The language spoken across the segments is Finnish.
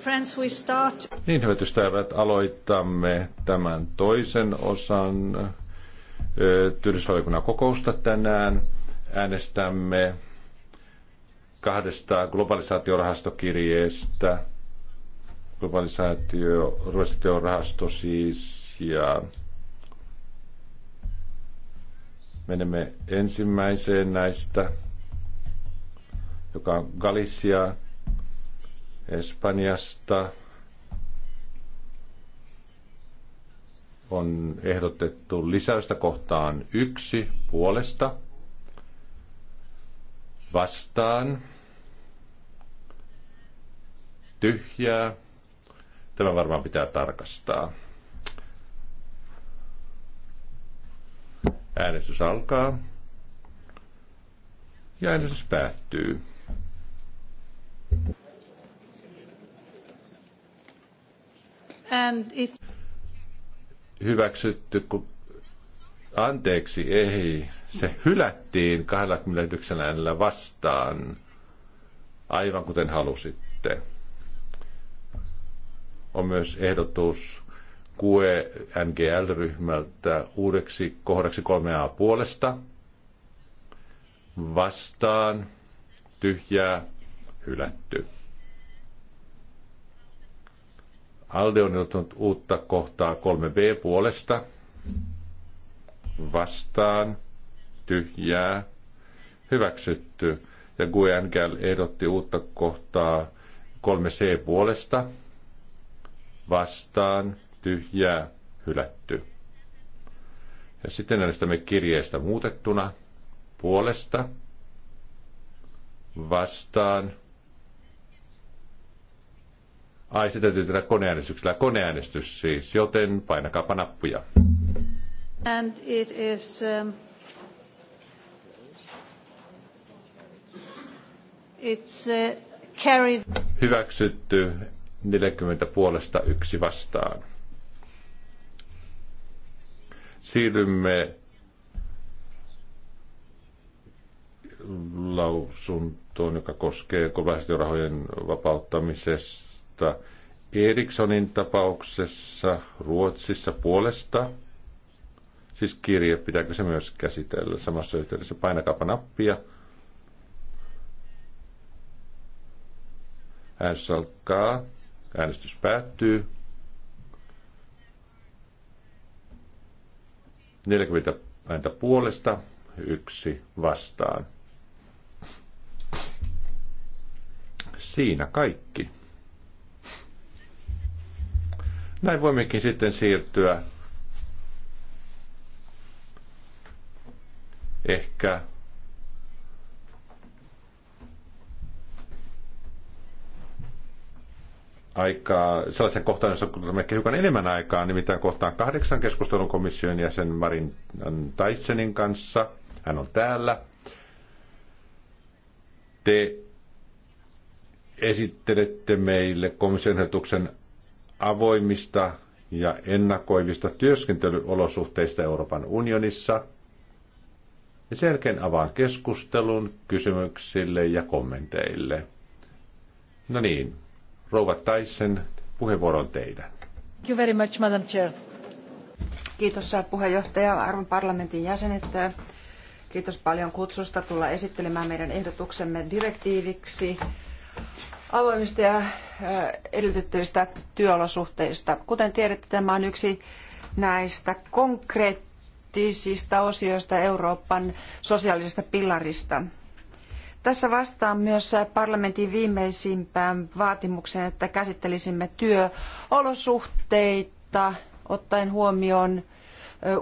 friends, we start... Niin, hyvät ystävät, aloitamme tämän toisen osan työllisyysvaliokunnan kokousta tänään. Äänestämme kahdesta globalisaatiorahastokirjeestä. Globalisaatiorahasto siis ja menemme ensimmäiseen näistä, joka on Galicia Espanjasta on ehdotettu lisäystä kohtaan yksi puolesta vastaan tyhjää. Tämä varmaan pitää tarkastaa. Äänestys alkaa. Ja äänestys päättyy. And it... Hyväksytty, kun anteeksi ei. Se hylättiin 29 äänellä vastaan, aivan kuten halusitte. On myös ehdotus QE NGL-ryhmältä uudeksi kohdaksi 3a puolesta. Vastaan tyhjää hylätty. Alde on ottanut uutta kohtaa 3b puolesta. Vastaan. Tyhjää. Hyväksytty. Ja Guengel ehdotti uutta kohtaa 3c puolesta. Vastaan. Tyhjää. Hylätty. Ja sitten äänestämme kirjeestä muutettuna puolesta vastaan Ai, se täytyy tehdä koneäänestyksellä. Koneäänestys siis, joten painakaapa nappuja. And it is, um, it's, uh, carried. Hyväksytty 40 puolesta yksi vastaan. Siirrymme lausuntoon, joka koskee rahojen vapauttamisesta mutta Erikssonin tapauksessa Ruotsissa puolesta, siis kirje, pitääkö se myös käsitellä samassa yhteydessä, painakaapa nappia. Äänestys alkaa, äänestys päättyy. 40 ääntä puolesta, yksi vastaan. Siinä kaikki. Näin voimmekin sitten siirtyä ehkä aikaa sellaisen kohtaan, jossa kulutamme ehkä hiukan enemmän aikaa, nimittäin kohtaan kahdeksan keskustelun komission jäsen Marin Taitsenin kanssa. Hän on täällä. Te esittelette meille komission ehdotuksen avoimista ja ennakoivista työskentelyolosuhteista Euroopan unionissa. Ja sen jälkeen avaan keskustelun kysymyksille ja kommenteille. No niin, rouva Taisen, puheenvuoron teidän. Thank you very much, Madam Chair. Kiitos äh, puheenjohtaja, arvon parlamentin jäsenet. Kiitos paljon kutsusta tulla esittelemään meidän ehdotuksemme direktiiviksi avoimista ja edellytettävistä työolosuhteista. Kuten tiedätte, tämä on yksi näistä konkreettisista osioista Euroopan sosiaalisesta pilarista. Tässä vastaan myös parlamentin viimeisimpään vaatimukseen, että käsittelisimme työolosuhteita ottaen huomioon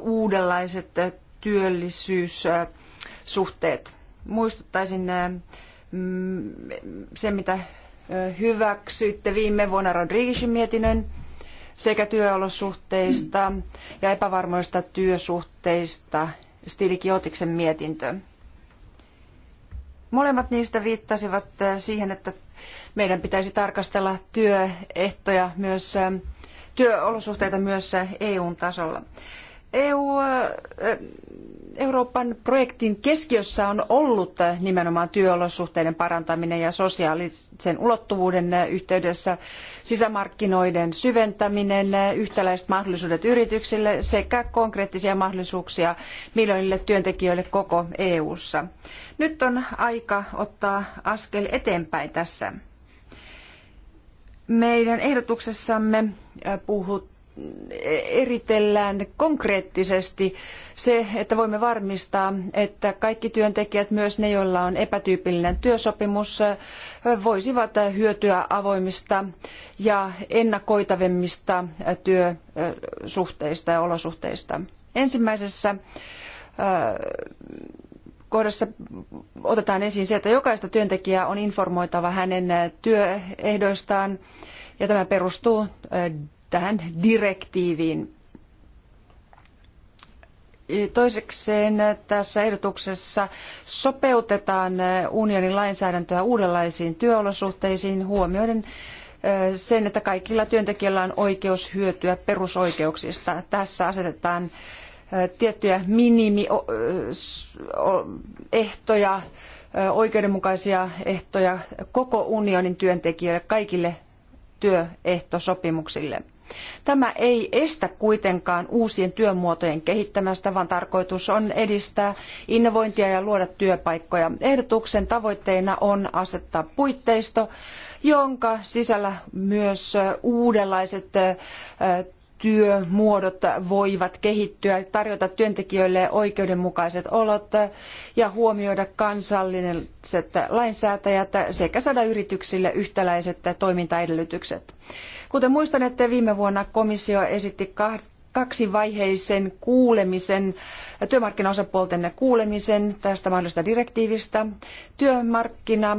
uudenlaiset työllisyyssuhteet. Muistuttaisin sen, mitä hyväksyitte viime vuonna Rodriguezin mietinnön sekä työolosuhteista ja epävarmoista työsuhteista Stilikiotiksen mietintö. Molemmat niistä viittasivat siihen, että meidän pitäisi tarkastella työehtoja myös, työolosuhteita myös eu tasolla. EU Euroopan projektin keskiössä on ollut nimenomaan työolosuhteiden parantaminen ja sosiaalisen ulottuvuuden yhteydessä sisämarkkinoiden syventäminen, yhtäläiset mahdollisuudet yrityksille sekä konkreettisia mahdollisuuksia miljoonille työntekijöille koko EU:ssa. Nyt on aika ottaa askel eteenpäin tässä. Meidän ehdotuksessamme puhut eritellään konkreettisesti se, että voimme varmistaa, että kaikki työntekijät, myös ne, joilla on epätyypillinen työsopimus, voisivat hyötyä avoimista ja ennakoitavemmista työsuhteista ja olosuhteista. Ensimmäisessä äh, kohdassa otetaan esiin se, että jokaista työntekijää on informoitava hänen työehdoistaan ja tämä perustuu äh, tähän direktiiviin. Toisekseen tässä ehdotuksessa sopeutetaan unionin lainsäädäntöä uudenlaisiin työolosuhteisiin huomioiden sen, että kaikilla työntekijöillä on oikeus hyötyä perusoikeuksista. Tässä asetetaan tiettyjä minimiehtoja, oikeudenmukaisia ehtoja koko unionin työntekijöille, kaikille työehtosopimuksille. Tämä ei estä kuitenkaan uusien työmuotojen kehittämästä, vaan tarkoitus on edistää innovointia ja luoda työpaikkoja. Ehdotuksen tavoitteena on asettaa puitteisto, jonka sisällä myös uudenlaiset työmuodot voivat kehittyä, tarjota työntekijöille oikeudenmukaiset olot ja huomioida kansalliset lainsäätäjät sekä saada yrityksille yhtäläiset toimintaedellytykset. Kuten muistanette, viime vuonna komissio esitti kaksivaiheisen kuulemisen, työmarkkinaosapuolten kuulemisen tästä mahdollisesta direktiivistä. Työmarkkina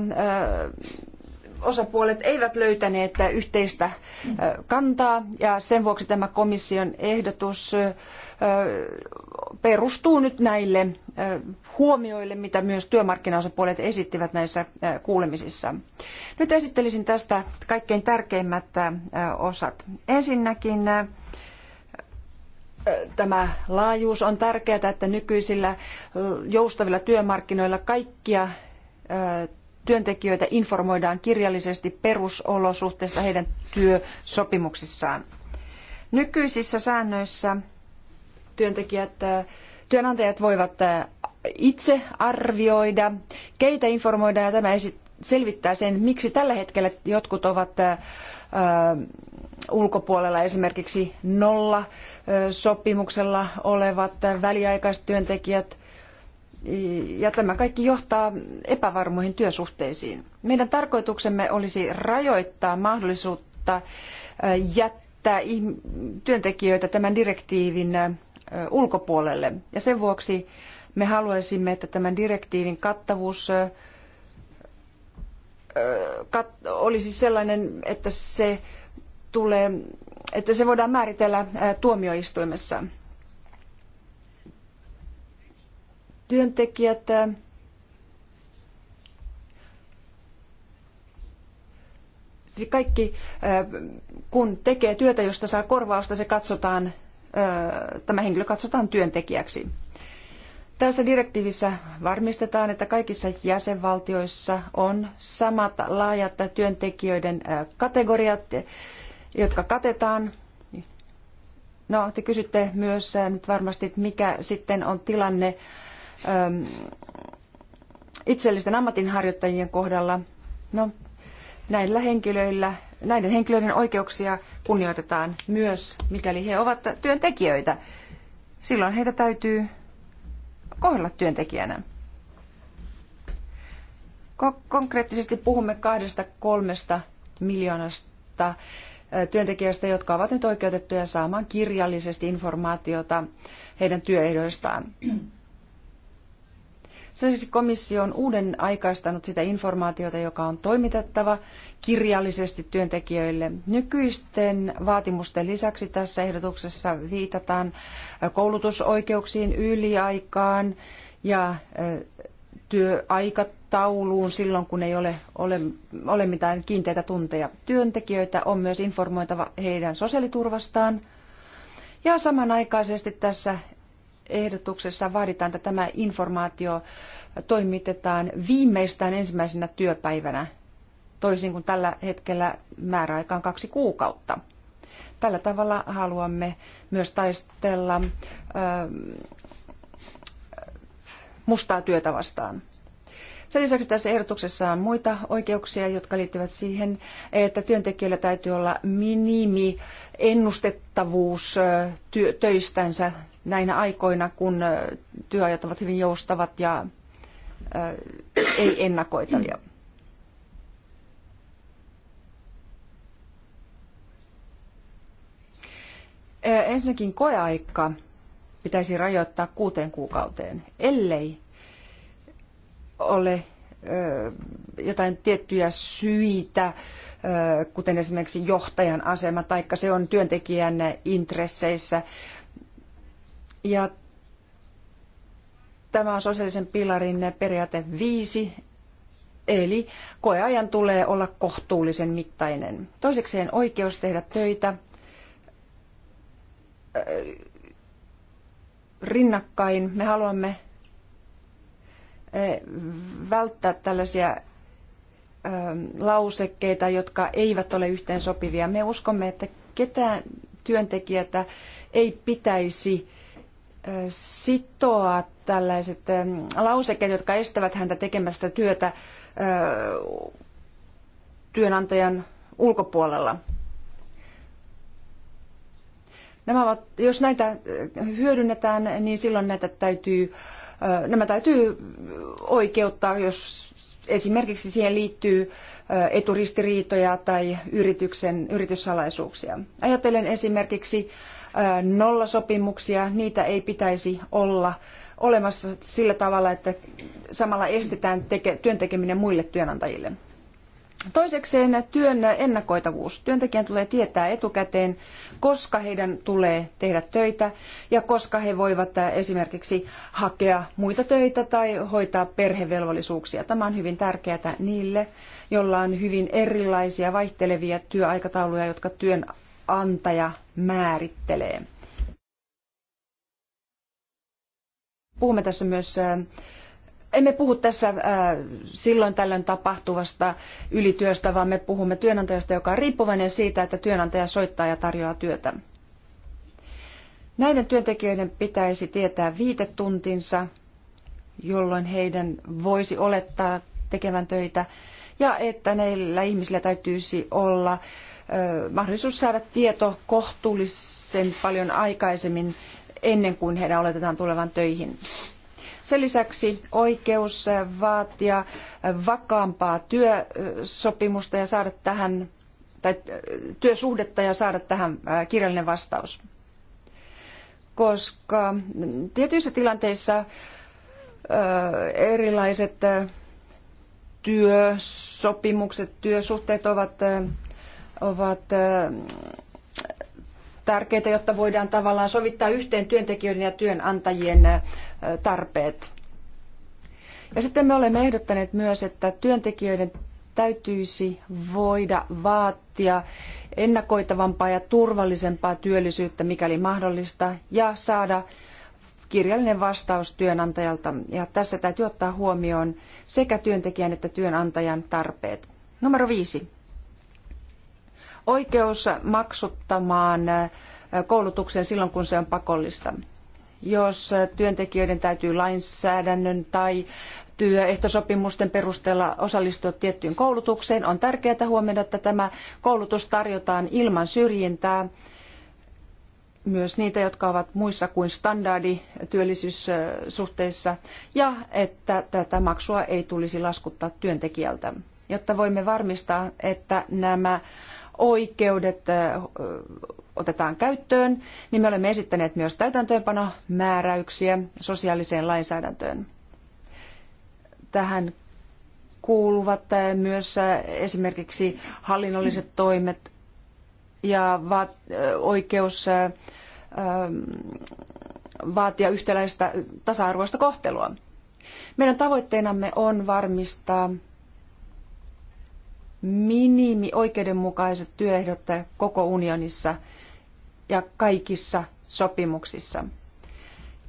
osapuolet eivät löytäneet yhteistä kantaa ja sen vuoksi tämä komission ehdotus perustuu nyt näille huomioille, mitä myös työmarkkinaosapuolet esittivät näissä kuulemisissa. Nyt esittelisin tästä kaikkein tärkeimmät osat. Ensinnäkin tämä laajuus on tärkeää, että nykyisillä joustavilla työmarkkinoilla kaikkia työntekijöitä informoidaan kirjallisesti perusolosuhteista heidän työsopimuksissaan. Nykyisissä säännöissä työntekijät, työnantajat voivat itse arvioida, keitä informoidaan ja tämä selvittää sen, miksi tällä hetkellä jotkut ovat ulkopuolella esimerkiksi nolla sopimuksella olevat väliaikaistyöntekijät – ja tämä kaikki johtaa epävarmoihin työsuhteisiin. Meidän tarkoituksemme olisi rajoittaa mahdollisuutta äh, jättää työntekijöitä tämän direktiivin äh, ulkopuolelle. Ja sen vuoksi me haluaisimme, että tämän direktiivin kattavuus äh, olisi sellainen, että se, tulee, että se voidaan määritellä tuomioistuimessa. työntekijät siis kaikki, kun tekee työtä, josta saa korvausta, se katsotaan, tämä henkilö katsotaan työntekijäksi. Tässä direktiivissä varmistetaan, että kaikissa jäsenvaltioissa on samat laajat työntekijöiden kategoriat, jotka katetaan. No, te kysytte myös nyt varmasti, mikä sitten on tilanne Ähm, itsellisten ammatinharjoittajien kohdalla, no, näillä henkilöillä, näiden henkilöiden oikeuksia kunnioitetaan myös, mikäli he ovat työntekijöitä. Silloin heitä täytyy kohdella työntekijänä. konkreettisesti puhumme kahdesta kolmesta miljoonasta työntekijästä, jotka ovat nyt oikeutettuja saamaan kirjallisesti informaatiota heidän työehdoistaan. Sen lisäksi siis komissio on uuden aikaistanut sitä informaatiota, joka on toimitettava kirjallisesti työntekijöille. Nykyisten vaatimusten lisäksi tässä ehdotuksessa viitataan koulutusoikeuksiin, yliaikaan ja työaikatauluun silloin, kun ei ole, ole, ole mitään kiinteitä tunteja. Työntekijöitä on myös informoitava heidän sosiaaliturvastaan. Ja samanaikaisesti tässä ehdotuksessa vaaditaan, että tämä informaatio toimitetaan viimeistään ensimmäisenä työpäivänä, toisin kuin tällä hetkellä määräaika on kaksi kuukautta. Tällä tavalla haluamme myös taistella mustaa työtä vastaan. Sen lisäksi tässä ehdotuksessa on muita oikeuksia, jotka liittyvät siihen, että työntekijöillä täytyy olla minimi ennustettavuus töistänsä näinä aikoina, kun työajat ovat hyvin joustavat ja ei ennakoitavia. Ensinnäkin koeaika pitäisi rajoittaa kuuteen kuukauteen, ellei ole jotain tiettyjä syitä, kuten esimerkiksi johtajan asema, taikka se on työntekijän intresseissä ja tämä on sosiaalisen pilarin periaate viisi, eli koeajan tulee olla kohtuullisen mittainen. Toisekseen oikeus tehdä töitä äh, rinnakkain. Me haluamme äh, välttää tällaisia äh, lausekkeita, jotka eivät ole yhteensopivia. Me uskomme, että ketään työntekijätä ei pitäisi sitoa tällaiset lauseket, jotka estävät häntä tekemästä työtä työnantajan ulkopuolella. Nämä ovat, jos näitä hyödynnetään, niin silloin näitä täytyy, nämä täytyy oikeuttaa, jos esimerkiksi siihen liittyy eturistiriitoja tai yrityksen, yrityssalaisuuksia. Ajattelen esimerkiksi nollasopimuksia, niitä ei pitäisi olla olemassa sillä tavalla, että samalla estetään teke, työn tekeminen muille työnantajille. Toisekseen työn ennakoitavuus. Työntekijän tulee tietää etukäteen, koska heidän tulee tehdä töitä ja koska he voivat esimerkiksi hakea muita töitä tai hoitaa perhevelvollisuuksia. Tämä on hyvin tärkeää niille, joilla on hyvin erilaisia vaihtelevia työaikatauluja, jotka työn Antaja määrittelee. Puhumme tässä myös emme puhu tässä silloin tällöin tapahtuvasta ylityöstä, vaan me puhumme työnantajasta, joka on riippuvainen siitä, että työnantaja soittaa ja tarjoaa työtä. Näiden työntekijöiden pitäisi tietää viitetuntinsa, jolloin heidän voisi olettaa tekevän töitä, ja että näillä ihmisillä täytyisi olla mahdollisuus saada tieto kohtuullisen paljon aikaisemmin ennen kuin heidän oletetaan tulevan töihin. Sen lisäksi oikeus vaatia vakaampaa työsopimusta ja saada tähän tai työsuhdetta ja saada tähän kirjallinen vastaus. Koska tietyissä tilanteissa erilaiset työsopimukset, työsuhteet ovat ovat tärkeitä, jotta voidaan tavallaan sovittaa yhteen työntekijöiden ja työnantajien tarpeet. Ja sitten me olemme ehdottaneet myös, että työntekijöiden täytyisi voida vaatia ennakoitavampaa ja turvallisempaa työllisyyttä, mikäli mahdollista, ja saada kirjallinen vastaus työnantajalta. Ja tässä täytyy ottaa huomioon sekä työntekijän että työnantajan tarpeet. Numero viisi oikeus maksuttamaan koulutukseen silloin, kun se on pakollista. Jos työntekijöiden täytyy lainsäädännön tai työehtosopimusten perusteella osallistua tiettyyn koulutukseen, on tärkeää huomioida, että tämä koulutus tarjotaan ilman syrjintää myös niitä, jotka ovat muissa kuin standardi työllisyyssuhteissa, ja että tätä maksua ei tulisi laskuttaa työntekijältä, jotta voimme varmistaa, että nämä oikeudet otetaan käyttöön, niin me olemme esittäneet myös täytäntöönpanomääräyksiä sosiaaliseen lainsäädäntöön. Tähän kuuluvat myös esimerkiksi hallinnolliset toimet ja oikeus vaatia yhtäläistä tasa-arvoista kohtelua. Meidän tavoitteenamme on varmistaa minimi oikeudenmukaiset työehdot koko unionissa ja kaikissa sopimuksissa.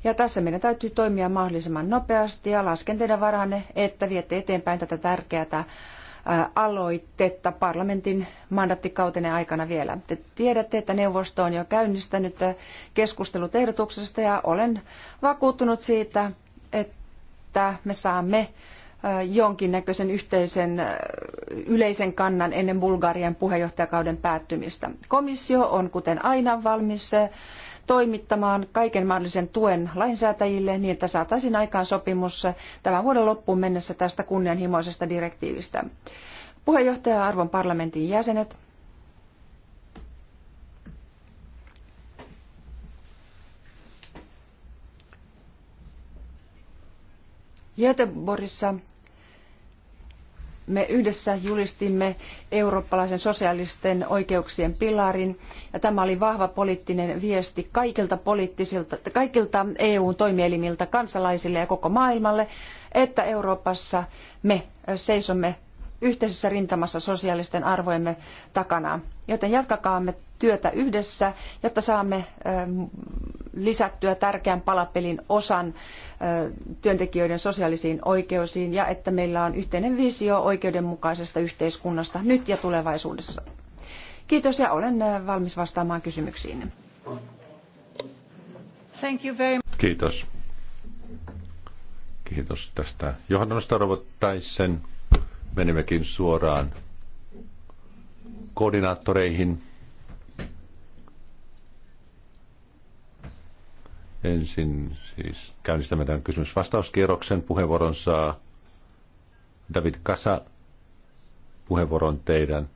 Ja tässä meidän täytyy toimia mahdollisimman nopeasti ja lasken teidän varanne, että viette eteenpäin tätä tärkeää aloitetta parlamentin mandattikautenne aikana vielä. Te tiedätte, että neuvosto on jo käynnistänyt keskustelut ehdotuksesta ja olen vakuuttunut siitä, että me saamme Äh, jonkinnäköisen yhteisen äh, yleisen kannan ennen Bulgarian puheenjohtajakauden päättymistä. Komissio on kuten aina valmis äh, toimittamaan kaiken mahdollisen tuen lainsäätäjille niin, että saataisiin aikaan sopimus tämän vuoden loppuun mennessä tästä kunnianhimoisesta direktiivistä. Puheenjohtaja arvon parlamentin jäsenet, Göteborgissa me yhdessä julistimme eurooppalaisen sosiaalisten oikeuksien pilarin ja tämä oli vahva poliittinen viesti kaikilta, poliittisilta, kaikilta EUn toimielimiltä kansalaisille ja koko maailmalle, että Euroopassa me seisomme yhteisessä rintamassa sosiaalisten arvojemme takana. Joten jatkakaamme työtä yhdessä, jotta saamme lisättyä tärkeän palapelin osan työntekijöiden sosiaalisiin oikeuksiin ja että meillä on yhteinen visio oikeudenmukaisesta yhteiskunnasta nyt ja tulevaisuudessa. Kiitos ja olen valmis vastaamaan kysymyksiin. Kiitos. Kiitos tästä johdannosta robottaisen. Menimmekin suoraan koordinaattoreihin. Ensin siis käynnistämme tämän kysymys-vastauskierroksen. Puheenvuoron saa David Kasa. Puheenvuoron teidän.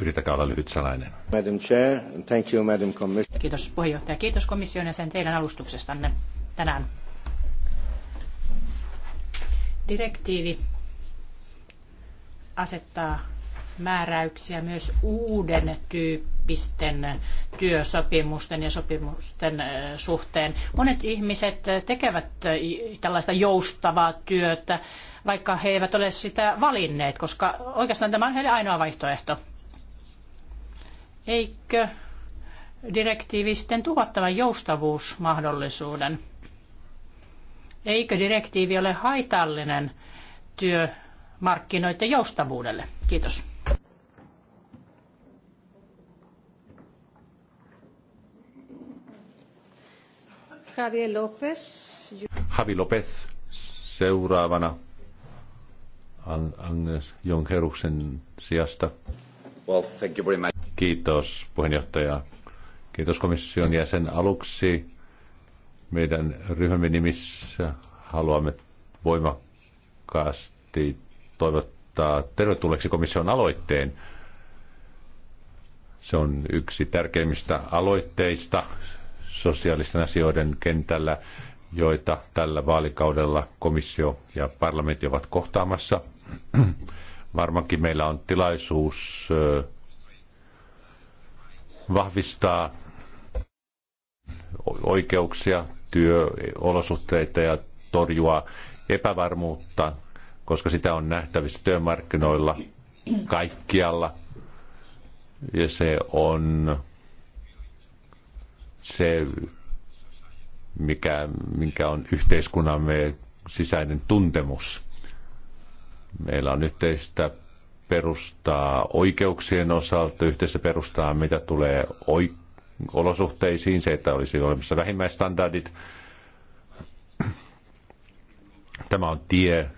Yritäkää olla lyhyt salainen. Madam Chair, thank you, Madam Commissioner. Kiitos puheenjohtaja. Kiitos komission ja sen teidän alustuksestanne tänään. Direktiivi asettaa määräyksiä myös uuden tyyppisten työsopimusten ja sopimusten suhteen. Monet ihmiset tekevät tällaista joustavaa työtä, vaikka he eivät ole sitä valinneet, koska oikeastaan tämä on heille ainoa vaihtoehto. Eikö direktiivi sitten tuo joustavuusmahdollisuuden? Eikö direktiivi ole haitallinen työmarkkinoiden joustavuudelle? Kiitos. Javi López, seuraavana Agnes Jonkeruksen sijasta. Well, thank you very much. Kiitos puheenjohtaja. Kiitos komission jäsen aluksi. Meidän ryhmämme nimissä haluamme voimakkaasti toivottaa tervetulleeksi komission aloitteen. Se on yksi tärkeimmistä aloitteista sosiaalisten asioiden kentällä, joita tällä vaalikaudella komissio ja parlamentti ovat kohtaamassa. Varmankin meillä on tilaisuus vahvistaa oikeuksia, työolosuhteita ja torjua epävarmuutta, koska sitä on nähtävissä työmarkkinoilla kaikkialla. Ja se on se, mikä, mikä on yhteiskunnamme sisäinen tuntemus. Meillä on yhteistä perustaa oikeuksien osalta, yhteistä perustaa, mitä tulee oi, olosuhteisiin, se, että olisi olemassa vähimmäistandardit. Tämä on tie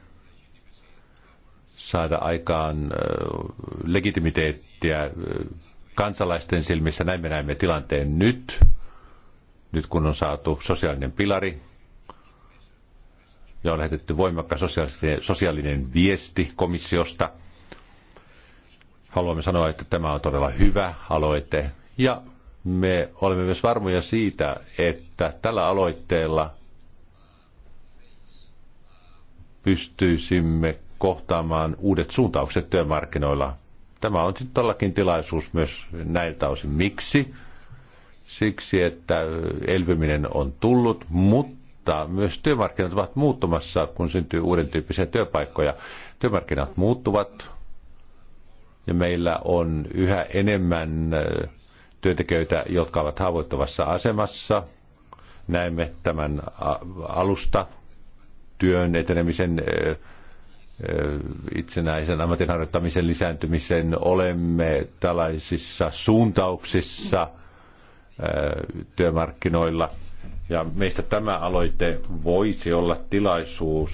saada aikaan legitimiteettiä kansalaisten silmissä. Näin me näemme tilanteen nyt nyt kun on saatu sosiaalinen pilari ja on lähetetty voimakkaas sosiaalinen, sosiaalinen viesti komissiosta, haluamme sanoa, että tämä on todella hyvä aloite ja me olemme myös varmoja siitä, että tällä aloitteella pystyisimme kohtaamaan uudet suuntaukset työmarkkinoilla. Tämä on todellakin tilaisuus myös näiltä osin. Miksi? siksi, että elvyminen on tullut, mutta myös työmarkkinat ovat muuttumassa, kun syntyy uuden tyyppisiä työpaikkoja. Työmarkkinat muuttuvat ja meillä on yhä enemmän äh, työntekijöitä, jotka ovat haavoittuvassa asemassa. Näemme tämän äh, alusta työn etenemisen äh, itsenäisen ammatinharjoittamisen lisääntymisen olemme tällaisissa suuntauksissa – työmarkkinoilla. Ja meistä tämä aloite voisi olla tilaisuus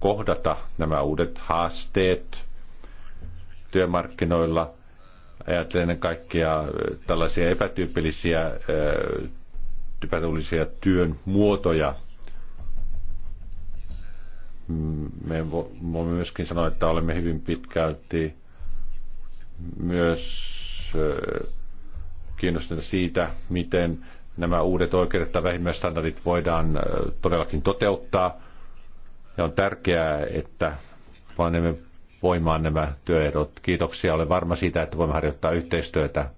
kohdata nämä uudet haasteet työmarkkinoilla. Ajattelen ennen kaikkea tällaisia epätyypillisiä, epätyypillisiä työn muotoja. Mm, me voimme myöskin sanoa, että olemme hyvin pitkälti myös kiinnostuneita siitä, miten nämä uudet oikeudet tai vähimmäistandardit voidaan todellakin toteuttaa. Ja on tärkeää, että panemme voimaan nämä työehdot. Kiitoksia. Olen varma siitä, että voimme harjoittaa yhteistyötä.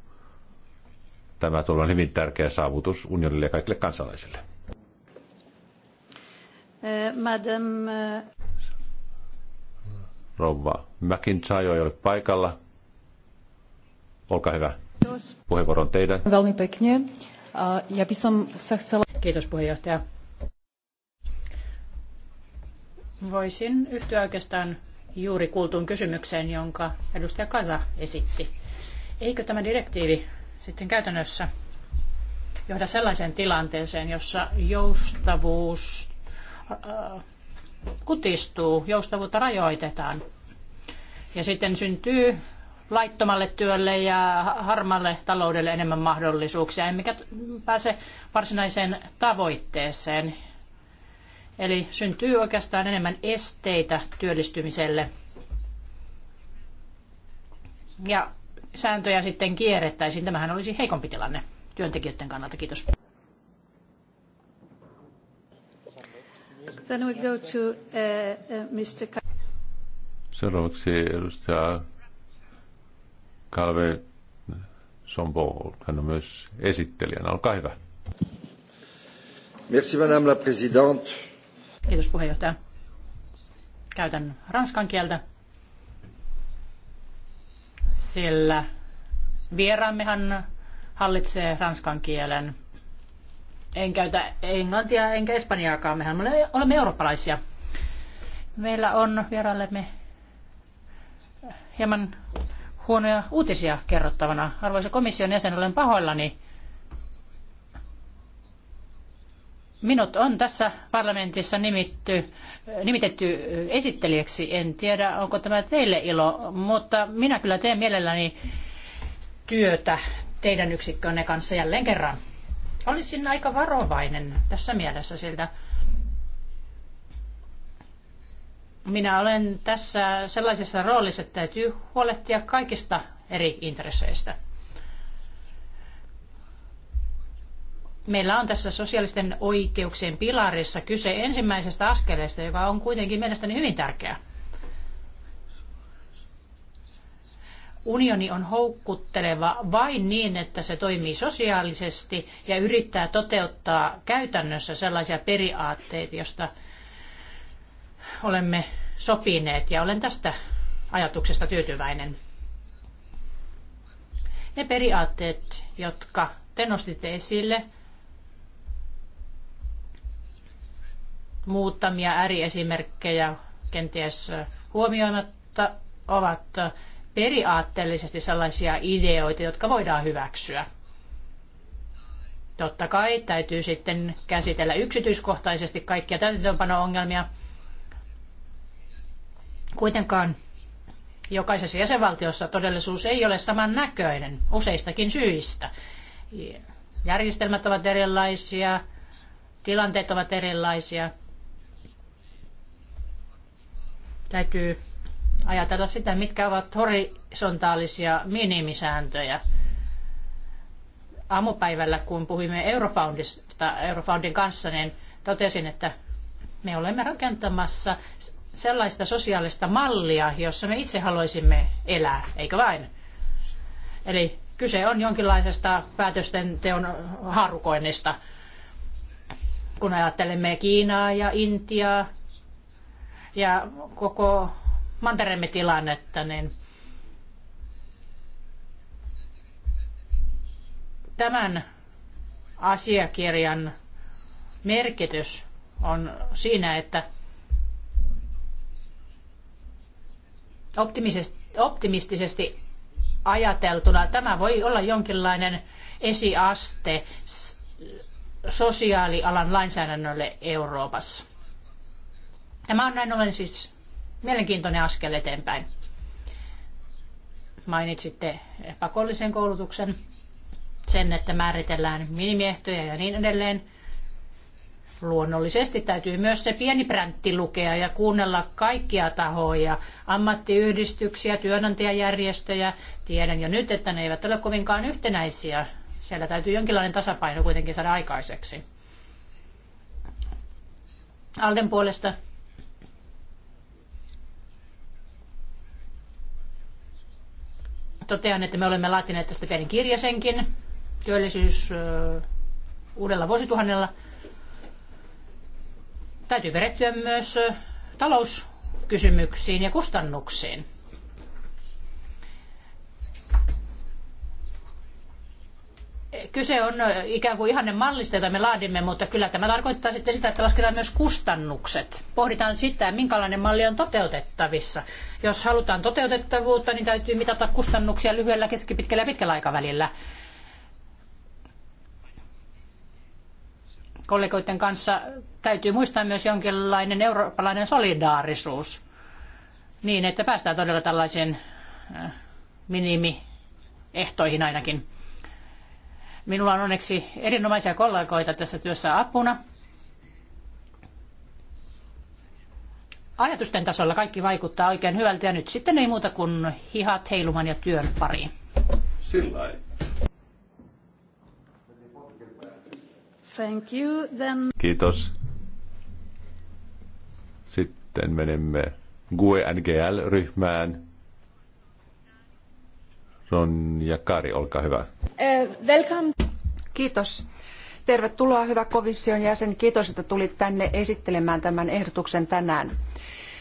Tämä tulee on hyvin tärkeä saavutus unionille ja kaikille kansalaisille. Madam... Rouva McIntyre ei ole paikalla. Olkaa hyvä. Kiitos. Puheenvuoro on teidän. Velmi pekne. Ja som sa chcela... Kiitos puheenjohtaja. Voisin yhtyä oikeastaan juuri kuultuun kysymykseen, jonka edustaja Kasa esitti. Eikö tämä direktiivi sitten käytännössä johda sellaiseen tilanteeseen, jossa joustavuus kutistuu, joustavuutta rajoitetaan ja sitten syntyy laittomalle työlle ja harmalle taloudelle enemmän mahdollisuuksia, emmekä pääse varsinaiseen tavoitteeseen. Eli syntyy oikeastaan enemmän esteitä työllistymiselle. Ja sääntöjä sitten kierrettäisiin. Tämähän olisi heikompi tilanne työntekijöiden kannalta. Kiitos. Then we go to, uh, uh, Mr. Seuraavaksi edustaja Kalve Sombo, hän on myös esittelijänä. Olkaa hyvä. Merci, madame la présidente. Kiitos puheenjohtaja. Käytän ranskan kieltä, sillä vieraammehan hallitsee ranskan kielen. En käytä englantia enkä espanjaakaan, mehän olemme eurooppalaisia. Meillä on vieraillemme hieman huonoja uutisia kerrottavana. Arvoisa komission jäsen, olen pahoillani. Minut on tässä parlamentissa nimitty, nimitetty esittelijäksi. En tiedä, onko tämä teille ilo, mutta minä kyllä teen mielelläni työtä teidän yksikkönne kanssa jälleen kerran. Olisin aika varovainen tässä mielessä siltä. Minä olen tässä sellaisessa roolissa, että täytyy huolehtia kaikista eri intresseistä. Meillä on tässä sosiaalisten oikeuksien pilarissa kyse ensimmäisestä askeleesta, joka on kuitenkin mielestäni hyvin tärkeä. unioni on houkutteleva vain niin, että se toimii sosiaalisesti ja yrittää toteuttaa käytännössä sellaisia periaatteita, joista olemme sopineet ja olen tästä ajatuksesta tyytyväinen. Ne periaatteet, jotka te nostitte esille, muutamia ääriesimerkkejä kenties huomioimatta, ovat periaatteellisesti sellaisia ideoita, jotka voidaan hyväksyä. Totta kai täytyy sitten käsitellä yksityiskohtaisesti kaikkia täytäntöönpano-ongelmia – Kuitenkaan jokaisessa jäsenvaltiossa todellisuus ei ole samannäköinen useistakin syistä. Järjestelmät ovat erilaisia, tilanteet ovat erilaisia. Täytyy ajatella sitä, mitkä ovat horisontaalisia minimisääntöjä. Aamupäivällä, kun puhuimme Eurofoundista, Eurofoundin kanssa, niin totesin, että me olemme rakentamassa sellaista sosiaalista mallia, jossa me itse haluaisimme elää, eikö vain? Eli kyse on jonkinlaisesta päätösten teon haarukoinnista. Kun ajattelemme Kiinaa ja Intiaa ja koko mantereemme tilannetta, niin tämän asiakirjan merkitys on siinä, että optimistisesti ajateltuna tämä voi olla jonkinlainen esiaste sosiaalialan lainsäädännölle Euroopassa. Tämä on näin ollen siis mielenkiintoinen askel eteenpäin. Mainitsitte pakollisen koulutuksen, sen, että määritellään minimiehtoja ja niin edelleen – luonnollisesti täytyy myös se pieni präntti lukea ja kuunnella kaikkia tahoja, ammattiyhdistyksiä, työnantajajärjestöjä. Tiedän jo nyt, että ne eivät ole kovinkaan yhtenäisiä. Siellä täytyy jonkinlainen tasapaino kuitenkin saada aikaiseksi. Alden puolesta. Totean, että me olemme laatineet tästä pienen kirjasenkin työllisyys uudella vuosituhannella – Täytyy perehtyä myös talouskysymyksiin ja kustannuksiin. Kyse on ikään kuin ihanne mallista, jota me laadimme, mutta kyllä tämä tarkoittaa sitten sitä, että lasketaan myös kustannukset. Pohditaan sitä, minkälainen malli on toteutettavissa. Jos halutaan toteutettavuutta, niin täytyy mitata kustannuksia lyhyellä, keskipitkällä ja pitkällä aikavälillä. kollegoiden kanssa täytyy muistaa myös jonkinlainen eurooppalainen solidaarisuus niin, että päästään todella tällaisiin äh, minimiehtoihin ainakin. Minulla on onneksi erinomaisia kollegoita tässä työssä apuna. Ajatusten tasolla kaikki vaikuttaa oikein hyvältä ja nyt sitten ei muuta kuin hihat heiluman ja työn pariin. Sillä ei. Thank you. Then... Kiitos. Sitten menemme GUE-NGL-ryhmään. Ron ja Kari, olkaa hyvä. Uh, welcome. Kiitos. Tervetuloa hyvä komission jäsen. Kiitos, että tulit tänne esittelemään tämän ehdotuksen tänään.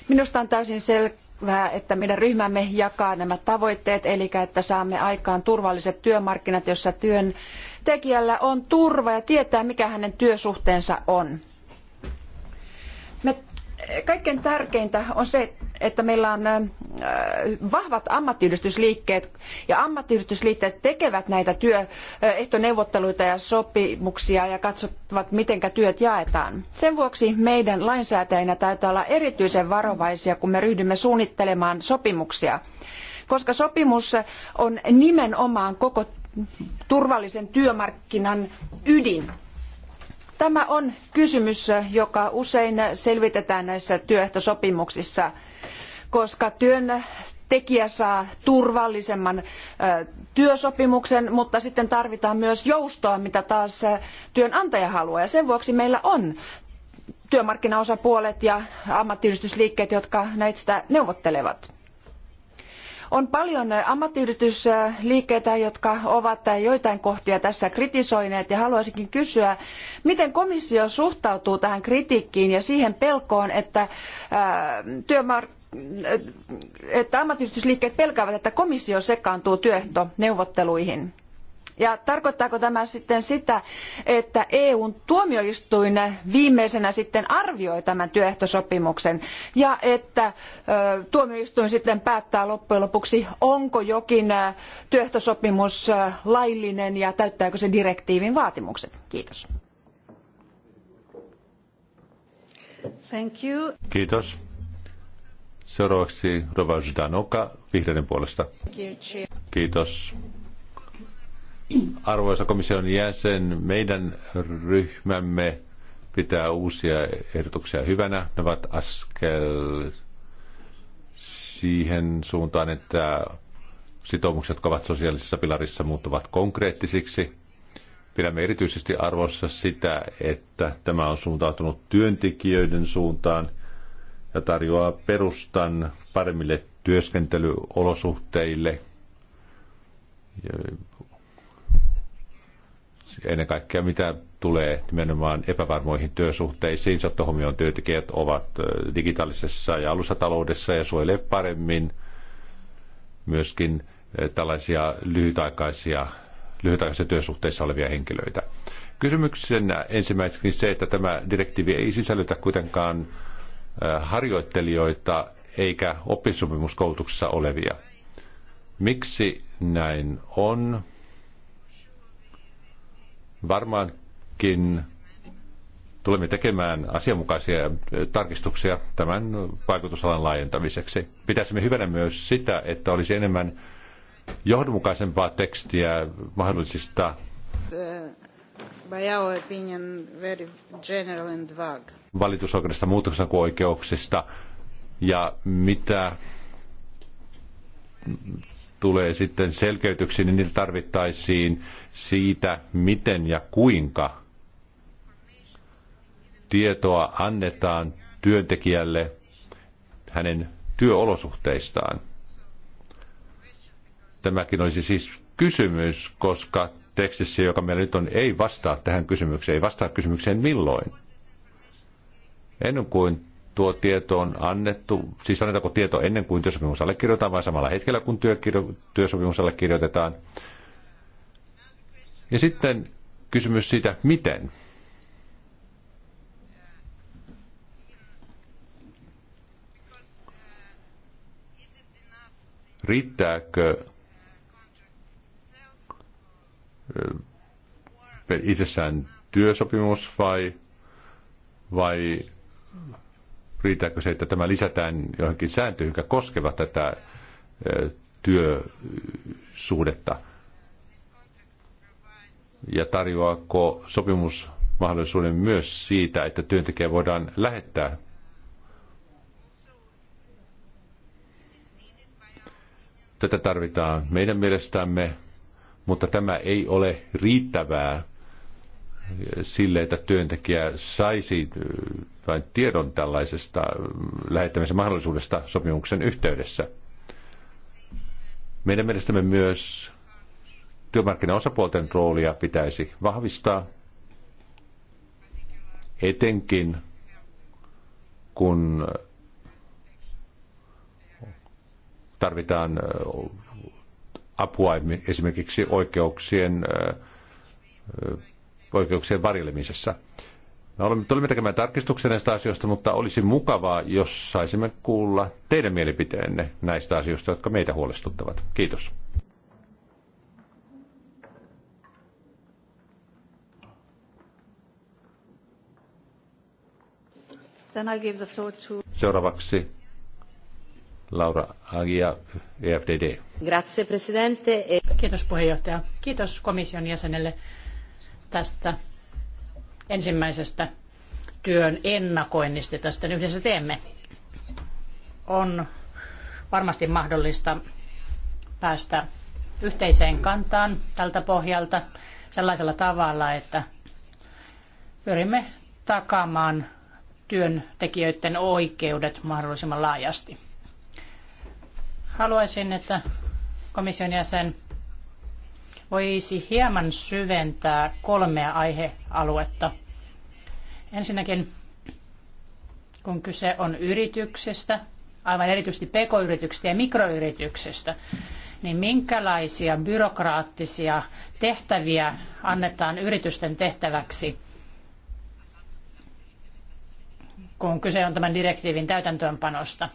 Minusta on täysin selvää, että meidän ryhmämme jakaa nämä tavoitteet, eli että saamme aikaan turvalliset työmarkkinat, jossa työntekijällä on turva ja tietää, mikä hänen työsuhteensa on. Me kaikkein tärkeintä on se, että meillä on äh, vahvat ammattiyhdistysliikkeet ja ammattiyhdistysliikkeet tekevät näitä työehtoneuvotteluita ja sopimuksia ja katsovat, miten työt jaetaan. Sen vuoksi meidän lainsäätäjinä täytyy olla erityisen varovaisia, kun me ryhdymme suunnittelemaan sopimuksia, koska sopimus on nimenomaan koko turvallisen työmarkkinan ydin Tämä on kysymys, joka usein selvitetään näissä työehtosopimuksissa, koska työn tekijä saa turvallisemman työsopimuksen, mutta sitten tarvitaan myös joustoa, mitä taas työnantaja haluaa. Ja sen vuoksi meillä on työmarkkinaosapuolet ja ammattiyhdistysliikkeet, jotka näistä neuvottelevat. On paljon äh, ammattiyhdistysliikkeitä, jotka ovat äh, joitain kohtia tässä kritisoineet ja haluaisinkin kysyä, miten komissio suhtautuu tähän kritiikkiin ja siihen pelkoon, että äh, työmarkkinoilla että ammattiyhdistysliikkeet pelkäävät, että komissio sekaantuu työehtoneuvotteluihin. Ja tarkoittaako tämä sitten sitä, että EUn tuomioistuin viimeisenä sitten arvioi tämän työehtosopimuksen ja että tuomioistuin sitten päättää loppujen lopuksi, onko jokin työehtosopimus laillinen ja täyttääkö se direktiivin vaatimukset? Kiitos. Thank you. Kiitos. Seuraavaksi Rova Zdanoka vihreiden puolesta. Kiitos. Arvoisa komission jäsen, meidän ryhmämme pitää uusia ehdotuksia hyvänä. Ne ovat askel siihen suuntaan, että sitoumukset, jotka ovat sosiaalisessa pilarissa, muuttuvat konkreettisiksi. Pidämme erityisesti arvossa sitä, että tämä on suuntautunut työntekijöiden suuntaan ja tarjoaa perustan paremmille työskentelyolosuhteille, ennen kaikkea mitä tulee nimenomaan epävarmoihin työsuhteisiin, jotta huomioon työntekijät ovat digitaalisessa ja alustataloudessa ja suojelee paremmin myöskin tällaisia lyhytaikaisia, lyhytaikaisissa työsuhteissa olevia henkilöitä. Kysymyksenä ensimmäiseksi se, että tämä direktiivi ei sisällytä kuitenkaan harjoittelijoita eikä oppisopimuskoulutuksessa olevia. Miksi näin on? Varmaankin tulemme tekemään asianmukaisia tarkistuksia tämän vaikutusalan laajentamiseksi. Pitäisimme hyvänä myös sitä, että olisi enemmän johdonmukaisempaa tekstiä mahdollisista valitusoikeudesta, muutoksenhakuoikeuksista ja mitä tulee sitten selkeytyksi, niin niitä tarvittaisiin siitä, miten ja kuinka tietoa annetaan työntekijälle hänen työolosuhteistaan. Tämäkin olisi siis kysymys, koska tekstissä, joka meillä nyt on, ei vastaa tähän kysymykseen, ei vastaa kysymykseen milloin. Ennen kuin tuo tieto on annettu, siis annetaanko tieto ennen kuin työsopimus allekirjoitetaan vai samalla hetkellä, kun työkirjo, työsopimus allekirjoitetaan. Ja sitten kysymys siitä, miten. Riittääkö itsessään työsopimus vai, vai riittääkö se, että tämä lisätään johonkin sääntöön, joka koskeva tätä työsuhdetta? Ja tarjoaako sopimus mahdollisuuden myös siitä, että työntekijä voidaan lähettää Tätä tarvitaan meidän mielestämme, mutta tämä ei ole riittävää sille, että työntekijä saisi äh, vain tiedon tällaisesta äh, lähettämisen mahdollisuudesta sopimuksen yhteydessä. Meidän mielestämme myös työmarkkinaosapuolten roolia pitäisi vahvistaa, etenkin kun tarvitaan äh, apua esimerkiksi oikeuksien oikeuksien varjelemisessa. Me olemme, tulimme tekemään tarkistuksia näistä asioista, mutta olisi mukavaa, jos saisimme kuulla teidän mielipiteenne näistä asioista, jotka meitä huolestuttavat. Kiitos. Then I give the floor to... Seuraavaksi Laura Agia, EFDD. Grazie, Presidente. Kiitos puheenjohtaja. Kiitos komission jäsenelle tästä ensimmäisestä työn ennakoinnista, sitten yhdessä teemme. On varmasti mahdollista päästä yhteiseen kantaan tältä pohjalta sellaisella tavalla, että pyrimme takaamaan työntekijöiden oikeudet mahdollisimman laajasti. Haluaisin, että komission jäsen voisi hieman syventää kolmea aihealuetta. Ensinnäkin, kun kyse on yrityksestä, aivan erityisesti pk-yrityksistä ja mikroyrityksistä, niin minkälaisia byrokraattisia tehtäviä annetaan yritysten tehtäväksi, kun kyse on tämän direktiivin täytäntöönpanosta?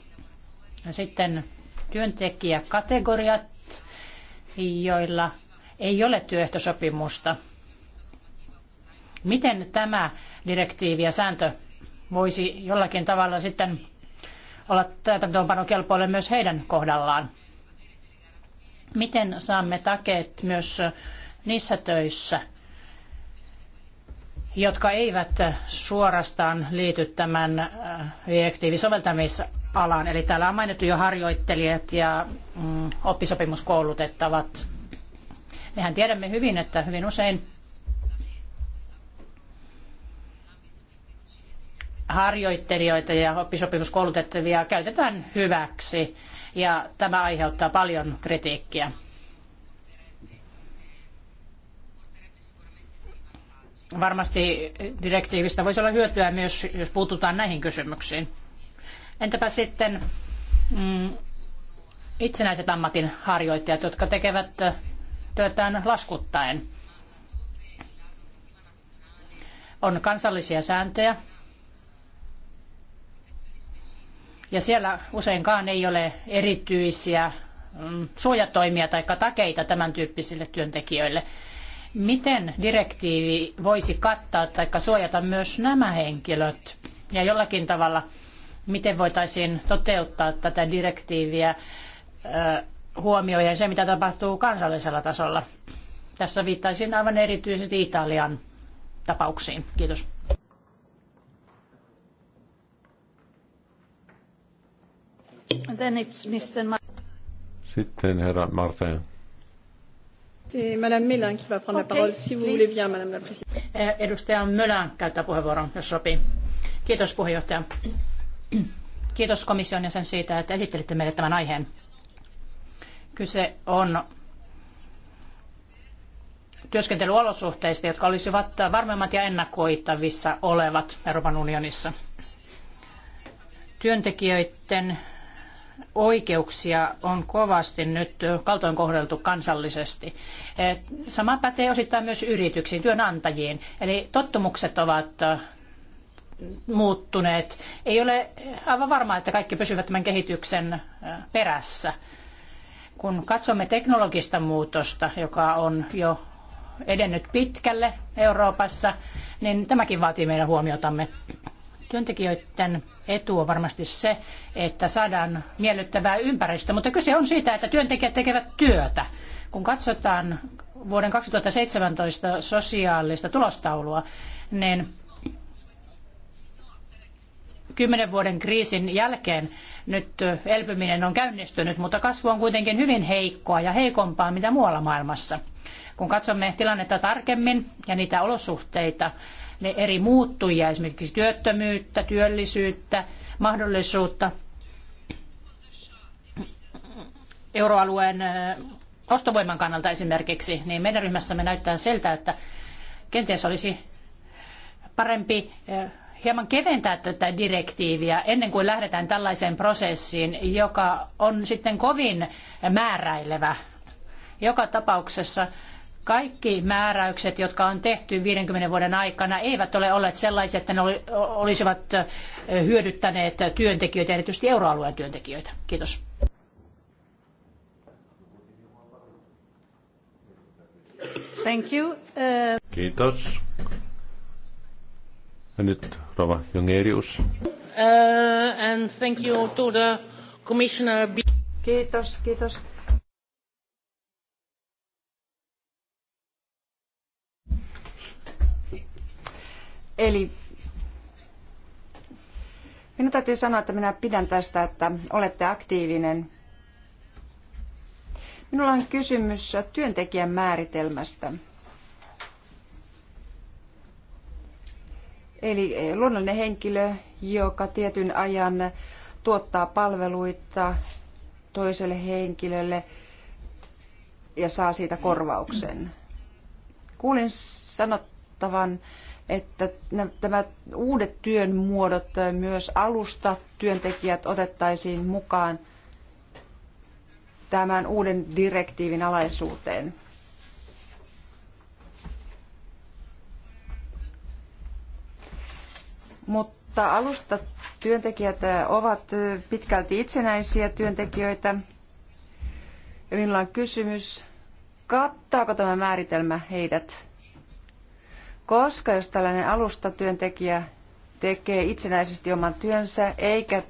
Ja sitten työntekijäkategoriat, joilla ei ole työehtosopimusta. Miten tämä direktiivi ja sääntö voisi jollakin tavalla sitten olla täytäntöönpanokelpoille myös heidän kohdallaan? Miten saamme takeet myös niissä töissä, jotka eivät suorastaan liity tämän äh, direktiivin soveltamisalaan. Eli täällä on mainittu jo harjoittelijat ja mm, oppisopimuskoulutettavat. Mehän tiedämme hyvin, että hyvin usein harjoittelijoita ja oppisopimuskoulutettavia käytetään hyväksi ja tämä aiheuttaa paljon kritiikkiä. Varmasti direktiivistä voisi olla hyötyä myös, jos puututaan näihin kysymyksiin. Entäpä sitten mm, itsenäiset ammatin harjoittajat, jotka tekevät työtään laskuttaen. On kansallisia sääntöjä, ja siellä useinkaan ei ole erityisiä mm, suojatoimia tai takeita tämän tyyppisille työntekijöille. Miten direktiivi voisi kattaa tai suojata myös nämä henkilöt? Ja jollakin tavalla, miten voitaisiin toteuttaa tätä direktiiviä ja se, mitä tapahtuu kansallisella tasolla. Tässä viittaisin aivan erityisesti Italian tapauksiin. Kiitos. Sitten herra Martin. Eh, edustaja Mölän käyttää puheenvuoron, jos sopii. Kiitos puheenjohtaja. Kiitos komission ja sen siitä, että esittelitte meille tämän aiheen. Kyse on työskentelyolosuhteista, jotka olisivat varmemmat ja ennakoitavissa olevat Euroopan unionissa. Työntekijöiden oikeuksia on kovasti nyt kaltoin kohdeltu kansallisesti. Sama pätee osittain myös yrityksiin, työnantajiin. Eli tottumukset ovat muuttuneet. Ei ole aivan varmaa, että kaikki pysyvät tämän kehityksen perässä. Kun katsomme teknologista muutosta, joka on jo edennyt pitkälle Euroopassa, niin tämäkin vaatii meidän huomiotamme. Työntekijöiden etu on varmasti se, että saadaan miellyttävää ympäristöä, mutta kyse on siitä, että työntekijät tekevät työtä. Kun katsotaan vuoden 2017 sosiaalista tulostaulua, niin kymmenen vuoden kriisin jälkeen nyt elpyminen on käynnistynyt, mutta kasvu on kuitenkin hyvin heikkoa ja heikompaa mitä muualla maailmassa. Kun katsomme tilannetta tarkemmin ja niitä olosuhteita, ne eri muuttujia, esimerkiksi työttömyyttä, työllisyyttä, mahdollisuutta euroalueen ostovoiman kannalta esimerkiksi, niin meidän ryhmässämme näyttää siltä, että kenties olisi parempi hieman keventää tätä direktiiviä ennen kuin lähdetään tällaiseen prosessiin, joka on sitten kovin määräilevä. Joka tapauksessa kaikki määräykset, jotka on tehty 50 vuoden aikana, eivät ole olleet sellaisia, että ne olisivat hyödyttäneet työntekijöitä, erityisesti euroalueen työntekijöitä. Kiitos. Thank you. Uh, Kiitos. Ja nyt Rova Jongerius. Uh, and thank you to the commissioner. Kiitos, kiitos. Eli minun täytyy sanoa, että minä pidän tästä, että olette aktiivinen. Minulla on kysymys työntekijän määritelmästä. Eli eh, luonnollinen henkilö, joka tietyn ajan tuottaa palveluita toiselle henkilölle ja saa siitä korvauksen. Kuulin sanottavan, että nämä uudet työn muodot, eh, myös alusta työntekijät otettaisiin mukaan tämän uuden direktiivin alaisuuteen. mutta alustatyöntekijät äh, ovat äh, pitkälti itsenäisiä työntekijöitä. Ja minulla on kysymys, kattaako tämä määritelmä heidät? Koska jos tällainen alustatyöntekijä tekee itsenäisesti oman työnsä eikä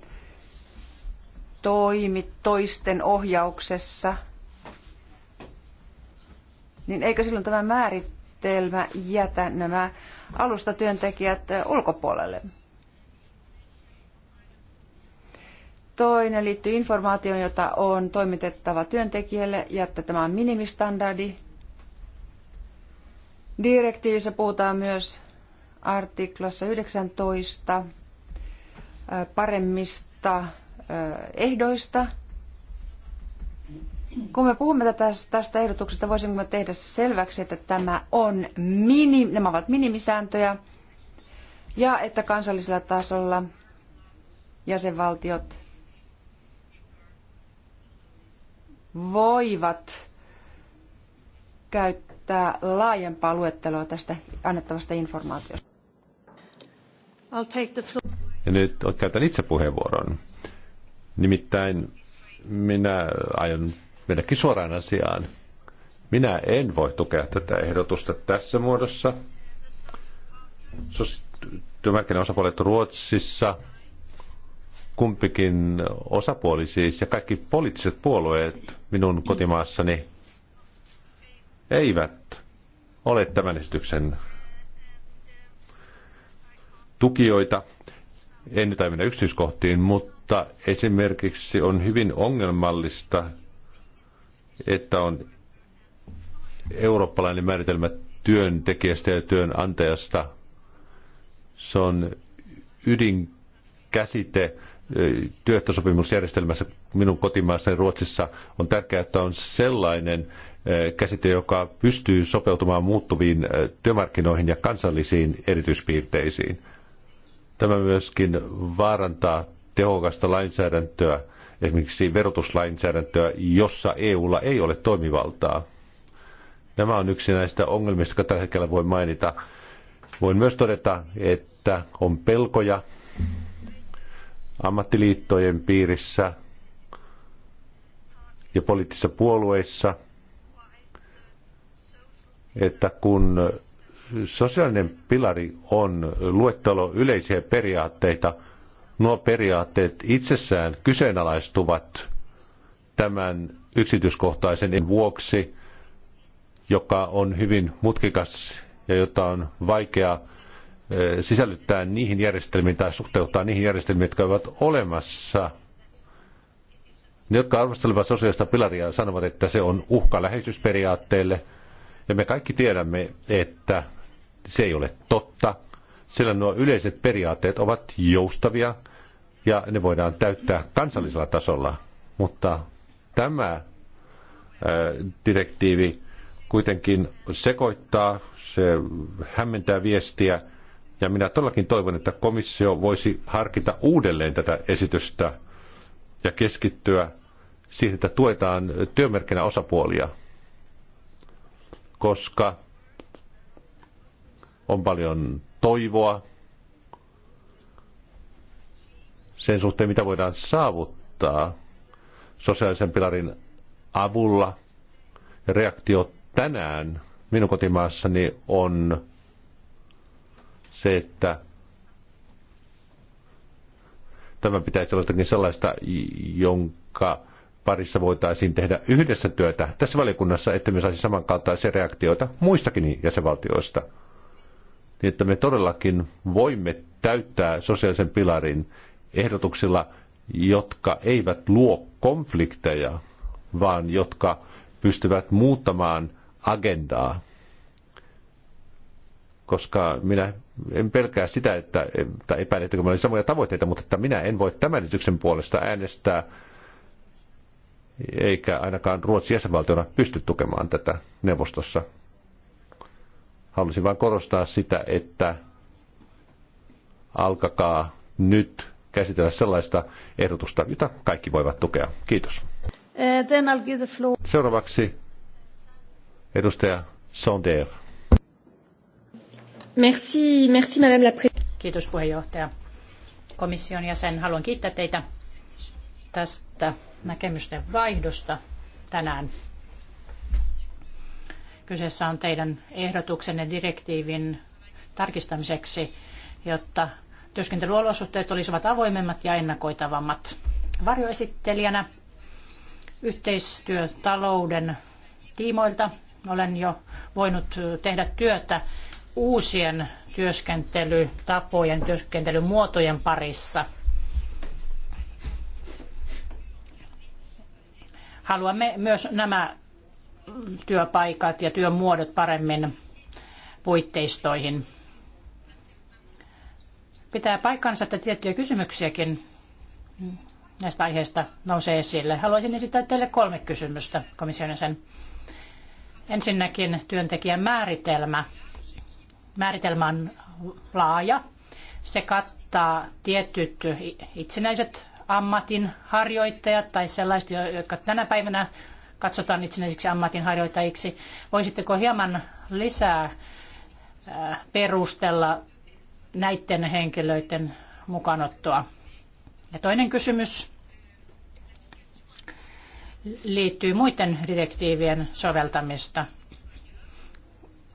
toimi toisten ohjauksessa, niin eikö silloin tämä määritelmä järjestelmä jätä nämä alustatyöntekijät ulkopuolelle. Toinen liittyy informaatioon, jota on toimitettava työntekijälle ja että tämä on minimistandardi. Direktiivissä puhutaan myös artiklassa 19 paremmista ehdoista – kun me puhumme tästä ehdotuksesta, me tehdä selväksi, että tämä on mini, nämä ovat minimisääntöjä ja että kansallisella tasolla jäsenvaltiot voivat käyttää laajempaa luetteloa tästä annettavasta informaatiosta. Ja nyt käytän itse puheenvuoron. Nimittäin minä aion mennäkin suoraan asiaan. Minä en voi tukea tätä ehdotusta tässä muodossa. osapuolet Ruotsissa, kumpikin osapuoli siis ja kaikki poliittiset puolueet minun kotimaassani eivät ole tämän esityksen tukijoita. En nyt mennä yksityiskohtiin, mutta esimerkiksi on hyvin ongelmallista että on eurooppalainen määritelmä työntekijästä ja työnantajasta. Se on ydinkäsite työehtosopimusjärjestelmässä minun kotimaassani Ruotsissa. On tärkeää, että on sellainen käsite, joka pystyy sopeutumaan muuttuviin työmarkkinoihin ja kansallisiin erityispiirteisiin. Tämä myöskin vaarantaa tehokasta lainsäädäntöä – esimerkiksi verotuslainsäädäntöä, jossa EUlla ei ole toimivaltaa. Nämä on yksi näistä ongelmista, jotka tällä hetkellä voi mainita. Voin myös todeta, että on pelkoja ammattiliittojen piirissä ja poliittisissa puolueissa, että kun sosiaalinen pilari on luettelo yleisiä periaatteita – nuo periaatteet itsessään kyseenalaistuvat tämän yksityiskohtaisen vuoksi, joka on hyvin mutkikas ja jota on vaikea eh, sisällyttää niihin järjestelmiin tai suhteuttaa niihin järjestelmiin, jotka ovat olemassa. Ne, jotka arvostelevat sosiaalista pilaria, sanovat, että se on uhka läheisyysperiaatteelle. Ja me kaikki tiedämme, että se ei ole totta, sillä nuo yleiset periaatteet ovat joustavia – ja ne voidaan täyttää kansallisella tasolla. Mutta tämä äh, direktiivi kuitenkin sekoittaa, se hämmentää viestiä, ja minä todellakin toivon, että komissio voisi harkita uudelleen tätä esitystä ja keskittyä siihen, että tuetaan työmerkkinä osapuolia, koska on paljon toivoa sen suhteen, mitä voidaan saavuttaa sosiaalisen pilarin avulla. Reaktio tänään minun kotimaassani on se, että tämä pitäisi olla jotakin sellaista, jonka parissa voitaisiin tehdä yhdessä työtä tässä valiokunnassa, että me saisi samankaltaisia reaktioita muistakin jäsenvaltioista. Niin, että me todellakin voimme täyttää sosiaalisen pilarin ehdotuksilla, jotka eivät luo konflikteja, vaan jotka pystyvät muuttamaan agendaa. Koska minä en pelkää sitä, että, että epäilettekö meillä oli samoja tavoitteita, mutta että minä en voi tämän esityksen puolesta äänestää, eikä ainakaan Ruotsin jäsenvaltiona pysty tukemaan tätä neuvostossa. Haluaisin vain korostaa sitä, että alkakaa nyt käsitellä sellaista ehdotusta, jota kaikki voivat tukea. Kiitos. Eh, Seuraavaksi edustaja Sonder. Merci, merci madame la Kiitos puheenjohtaja. Komission jäsen, haluan kiittää teitä tästä näkemysten vaihdosta tänään. Kyseessä on teidän ehdotuksenne direktiivin tarkistamiseksi, jotta työskentelyolosuhteet olisivat avoimemmat ja ennakoitavammat. Varjoesittelijänä yhteistyötalouden tiimoilta olen jo voinut tehdä työtä uusien työskentelytapojen, työskentelymuotojen parissa. Haluamme myös nämä työpaikat ja työmuodot paremmin puitteistoihin. Pitää paikkansa, että tiettyjä kysymyksiäkin näistä aiheista nousee esille. Haluaisin esittää teille kolme kysymystä komission sen. Ensinnäkin työntekijän määritelmä. Määritelmä on laaja. Se kattaa tietyt itsenäiset ammatin harjoittajat tai sellaiset, jotka tänä päivänä katsotaan itsenäisiksi ammatinharjoittajiksi. Voisitteko hieman lisää perustella näiden henkilöiden mukanottoa. Ja toinen kysymys liittyy muiden direktiivien soveltamista.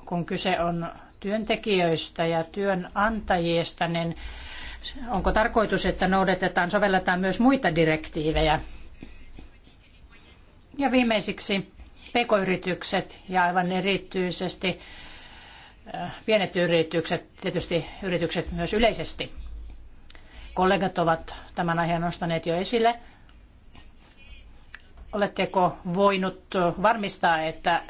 Kun kyse on työntekijöistä ja työnantajista, niin onko tarkoitus, että noudatetaan, sovelletaan myös muita direktiivejä? Ja viimeisiksi pk-yritykset ja aivan erityisesti Äh, pienet yritykset, tietysti yritykset myös yleisesti. Kollegat ovat tämän aiheen nostaneet jo esille. Oletteko voinut varmistaa, että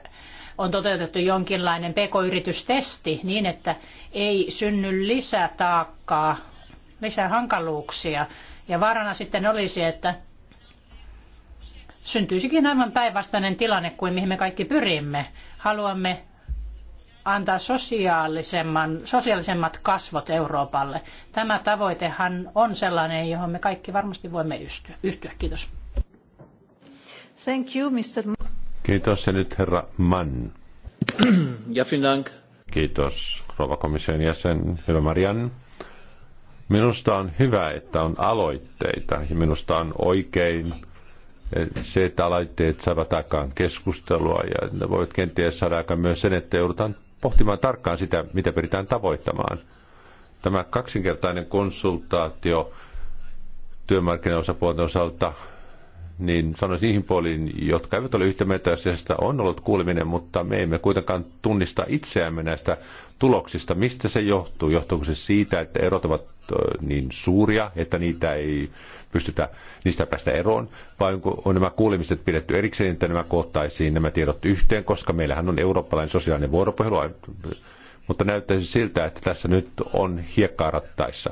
on toteutettu jonkinlainen pk-yritystesti niin, että ei synny lisää taakkaa, lisää hankaluuksia. Ja vaarana sitten olisi, että syntyisikin aivan päinvastainen tilanne kuin mihin me kaikki pyrimme. Haluamme antaa sosiaalisemman, sosiaalisemmat kasvot Euroopalle. Tämä tavoitehan on sellainen, johon me kaikki varmasti voimme yhtyä. yhtyä. Kiitos. Thank you, Mr. Kiitos ja nyt herra Mann. ja Finland. Kiitos, rouva komission jäsen, hyvä Marian. Minusta on hyvä, että on aloitteita ja minusta on oikein, eh, se, että aloitteet saavat aikaan keskustelua ja ne voivat kenties saada aikaan myös sen, että joudutaan pohtimaan tarkkaan sitä, mitä pyritään tavoittamaan. Tämä kaksinkertainen konsultaatio työmarkkinaosapuolten osalta niin sanoin niihin puoliin, jotka eivät ole yhtä mieltä asiasta, on ollut kuuleminen, mutta me emme kuitenkaan tunnista itseämme näistä tuloksista. Mistä se johtuu? Johtuuko se siitä, että erot ovat niin suuria, että niitä ei pystytä niistä päästä eroon, vai onko on nämä kuulemiset pidetty erikseen, että nämä koottaisiin nämä tiedot yhteen, koska meillähän on eurooppalainen sosiaalinen vuoropuhelu, mutta näyttäisi siltä, että tässä nyt on hiekkaa rattaissa.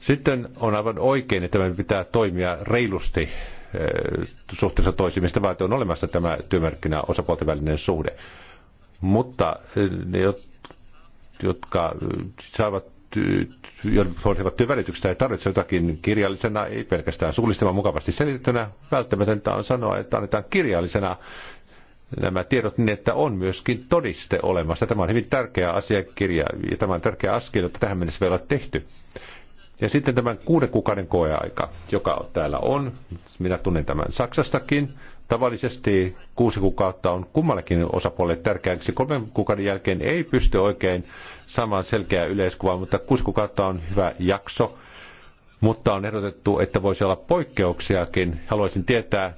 Sitten on aivan oikein, että meidän pitää toimia reilusti Eh, suhteessa toisimista, vaan on olemassa tämä osapuolten välinen suhde. Mutta eh, ne, jotka eh, saavat voivat työvälityksestä ei tarvitse jotakin kirjallisena, ei pelkästään suullistamaan mukavasti selitettynä. Välttämätöntä on sanoa, että annetaan kirjallisena nämä tiedot niin, että on myöskin todiste olemassa. Tämä on hyvin tärkeä asiakirja ja tämä on tärkeä askel, jota tähän mennessä vielä on tehty. Ja sitten tämä kuuden kuukauden koeaika, joka täällä on, minä tunnen tämän Saksastakin, tavallisesti kuusi kuukautta on kummallakin osapuolelle tärkeäksi. kolmen kuukauden jälkeen ei pysty oikein saamaan selkeää yleiskuvaa, mutta kuusi kuukautta on hyvä jakso. Mutta on ehdotettu, että voisi olla poikkeuksiakin. Haluaisin tietää,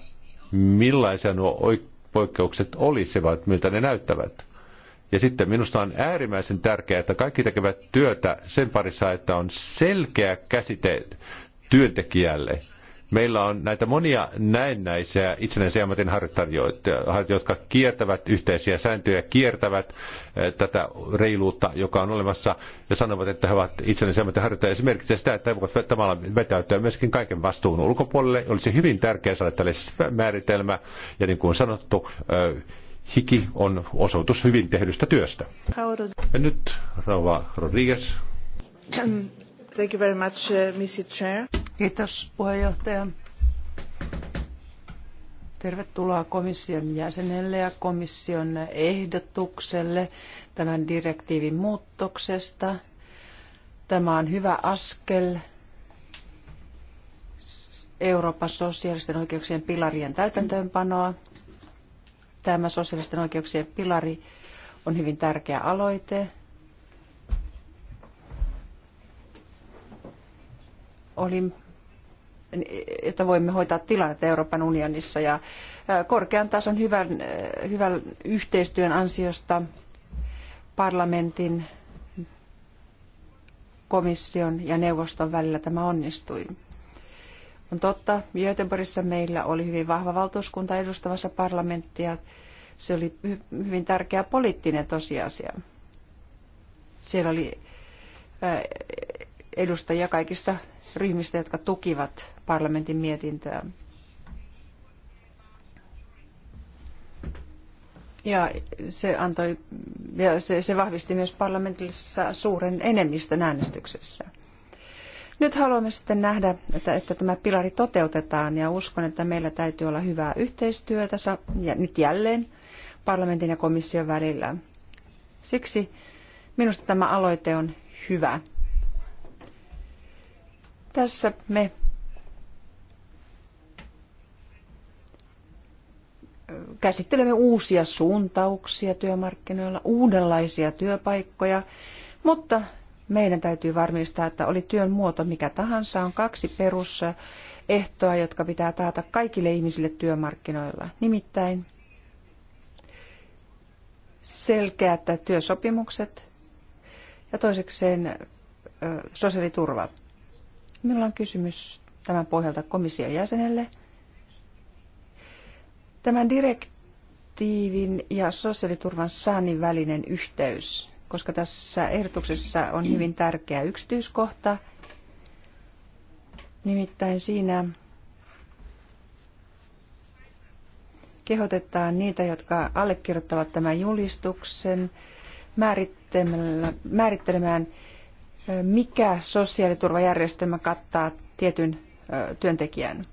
millaisia nuo poikkeukset olisivat, miltä ne näyttävät. Ja sitten minusta on äärimmäisen tärkeää, että kaikki tekevät työtä sen parissa, että on selkeä käsite työntekijälle. Meillä on näitä monia näennäisiä itsenäisiä ammatinharjoittajia, jotka kiertävät yhteisiä sääntöjä, kiertävät eh, tätä reiluutta, joka on olemassa, ja sanovat, että he ovat itsenäisiä ammatinharjoittajia. Se merkitsee sitä, että he voivat tavallaan vetäytyä myöskin kaiken vastuun ulkopuolelle. Olisi hyvin tärkeää saada tälle määritelmä, ja niin kuin sanottu, eh, hiki on osoitus hyvin tehdystä työstä. Ja nyt Rauva Rodriguez. Thank you very much, uh, Mr. Chair. Kiitos puheenjohtaja. Tervetuloa komission jäsenelle ja komission ehdotukselle tämän direktiivin muutoksesta. Tämä on hyvä askel Euroopan sosiaalisten oikeuksien pilarien täytäntöönpanoa. Tämä sosiaalisten oikeuksien pilari on hyvin tärkeä aloite. Oli, että voimme hoitaa tilannetta Euroopan unionissa ja korkean tason hyvän, hyvän yhteistyön ansiosta parlamentin, komission ja neuvoston välillä tämä onnistui. On totta, Göteborgissa meillä oli hyvin vahva valtuuskunta edustamassa parlamenttia. Se oli hyvin tärkeä poliittinen tosiasia. Siellä oli edustajia kaikista ryhmistä, jotka tukivat parlamentin mietintöä. Ja se, antoi, ja se, se vahvisti myös parlamentissa suuren enemmistön äänestyksessä. Nyt haluamme sitten nähdä, että, että tämä pilari toteutetaan ja uskon, että meillä täytyy olla hyvää yhteistyötä ja nyt jälleen parlamentin ja komission välillä. Siksi minusta tämä aloite on hyvä. Tässä me käsittelemme uusia suuntauksia työmarkkinoilla, uudenlaisia työpaikkoja, mutta meidän täytyy varmistaa, että oli työn muoto mikä tahansa, on kaksi perusehtoa, jotka pitää taata kaikille ihmisille työmarkkinoilla. Nimittäin selkeät työsopimukset ja toisekseen sosiaaliturva. Minulla on kysymys tämän pohjalta komission jäsenelle. Tämän direktiivin ja sosiaaliturvan saannin välinen yhteys, koska tässä ehdotuksessa on hyvin tärkeä yksityiskohta. Nimittäin siinä kehotetaan niitä, jotka allekirjoittavat tämän julistuksen määrittelemään, mikä sosiaaliturvajärjestelmä kattaa tietyn työntekijän.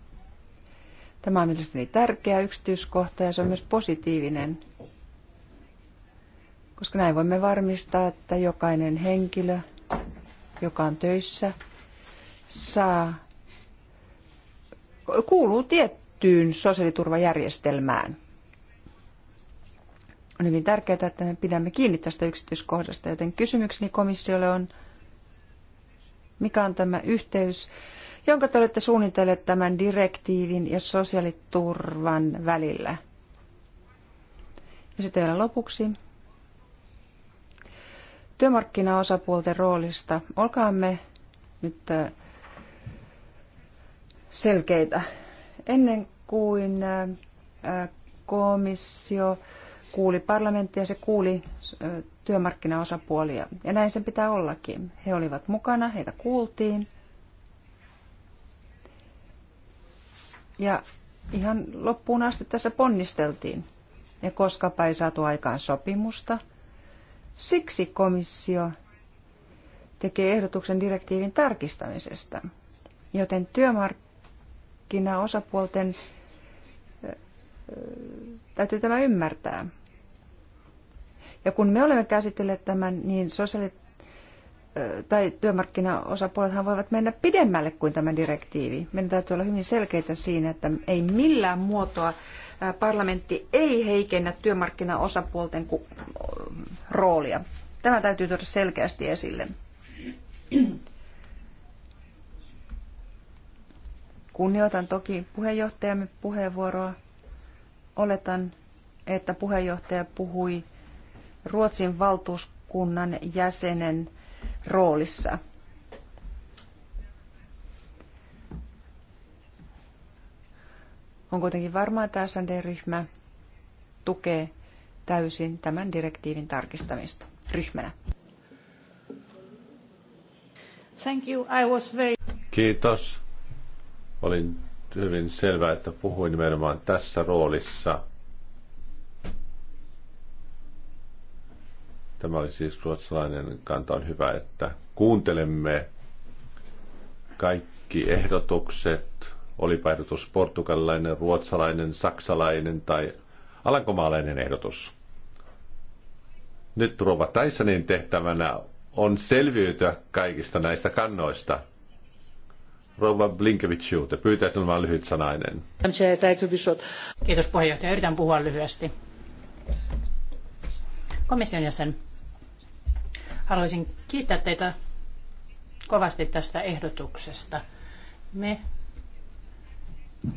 Tämä on mielestäni tärkeä yksityiskohta ja se on myös positiivinen koska näin voimme varmistaa, että jokainen henkilö, joka on töissä, saa, kuuluu tiettyyn sosiaaliturvajärjestelmään. On hyvin tärkeää, että me pidämme kiinni tästä yksityiskohdasta, joten kysymykseni komissiolle on, mikä on tämä yhteys, jonka te olette suunnitelleet tämän direktiivin ja sosiaaliturvan välillä. Ja sitten vielä lopuksi työmarkkinaosapuolten roolista. Olkaamme nyt äh, selkeitä. Ennen kuin äh, äh, komissio kuuli parlamenttia, se kuuli työmarkkinaosapuolia. Ja näin sen pitää ollakin. He olivat mukana, heitä kuultiin. Ja ihan loppuun asti tässä ponnisteltiin. Ja koskapa ei saatu aikaan sopimusta – Siksi komissio tekee ehdotuksen direktiivin tarkistamisesta, joten työmarkkinaosapuolten täytyy tämä ymmärtää. Ja kun me olemme käsitelleet tämän, niin sosiaali- tai työmarkkinaosapuolethan voivat mennä pidemmälle kuin tämä direktiivi. Meidän täytyy olla hyvin selkeitä siinä, että ei millään muotoa parlamentti ei heikennä työmarkkinaosapuolten roolia. Tämä täytyy tuoda selkeästi esille. Kunnioitan toki puheenjohtajamme puheenvuoroa. Oletan, että puheenjohtaja puhui Ruotsin valtuuskunnan jäsenen roolissa. On kuitenkin varmaa, että SND-ryhmä tukee täysin tämän direktiivin tarkistamista ryhmänä. Thank you. I was very... Kiitos. Olin hyvin selvää, että puhuin nimenomaan tässä roolissa. Tämä oli siis ruotsalainen kanta. On hyvä, että kuuntelemme kaikki ehdotukset, olipa ehdotus portugalilainen, ruotsalainen, saksalainen tai alankomaalainen ehdotus. Nyt Rova Tysonin tehtävänä on selviytyä kaikista näistä kannoista. Rova Blinkevich, te pyytäisin olemaan lyhyt sanainen. Kiitos puheenjohtaja. Yritän puhua lyhyesti. Komission jäsen, haluaisin kiittää teitä kovasti tästä ehdotuksesta. Me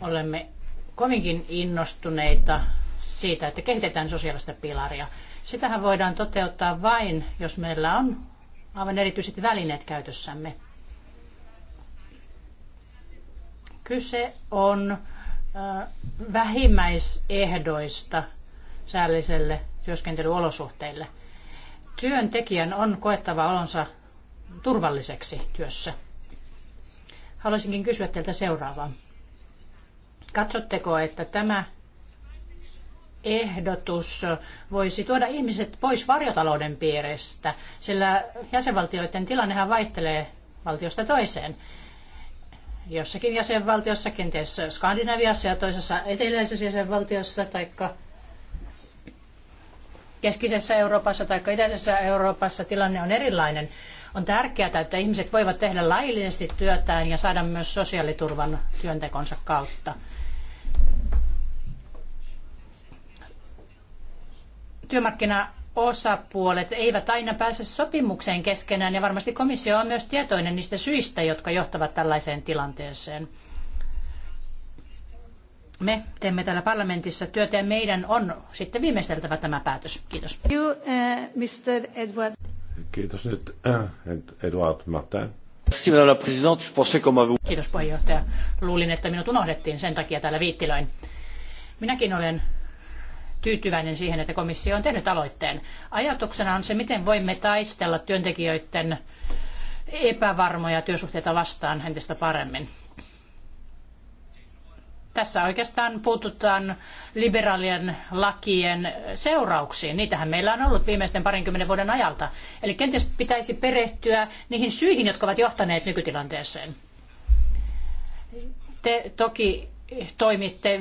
olemme kovinkin innostuneita siitä, että kehitetään sosiaalista pilaria. Sitähän voidaan toteuttaa vain, jos meillä on aivan erityiset välineet käytössämme. Kyse on vähimmäisehdoista säälliselle työskentelyolosuhteille. Työntekijän on koettava olonsa turvalliseksi työssä. Haluaisinkin kysyä teiltä seuraavaa. Katsotteko, että tämä ehdotus voisi tuoda ihmiset pois varjotalouden piiristä, sillä jäsenvaltioiden tilannehan vaihtelee valtiosta toiseen. Jossakin jäsenvaltiossa, kenties Skandinaviassa ja toisessa eteläisessä jäsenvaltiossa tai keskisessä Euroopassa tai itäisessä Euroopassa tilanne on erilainen. On tärkeää, että ihmiset voivat tehdä laillisesti työtään ja saada myös sosiaaliturvan työntekonsa kautta. työmarkkinaosapuolet eivät aina pääse sopimukseen keskenään ja varmasti komissio on myös tietoinen niistä syistä, jotka johtavat tällaiseen tilanteeseen. Me teemme täällä parlamentissa työtä ja meidän on sitten viimeisteltävä tämä päätös. Kiitos. You, uh, Mr. Edward. Kiitos nyt äh, Edward Martin. Kiitos puheenjohtaja. Luulin, että minut unohdettiin sen takia täällä viittiloin. Minäkin olen tyytyväinen siihen, että komissio on tehnyt aloitteen. Ajatuksena on se, miten voimme taistella työntekijöiden epävarmoja työsuhteita vastaan entistä paremmin. Tässä oikeastaan puututaan liberaalien lakien seurauksiin. Niitähän meillä on ollut viimeisten parinkymmenen vuoden ajalta. Eli kenties pitäisi perehtyä niihin syihin, jotka ovat johtaneet nykytilanteeseen. Te toki toimitte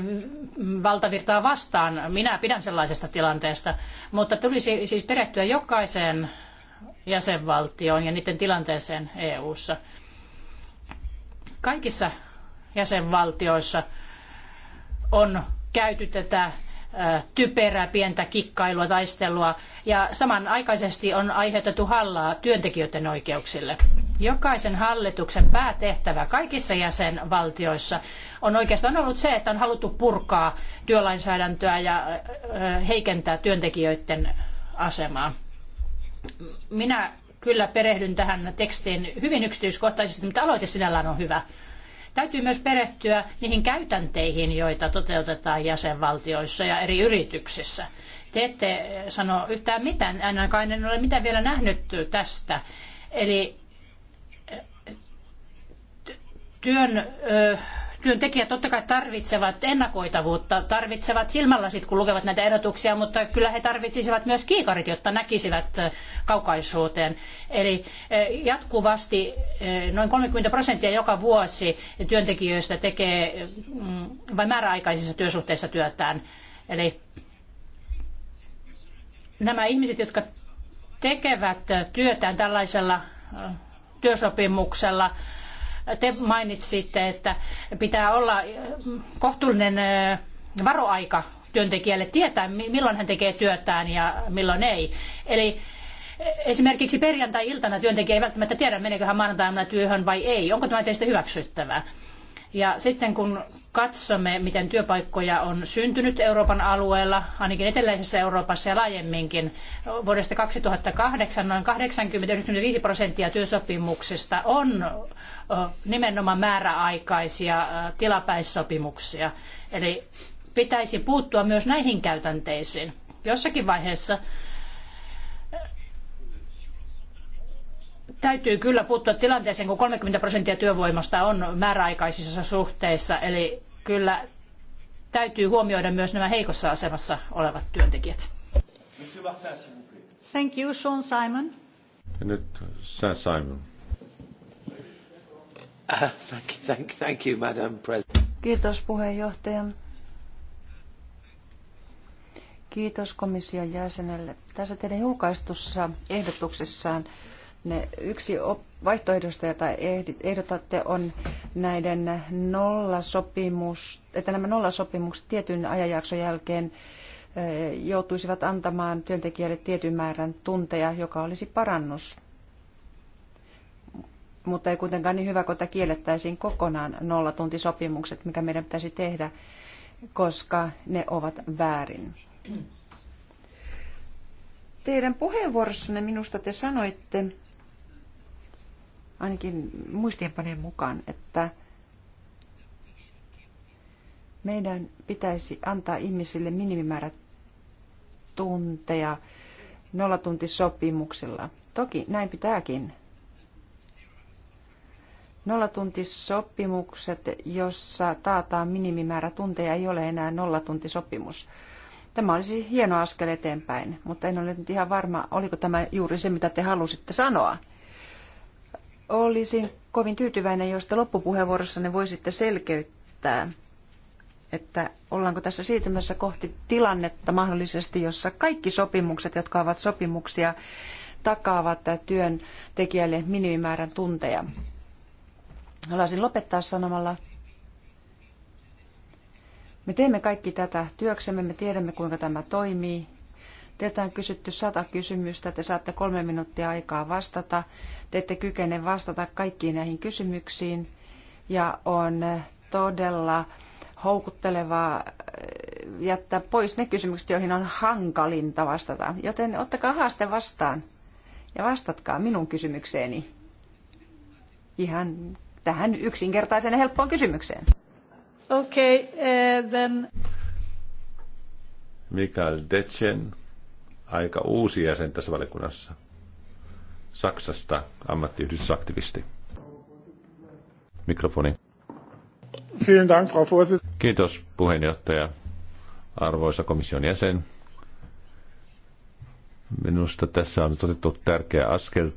valtavirtaa vastaan. Minä pidän sellaisesta tilanteesta, mutta tulisi siis perehtyä jokaiseen jäsenvaltioon ja niiden tilanteeseen EU:ssa. Kaikissa jäsenvaltioissa on käyty tätä typerää pientä kikkailua, taistelua ja samanaikaisesti on aiheutettu hallaa työntekijöiden oikeuksille. Jokaisen hallituksen päätehtävä kaikissa jäsenvaltioissa on oikeastaan ollut se, että on haluttu purkaa työlainsäädäntöä ja heikentää työntekijöiden asemaa. Minä kyllä perehdyn tähän tekstiin hyvin yksityiskohtaisesti, mutta aloite sinällään on hyvä. Täytyy myös perehtyä niihin käytänteihin, joita toteutetaan jäsenvaltioissa ja eri yrityksissä. Te ette sano yhtään mitään, ainakaan en ole mitään vielä nähnyt tästä. Eli eh, työn Työntekijät totta kai tarvitsevat ennakoitavuutta, tarvitsevat silmälasit, kun lukevat näitä ehdotuksia, mutta kyllä he tarvitsisivat myös kiikarit, jotta näkisivät kaukaisuuteen. Eli eh, jatkuvasti eh, noin 30 prosenttia joka vuosi työntekijöistä tekee mm, vain määräaikaisissa työsuhteissa työtään. Eli nämä ihmiset, jotka tekevät työtään tällaisella eh, työsopimuksella, te mainitsitte, että pitää olla kohtuullinen varoaika työntekijälle tietää, milloin hän tekee työtään ja milloin ei. Eli esimerkiksi perjantai-iltana työntekijä ei välttämättä tiedä, meneekö hän maanantaina työhön vai ei. Onko tämä teistä hyväksyttävää? Ja sitten kun katsomme, miten työpaikkoja on syntynyt Euroopan alueella, ainakin eteläisessä Euroopassa ja laajemminkin, vuodesta 2008 noin 80-95 prosenttia työsopimuksista on nimenomaan määräaikaisia tilapäissopimuksia. Eli pitäisi puuttua myös näihin käytänteisiin. Jossakin vaiheessa täytyy kyllä puuttua tilanteeseen, kun 30 prosenttia työvoimasta on määräaikaisissa suhteissa, eli kyllä täytyy huomioida myös nämä heikossa asemassa olevat työntekijät. Thank you, Sean Simon. Ja nyt Sir Simon. Uh, thank, thank, thank you, Madam President. Kiitos puheenjohtaja. Kiitos komission jäsenelle. Tässä teidän julkaistussa ehdotuksessaan ne yksi vaihtoehdosta, jota ehdotatte, on näiden nollasopimus, että nämä nollasopimukset tietyn ajanjakson jälkeen joutuisivat antamaan työntekijälle tietyn määrän tunteja, joka olisi parannus. Mutta ei kuitenkaan niin hyvä, kun kiellettäisiin kokonaan nollatuntisopimukset, mikä meidän pitäisi tehdä, koska ne ovat väärin. Teidän puheenvuorossanne minusta te sanoitte, ainakin muistiinpaneen mukaan, että meidän pitäisi antaa ihmisille minimimäärä tunteja nollatuntisopimuksilla. Toki näin pitääkin. Nollatuntisopimukset, jossa taataan minimimäärä tunteja, ei ole enää nollatuntisopimus. Tämä olisi hieno askel eteenpäin, mutta en ole nyt ihan varma, oliko tämä juuri se, mitä te halusitte sanoa. Olisin kovin tyytyväinen, jos te loppupuheenvuorossanne voisitte selkeyttää, että ollaanko tässä siirtymässä kohti tilannetta mahdollisesti, jossa kaikki sopimukset, jotka ovat sopimuksia, takaavat työntekijälle minimimäärän tunteja. Haluaisin lopettaa sanomalla, me teemme kaikki tätä työksemme, me tiedämme kuinka tämä toimii Teiltä on kysytty sata kysymystä, te saatte kolme minuuttia aikaa vastata. Te ette kykene vastata kaikkiin näihin kysymyksiin ja on todella houkuttelevaa äh, jättää pois ne kysymykset, joihin on hankalinta vastata. Joten ottakaa haaste vastaan ja vastatkaa minun kysymykseeni. Ihan tähän yksinkertaiseen ja helppoon kysymykseen. Okei, okay, uh, eh, then... Mikael Detchen aika uusi jäsen tässä valiokunnassa. Saksasta ammattiyhdistysaktivisti. Mikrofoni. Kiitos puheenjohtaja, arvoisa komission jäsen. Minusta tässä on otettu tärkeä askel.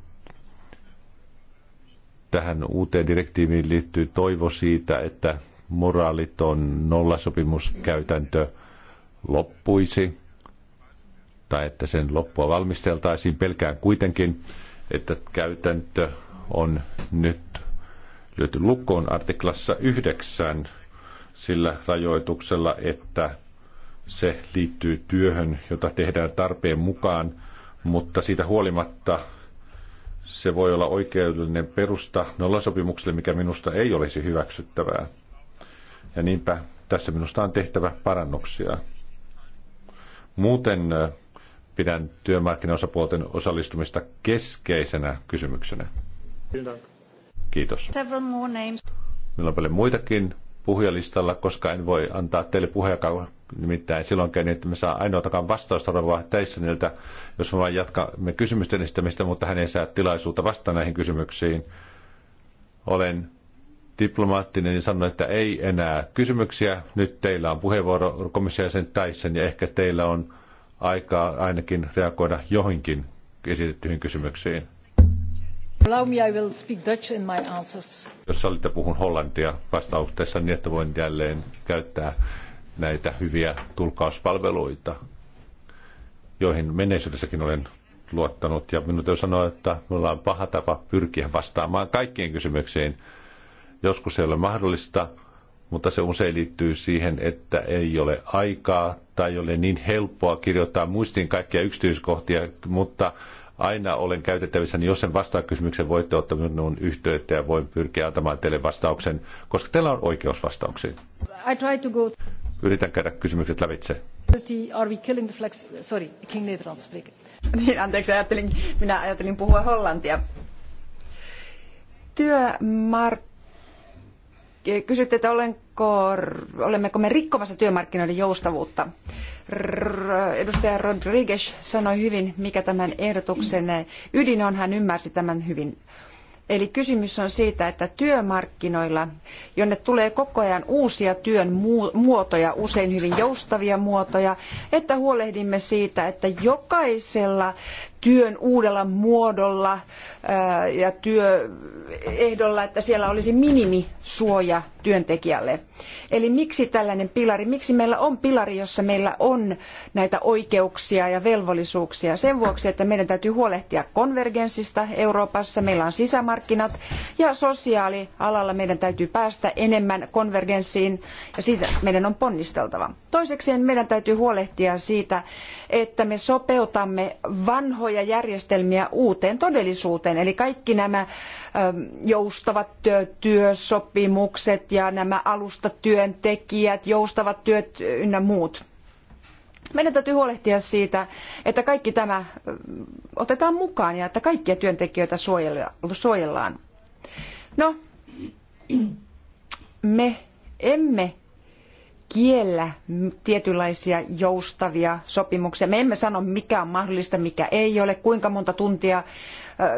Tähän uuteen direktiiviin liittyy toivo siitä, että moraaliton nollasopimuskäytäntö loppuisi mutta että sen loppua valmisteltaisiin. Pelkään kuitenkin, että käytäntö on nyt lyöty lukkoon artiklassa 9 sillä rajoituksella, että se liittyy työhön, jota tehdään tarpeen mukaan, mutta siitä huolimatta se voi olla oikeudellinen perusta nollasopimukselle, mikä minusta ei olisi hyväksyttävää. Ja niinpä tässä minusta on tehtävä parannuksia. Muuten pidän työmarkkinaosapuolten osallistumista keskeisenä kysymyksenä. Kiitos. Meillä on paljon muitakin puhujalistalla, koska en voi antaa teille puheenkaan nimittäin silloin käy niin, että me saa ainoatakaan vastausta olevaa niiltä, jos me vain jatkamme kysymysten esittämistä, mutta hän ei saa tilaisuutta vastata näihin kysymyksiin. Olen diplomaattinen ja sanon, että ei enää kysymyksiä. Nyt teillä on puheenvuoro komission jäsen Tyson ja ehkä teillä on aikaa ainakin reagoida johonkin esitettyihin kysymyksiin. Allow me, I will speak Dutch in my answers. Jos sallitte, puhun hollantia vastauksessa niin, että voin jälleen käyttää näitä hyviä tulkkauspalveluita, joihin menneisyydessäkin olen luottanut. Ja minun täytyy sanoa, että minulla on paha tapa pyrkiä vastaamaan kaikkiin kysymyksiin. Joskus ei ole mahdollista, mutta se usein liittyy siihen, että ei ole aikaa tai jolle niin helppoa kirjoittaa muistiin kaikkia yksityiskohtia, mutta aina olen käytettävissä, niin jos sen kysymyksen, voitte ottaa minun yhteyttä ja voin pyrkiä antamaan teille vastauksen, koska teillä on oikeus vastauksiin. I try to go... Yritän käydä kysymykset lävitse. Are we killing the flex... Sorry, King Netherlands Niin, anteeksi, ajattelin, minä ajattelin puhua hollantia. Työmark Kysytte, että olenko, olemmeko me rikkomassa työmarkkinoiden joustavuutta. Edustaja Rodriguez sanoi hyvin, mikä tämän ehdotuksen ydin on. Hän ymmärsi tämän hyvin. Eli kysymys on siitä, että työmarkkinoilla, jonne tulee koko ajan uusia työn muotoja, usein hyvin joustavia muotoja, että huolehdimme siitä, että jokaisella työn uudella muodolla ja työehdolla, että siellä olisi minimisuoja työntekijälle. Eli miksi tällainen pilari, miksi meillä on pilari, jossa meillä on näitä oikeuksia ja velvollisuuksia? Sen vuoksi, että meidän täytyy huolehtia konvergenssista Euroopassa, meillä on sisämarkkinat ja sosiaalialalla meidän täytyy päästä enemmän konvergenssiin ja siitä meidän on ponnisteltava. Toisekseen meidän täytyy huolehtia siitä, että me sopeutamme vanhoja tapoja järjestelmiä uuteen todellisuuteen. Eli kaikki nämä joustavat työsopimukset ja nämä alustatyöntekijät, joustavat työt ynnä muut. Meidän täytyy huolehtia siitä, että kaikki tämä otetaan mukaan ja että kaikkia työntekijöitä suojellaan. No, me emme kiellä tietynlaisia joustavia sopimuksia. Me emme sano, mikä on mahdollista, mikä ei ole, kuinka monta tuntia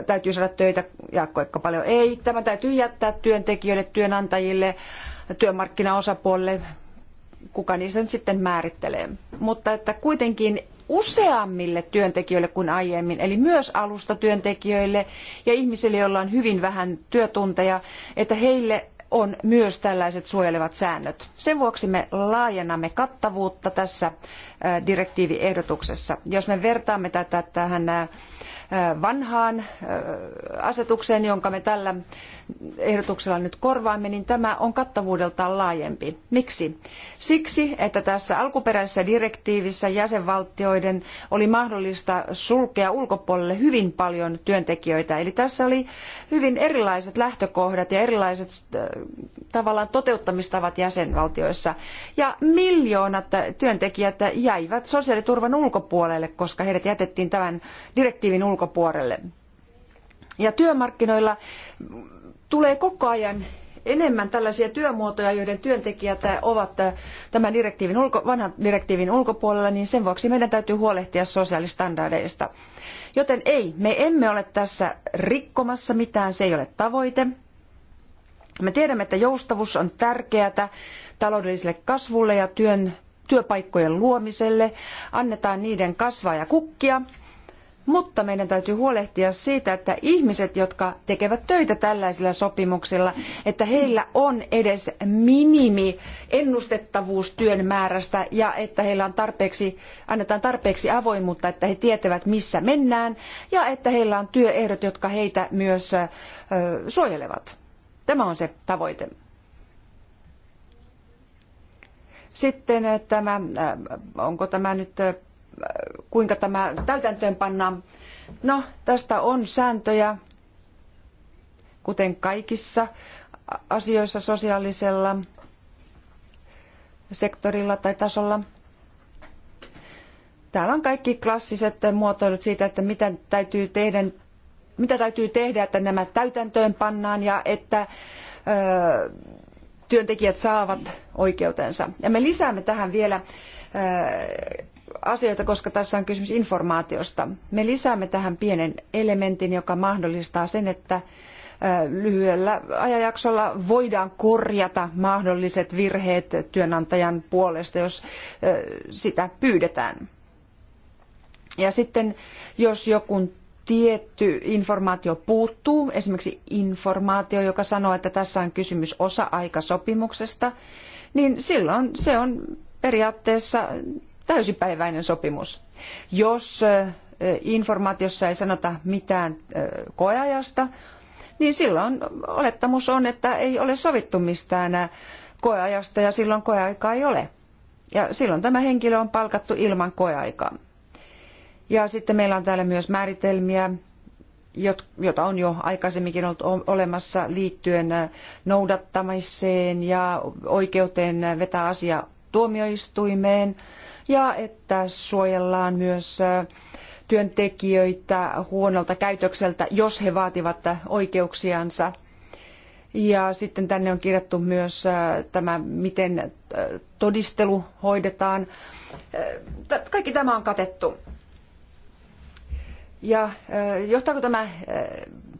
täytyy saada töitä ja kuinka paljon ei. Tämä täytyy jättää työntekijöille, työnantajille, työmarkkinaosapuolelle, kuka niistä nyt sitten määrittelee. Mutta että kuitenkin useammille työntekijöille kuin aiemmin, eli myös alustatyöntekijöille ja ihmisille, joilla on hyvin vähän työtunteja, että heille on myös tällaiset suojelevat säännöt. Sen vuoksi me laajennamme kattavuutta tässä direktiiviehdotuksessa. Jos me vertaamme tätä tähän vanhaan asetukseen, jonka me tällä ehdotuksella nyt korvaamme, niin tämä on kattavuudeltaan laajempi. Miksi? Siksi, että tässä alkuperäisessä direktiivissä jäsenvaltioiden oli mahdollista sulkea ulkopuolelle hyvin paljon työntekijöitä. Eli tässä oli hyvin erilaiset lähtökohdat ja erilaiset tavallaan toteuttamistavat jäsenvaltioissa. Ja miljoonat työntekijät jäivät sosiaaliturvan ulkopuolelle, koska heidät jätettiin tämän direktiivin ulkopuolelle ulkopuolelle. Ja työmarkkinoilla tulee koko ajan enemmän tällaisia työmuotoja, joiden työntekijät ovat tämän direktiivin ulko, vanhan direktiivin ulkopuolella, niin sen vuoksi meidän täytyy huolehtia sosiaalistandardeista. Joten ei, me emme ole tässä rikkomassa mitään, se ei ole tavoite. Me tiedämme, että joustavuus on tärkeää taloudelliselle kasvulle ja työn, työpaikkojen luomiselle. Annetaan niiden kasvaa ja kukkia mutta meidän täytyy huolehtia siitä, että ihmiset, jotka tekevät töitä tällaisilla sopimuksilla, että heillä on edes minimi ennustettavuus työn määrästä ja että heillä on tarpeeksi, annetaan tarpeeksi avoimuutta, että he tietävät missä mennään ja että heillä on työehdot, jotka heitä myös suojelevat. Tämä on se tavoite. Sitten tämä, onko tämä nyt kuinka tämä täytäntöön pannaan. No, tästä on sääntöjä, kuten kaikissa asioissa sosiaalisella sektorilla tai tasolla. Täällä on kaikki klassiset muotoilut siitä, että mitä täytyy tehdä, mitä täytyy tehdä että nämä täytäntöön pannaan ja että työntekijät saavat oikeutensa. Ja me lisäämme tähän vielä asioita, koska tässä on kysymys informaatiosta. Me lisäämme tähän pienen elementin, joka mahdollistaa sen, että lyhyellä ajanjaksolla voidaan korjata mahdolliset virheet työnantajan puolesta, jos sitä pyydetään. Ja sitten jos joku tietty informaatio puuttuu, esimerkiksi informaatio, joka sanoo, että tässä on kysymys osa-aikasopimuksesta, niin silloin se on periaatteessa täysipäiväinen sopimus. Jos informaatiossa ei sanota mitään koeajasta, niin silloin olettamus on, että ei ole sovittu mistään koeajasta ja silloin koeaikaa ei ole. Ja silloin tämä henkilö on palkattu ilman koeaikaa. Ja sitten meillä on täällä myös määritelmiä, jota on jo aikaisemminkin ollut olemassa liittyen noudattamiseen ja oikeuteen vetää asia tuomioistuimeen – ja että suojellaan myös työntekijöitä huonolta käytökseltä, jos he vaativat oikeuksiansa. Ja sitten tänne on kirjattu myös tämä, miten todistelu hoidetaan. Kaikki tämä on katettu. Ja johtaako tämä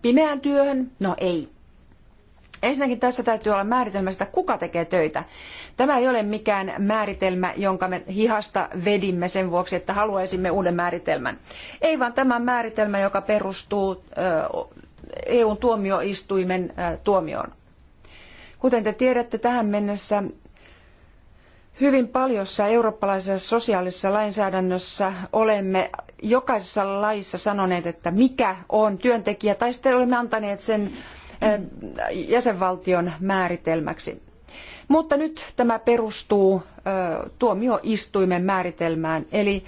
pimeään työhön? No ei. Ensinnäkin tässä täytyy olla määritelmä sitä, kuka tekee töitä. Tämä ei ole mikään määritelmä, jonka me hihasta vedimme sen vuoksi, että haluaisimme uuden määritelmän. Ei vaan tämä on määritelmä, joka perustuu EUn tuomioistuimen tuomioon. Kuten te tiedätte, tähän mennessä hyvin paljossa eurooppalaisessa sosiaalisessa lainsäädännössä olemme jokaisessa laissa sanoneet, että mikä on työntekijä, tai sitten olemme antaneet sen Ähm, jäsenvaltion määritelmäksi. Mutta nyt tämä perustuu äh, tuomioistuimen määritelmään, eli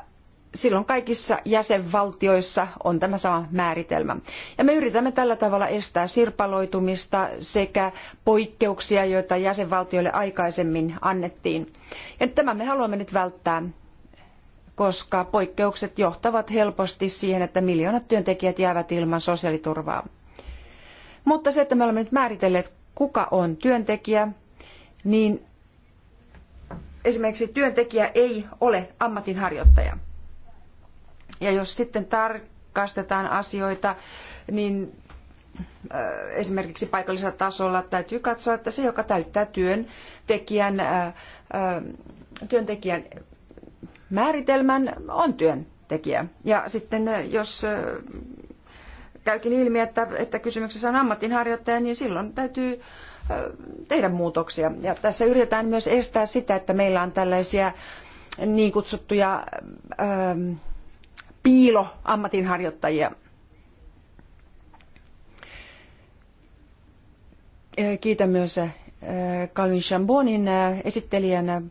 äh, silloin kaikissa jäsenvaltioissa on tämä sama määritelmä. Ja me yritämme tällä tavalla estää sirpaloitumista sekä poikkeuksia, joita jäsenvaltioille aikaisemmin annettiin. Ja tämän me haluamme nyt välttää koska poikkeukset johtavat helposti siihen, että miljoonat työntekijät jäävät ilman sosiaaliturvaa. Mutta se, että me olemme nyt määritelleet, kuka on työntekijä, niin esimerkiksi työntekijä ei ole ammatinharjoittaja. Ja jos sitten tarkastetaan asioita, niin äh, esimerkiksi paikallisella tasolla täytyy katsoa, että se, joka täyttää työntekijän, äh, äh, työntekijän määritelmän, on työntekijä. Ja sitten jos käykin ilmi, että, että kysymyksessä on ammatinharjoittaja, niin silloin täytyy tehdä muutoksia. Ja tässä yritetään myös estää sitä, että meillä on tällaisia niin kutsuttuja ähm, piiloammatinharjoittajia. Kiitän myös Calvin Chambonin esittelijän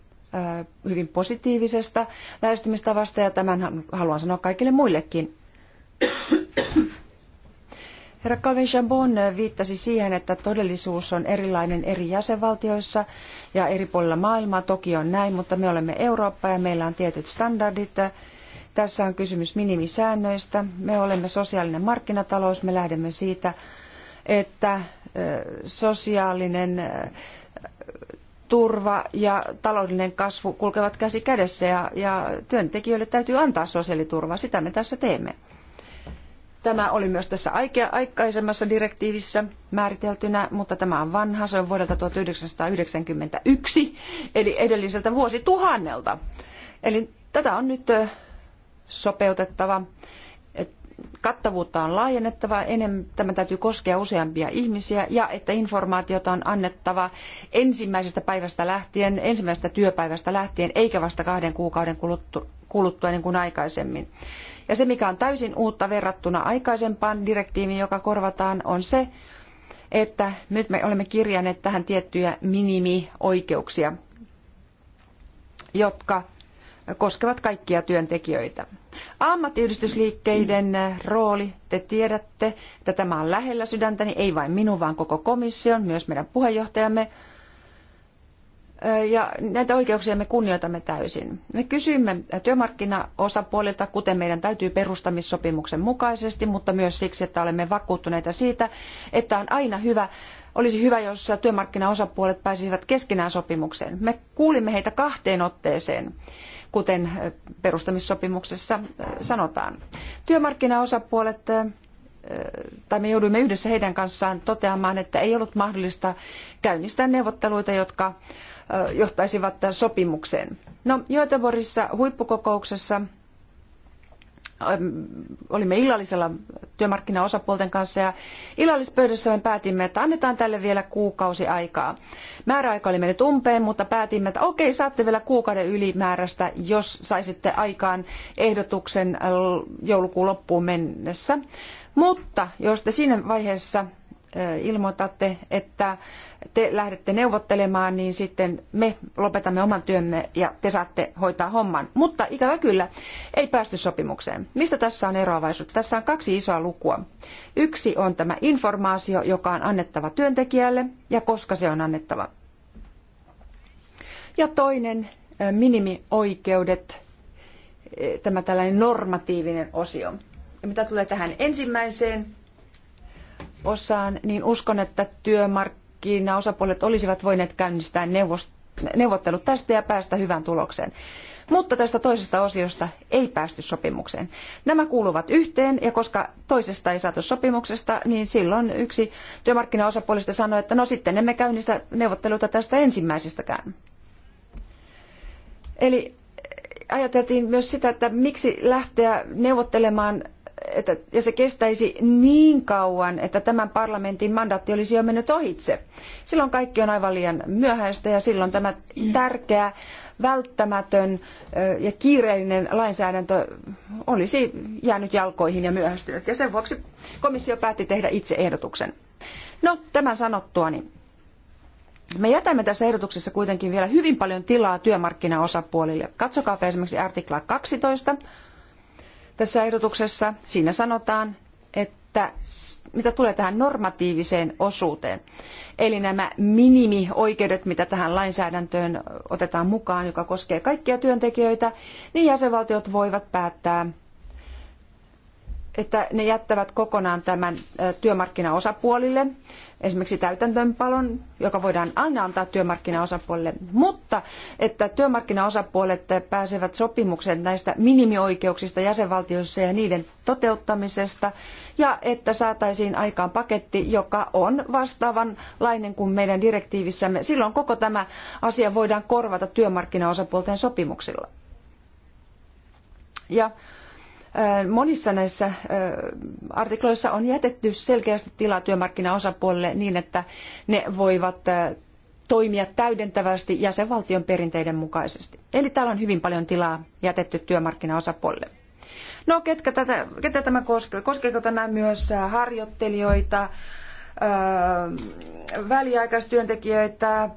hyvin positiivisesta lähestymistavasta ja tämän haluan sanoa kaikille muillekin. Herra Calvin Chambon viittasi siihen, että todellisuus on erilainen eri jäsenvaltioissa ja eri puolilla maailmaa. Toki on näin, mutta me olemme Eurooppa ja meillä on tietyt standardit. Tässä on kysymys minimisäännöistä. Me olemme sosiaalinen markkinatalous. Me lähdemme siitä, että sosiaalinen turva ja taloudellinen kasvu kulkevat käsi kädessä ja, ja työntekijöille täytyy antaa sosiaaliturvaa. Sitä me tässä teemme. Tämä oli myös tässä aikaisemmassa direktiivissä määriteltynä, mutta tämä on vanha, se on vuodelta 1991, eli edelliseltä vuosituhannelta. Eli tätä on nyt sopeutettava. Kattavuutta on laajennettava, enemmän, tämä täytyy koskea useampia ihmisiä ja että informaatiota on annettava ensimmäisestä päivästä lähtien, ensimmäisestä työpäivästä lähtien, eikä vasta kahden kuukauden kuluttua, kuluttua niin kuin aikaisemmin ja se, mikä on täysin uutta verrattuna aikaisempaan direktiiviin, joka korvataan, on se, että nyt me olemme kirjanneet tähän tiettyjä minimioikeuksia, jotka koskevat kaikkia työntekijöitä. Ammattiyhdistysliikkeiden rooli, te tiedätte, että tämä on lähellä sydäntäni, ei vain minun, vaan koko komission, myös meidän puheenjohtajamme ja näitä oikeuksia me kunnioitamme täysin. Me kysymme työmarkkinaosapuolilta, kuten meidän täytyy perustamissopimuksen mukaisesti, mutta myös siksi, että olemme vakuuttuneita siitä, että on aina hyvä, olisi hyvä, jos työmarkkinaosapuolet pääsisivät keskenään sopimukseen. Me kuulimme heitä kahteen otteeseen, kuten perustamissopimuksessa sanotaan. Työmarkkinaosapuolet tai me jouduimme yhdessä heidän kanssaan toteamaan, että ei ollut mahdollista käynnistää neuvotteluita, jotka johtaisivat sopimukseen. No, Göteborgissa huippukokouksessa olimme illallisella työmarkkinaosapuolten kanssa ja illallispöydässä me päätimme, että annetaan tälle vielä kuukausi aikaa. Määräaika oli mennyt umpeen, mutta päätimme, että okei, saatte vielä kuukauden ylimääräistä, jos saisitte aikaan ehdotuksen joulukuun loppuun mennessä. Mutta jos te siinä vaiheessa ilmoitatte, että te lähdette neuvottelemaan, niin sitten me lopetamme oman työmme ja te saatte hoitaa homman. Mutta ikävä kyllä, ei päästy sopimukseen. Mistä tässä on eroavaisuus? Tässä on kaksi isoa lukua. Yksi on tämä informaatio, joka on annettava työntekijälle ja koska se on annettava. Ja toinen minimioikeudet, tämä tällainen normatiivinen osio. Ja mitä tulee tähän ensimmäiseen, osaan, niin uskon, että työmarkkinaosapuolet olisivat voineet käynnistää neuvottelut tästä ja päästä hyvään tulokseen. Mutta tästä toisesta osiosta ei päästy sopimukseen. Nämä kuuluvat yhteen ja koska toisesta ei saatu sopimuksesta, niin silloin yksi työmarkkinaosapuolista sanoi, että no sitten emme käynnistä neuvotteluita tästä ensimmäisestäkään. Eli ajateltiin myös sitä, että miksi lähteä neuvottelemaan että, ja se kestäisi niin kauan, että tämän parlamentin mandaatti olisi jo mennyt ohitse. Silloin kaikki on aivan liian myöhäistä ja silloin tämä tärkeä, välttämätön ja kiireellinen lainsäädäntö olisi jäänyt jalkoihin ja myöhästynyt. Ja sen vuoksi komissio päätti tehdä itse ehdotuksen. No, tämän sanottuani. Niin me jätämme tässä ehdotuksessa kuitenkin vielä hyvin paljon tilaa työmarkkinaosapuolille. Katsokaa esimerkiksi artiklaa 12 tässä ehdotuksessa. Siinä sanotaan, että mitä tulee tähän normatiiviseen osuuteen, eli nämä minimioikeudet, mitä tähän lainsäädäntöön otetaan mukaan, joka koskee kaikkia työntekijöitä, niin jäsenvaltiot voivat päättää että ne jättävät kokonaan tämän työmarkkinaosapuolille, esimerkiksi täytäntöönpalon, joka voidaan aina antaa työmarkkinaosapuolelle, mutta että työmarkkinaosapuolet pääsevät sopimukseen näistä minimioikeuksista jäsenvaltioissa ja niiden toteuttamisesta, ja että saataisiin aikaan paketti, joka on vastaavanlainen kuin meidän direktiivissämme. Silloin koko tämä asia voidaan korvata työmarkkinaosapuolten sopimuksilla. Ja Monissa näissä artikloissa on jätetty selkeästi tilaa työmarkkinaosapuolille niin, että ne voivat toimia täydentävästi jäsenvaltion perinteiden mukaisesti. Eli täällä on hyvin paljon tilaa jätetty työmarkkinaosapuolille. No, ketkä tätä, ketä tämä koskee? Koskeeko tämä myös harjoittelijoita, väliaikaistyöntekijöitä,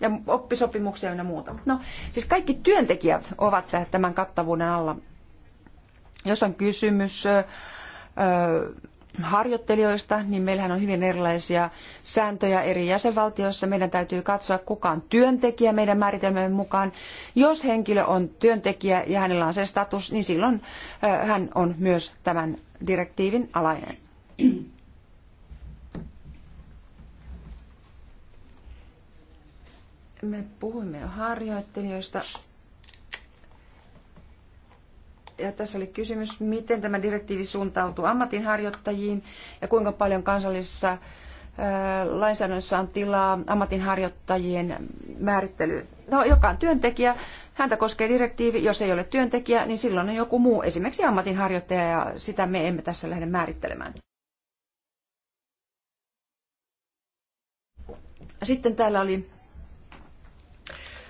ja oppisopimuksia ja muuta. No, siis kaikki työntekijät ovat tämän kattavuuden alla. Jos on kysymys ö, harjoittelijoista, niin meillähän on hyvin erilaisia sääntöjä eri jäsenvaltioissa. Meidän täytyy katsoa, kuka on työntekijä meidän määritelmämme mukaan. Jos henkilö on työntekijä ja hänellä on se status, niin silloin hän on myös tämän direktiivin alainen. Me puhuimme jo harjoittelijoista. Ja tässä oli kysymys, miten tämä direktiivi suuntautuu ammatinharjoittajiin ja kuinka paljon kansallisessa lainsäädännössä on tilaa ammatinharjoittajien määrittelyyn. No, joka on työntekijä, häntä koskee direktiivi. Jos ei ole työntekijä, niin silloin on joku muu, esimerkiksi ammatinharjoittaja, ja sitä me emme tässä lähde määrittelemään. Sitten täällä oli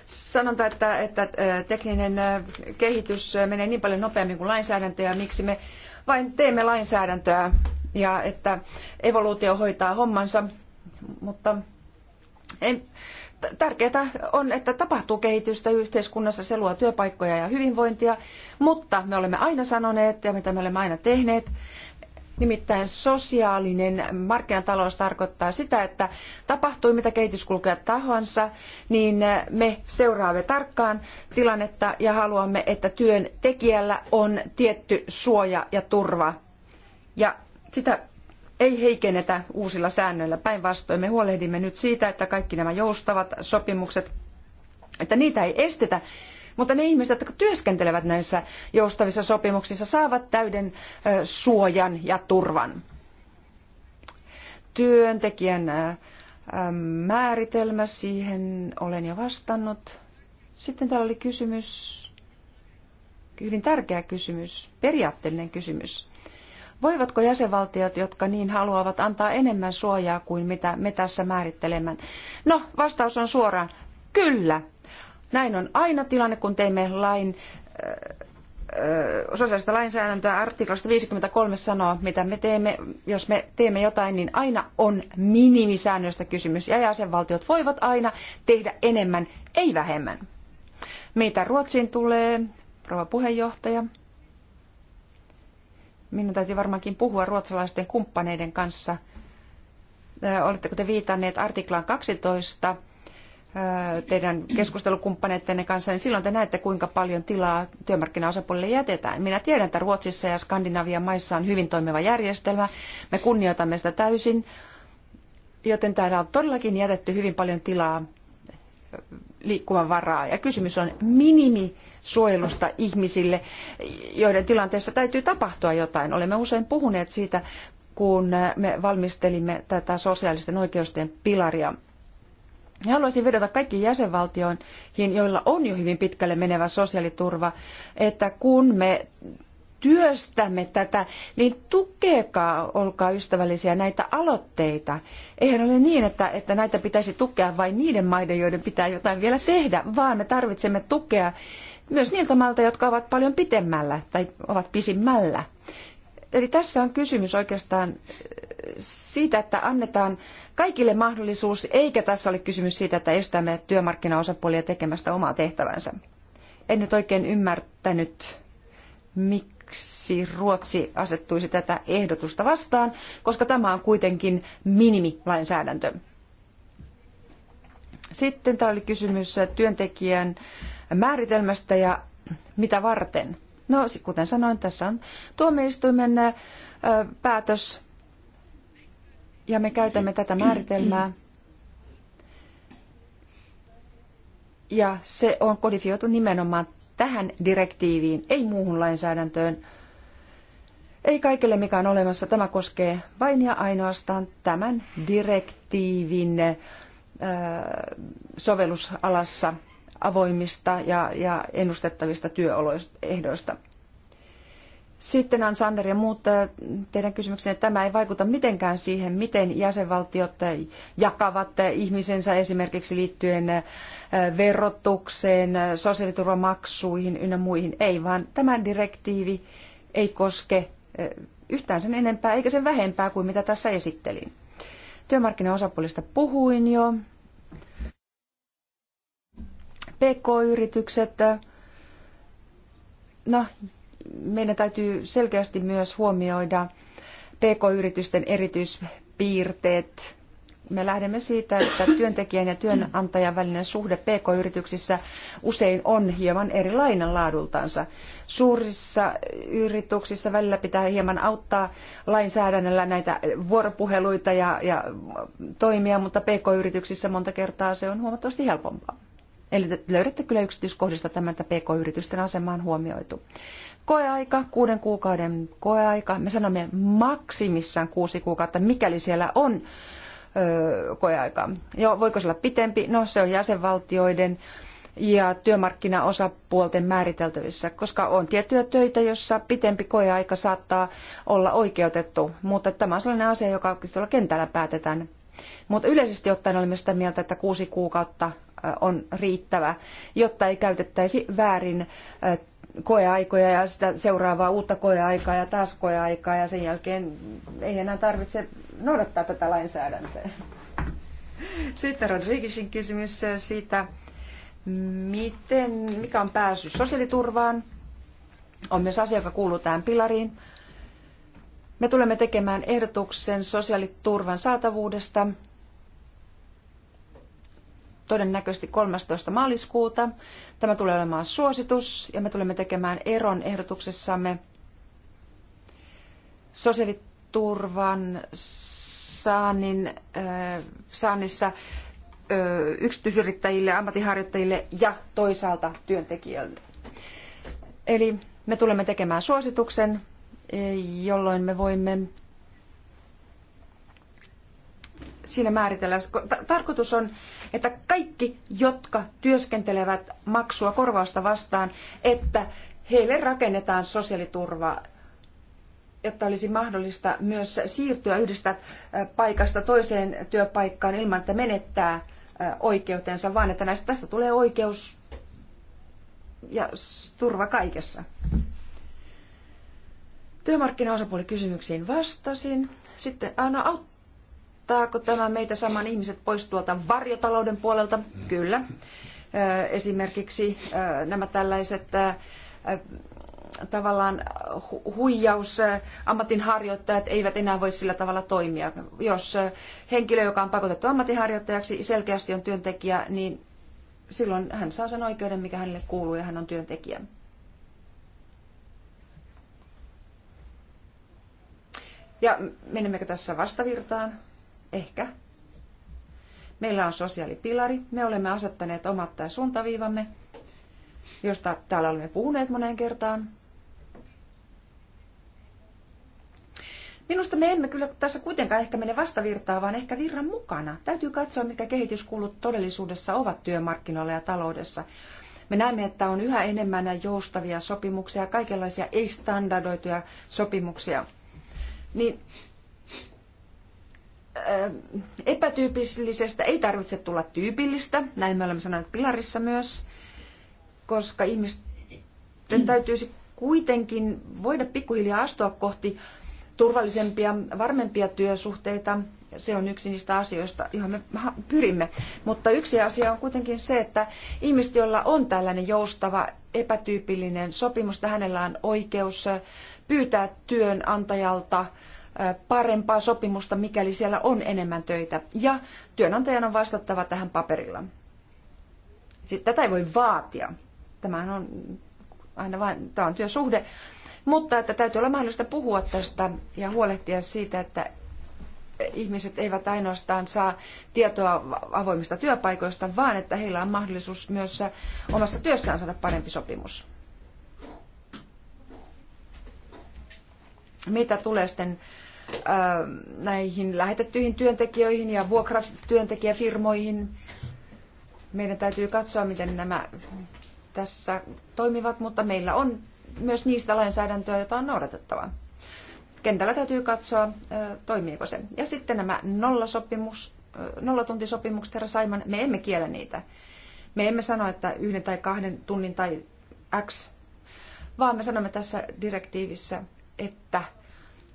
sanonta, että, että tekninen kehitys menee niin paljon nopeammin kuin lainsäädäntö ja miksi me vain teemme lainsäädäntöä ja että evoluutio hoitaa hommansa, mutta ei, tärkeää on, että tapahtuu kehitystä yhteiskunnassa, se luo työpaikkoja ja hyvinvointia, mutta me olemme aina sanoneet ja mitä me olemme aina tehneet, Nimittäin sosiaalinen markkinatalous tarkoittaa sitä, että tapahtui mitä kehityskulkuja tahansa, niin me seuraamme tarkkaan tilannetta ja haluamme, että työntekijällä on tietty suoja ja turva. Ja sitä ei heikennetä uusilla säännöillä. Päinvastoin me huolehdimme nyt siitä, että kaikki nämä joustavat sopimukset, että niitä ei estetä mutta ne ihmiset, jotka työskentelevät näissä joustavissa sopimuksissa, saavat täyden suojan ja turvan. Työntekijän määritelmä, siihen olen jo vastannut. Sitten täällä oli kysymys, hyvin tärkeä kysymys, periaatteellinen kysymys. Voivatko jäsenvaltiot, jotka niin haluavat, antaa enemmän suojaa kuin mitä me tässä määrittelemme? No, vastaus on suoraan kyllä. Näin on aina tilanne, kun teemme lain, äh, äh, sosiaalista lainsäädäntöä. Artiklasta 53 sanoo, mitä me teemme. Jos me teemme jotain, niin aina on minimisäännöstä kysymys. Ja jäsenvaltiot voivat aina tehdä enemmän, ei vähemmän. Mitä Ruotsiin tulee, rouva puheenjohtaja. Minun täytyy varmaankin puhua ruotsalaisten kumppaneiden kanssa. Äh, oletteko te viitanneet artiklaan 12 teidän keskustelukumppaneittenne kanssa, niin silloin te näette, kuinka paljon tilaa työmarkkinaosapuolille jätetään. Minä tiedän, että Ruotsissa ja Skandinavian maissa on hyvin toimiva järjestelmä. Me kunnioitamme sitä täysin, joten täällä on todellakin jätetty hyvin paljon tilaa liikkuvan varaa. Ja kysymys on minimi suojelusta ihmisille, joiden tilanteessa täytyy tapahtua jotain. Olemme usein puhuneet siitä, kun me valmistelimme tätä sosiaalisten oikeusten pilaria Haluaisin vedota kaikkiin jäsenvaltioihin, joilla on jo hyvin pitkälle menevä sosiaaliturva, että kun me työstämme tätä, niin tukekaa, olkaa ystävällisiä näitä aloitteita. Eihän ole niin, että, että näitä pitäisi tukea vain niiden maiden, joiden pitää jotain vielä tehdä, vaan me tarvitsemme tukea myös niiltä mailta, jotka ovat paljon pitemmällä tai ovat pisimmällä. Eli tässä on kysymys oikeastaan siitä, että annetaan kaikille mahdollisuus, eikä tässä ole kysymys siitä, että estämme työmarkkinaosapuolia tekemästä omaa tehtävänsä. En nyt oikein ymmärtänyt, miksi Ruotsi asettuisi tätä ehdotusta vastaan, koska tämä on kuitenkin minimilainsäädäntö. Sitten täällä oli kysymys työntekijän määritelmästä ja mitä varten. No, kuten sanoin, tässä on tuomioistuimen päätös ja me käytämme tätä määritelmää. Ja se on kodifioitu nimenomaan tähän direktiiviin, ei muuhun lainsäädäntöön. Ei kaikille, mikä on olemassa. Tämä koskee vain ja ainoastaan tämän direktiivin sovellusalassa avoimista ja, ja ennustettavista ehdoista. Sitten on Sander ja muut äh, teidän kysymyksenne, että tämä ei vaikuta mitenkään siihen, miten jäsenvaltiot äh, jakavat äh, ihmisensä esimerkiksi liittyen verotukseen, sosiaaliturvamaksuihin ynnä muihin. Ei, vaan tämä direktiivi ei koske yhtään sen enempää eikä sen vähempää kuin mitä tässä esittelin. Työmarkkinaosapuolista puhuin jo. PK-yritykset, no meidän täytyy selkeästi myös huomioida PK-yritysten erityispiirteet. Me lähdemme siitä, että työntekijän ja työnantajan välinen suhde PK-yrityksissä usein on hieman erilainen laadultansa. Suurissa yrityksissä välillä pitää hieman auttaa lainsäädännöllä näitä vuoropuheluita ja, ja toimia, mutta PK-yrityksissä monta kertaa se on huomattavasti helpompaa. Eli löydätte kyllä yksityiskohdista tämän, että PK-yritysten asema on huomioitu. Koeaika, kuuden kuukauden koeaika. Me sanomme maksimissaan kuusi kuukautta, mikäli siellä on öö, koeaika. Jo, voiko se olla pitempi? No se on jäsenvaltioiden ja työmarkkinaosapuolten määriteltävissä, koska on tiettyjä töitä, jossa pitempi koeaika saattaa olla oikeutettu, mutta tämä on sellainen asia, joka tuolla kentällä päätetään. Mutta yleisesti ottaen olemme sitä mieltä, että kuusi kuukautta on riittävä, jotta ei käytettäisi väärin koeaikoja ja sitä seuraavaa uutta koeaikaa ja taas koeaikaa ja sen jälkeen ei enää tarvitse noudattaa tätä lainsäädäntöä. Sitten Rodriguezin kysymys siitä, miten, mikä on pääsy sosiaaliturvaan. On myös asia, joka kuuluu tähän pilariin. Me tulemme tekemään ehdotuksen sosiaaliturvan saatavuudesta todennäköisesti 13. maaliskuuta. Tämä tulee olemaan suositus ja me tulemme tekemään eron ehdotuksessamme sosiaaliturvan saannin, äh, saannissa yksityisyrittäjille, ammattiharjoittajille ja toisaalta työntekijöille. Eli me tulemme tekemään suosituksen, jolloin me voimme siinä määritellään. Tarkoitus on, että kaikki, jotka työskentelevät maksua korvausta vastaan, että heille rakennetaan sosiaaliturva, jotta olisi mahdollista myös siirtyä yhdestä paikasta toiseen työpaikkaan ilman, että menettää oikeutensa, vaan että näistä, tästä tulee oikeus ja turva kaikessa. Työmarkkinaosapuolikysymyksiin vastasin. Sitten Anna Autto Ajattaako tämä meitä saman ihmiset pois tuolta varjotalouden puolelta? Kyllä. Esimerkiksi nämä tällaiset tavallaan huijaus, ammatinharjoittajat eivät enää voi sillä tavalla toimia. Jos henkilö, joka on pakotettu ammatinharjoittajaksi, selkeästi on työntekijä, niin silloin hän saa sen oikeuden, mikä hänelle kuuluu ja hän on työntekijä. Ja menemmekö tässä vastavirtaan? Ehkä. Meillä on sosiaalipilari. Me olemme asettaneet omat tai suuntaviivamme, josta täällä olemme puhuneet moneen kertaan. Minusta me emme kyllä tässä kuitenkaan ehkä mene vastavirtaa, vaan ehkä virran mukana. Täytyy katsoa, mikä kehityskulut todellisuudessa ovat työmarkkinoilla ja taloudessa. Me näemme, että on yhä enemmän joustavia sopimuksia, kaikenlaisia ei-standardoituja sopimuksia. Niin epätyypillisestä ei tarvitse tulla tyypillistä, näin me olemme sanoneet Pilarissa myös, koska ihmisten täytyisi kuitenkin voida pikkuhiljaa astua kohti turvallisempia, varmempia työsuhteita. Se on yksi niistä asioista, johon me pyrimme. Mutta yksi asia on kuitenkin se, että ihmiset, joilla on tällainen joustava, epätyypillinen sopimus, että hänellä on oikeus pyytää työnantajalta äh, parempaa sopimusta, mikäli siellä on enemmän töitä. Ja työnantajan on vastattava tähän paperilla. Sitten tätä ei voi vaatia. tämä on aina vain, tämä on työsuhde. Mutta että täytyy olla mahdollista puhua tästä ja huolehtia siitä, että ihmiset eivät ainoastaan saa tietoa avoimista työpaikoista, vaan että heillä on mahdollisuus myös omassa työssään saada parempi sopimus. Mitä tulee sitten Äh, näihin lähetettyihin työntekijöihin ja vuokratyöntekijäfirmoihin. Meidän täytyy katsoa, miten nämä tässä toimivat, mutta meillä on myös niistä lainsäädäntöä, jota on noudatettava. Kentällä täytyy katsoa, äh, toimiiko se. Ja sitten nämä nollasopimus, äh, nollatuntisopimukset, herra Saiman, me emme kiellä niitä. Me emme sano, että yhden tai kahden tunnin tai X, vaan me sanomme tässä direktiivissä, että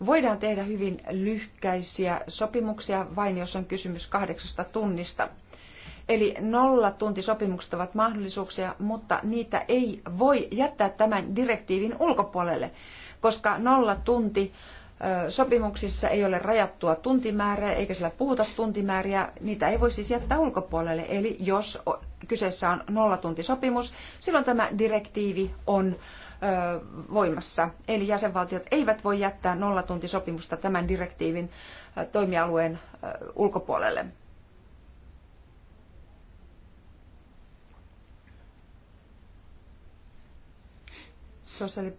Voidaan tehdä hyvin lyhkäisiä sopimuksia vain, jos on kysymys kahdeksasta tunnista. Eli nollatuntisopimukset ovat mahdollisuuksia, mutta niitä ei voi jättää tämän direktiivin ulkopuolelle, koska tunti sopimuksissa ei ole rajattua tuntimäärää eikä sillä puhuta tuntimääriä, niitä ei voi siis jättää ulkopuolelle. Eli jos kyseessä on nollatuntisopimus, silloin tämä direktiivi on voimassa. Eli jäsenvaltiot eivät voi jättää nollatuntisopimusta tämän direktiivin toimialueen ulkopuolelle. Sosiaali-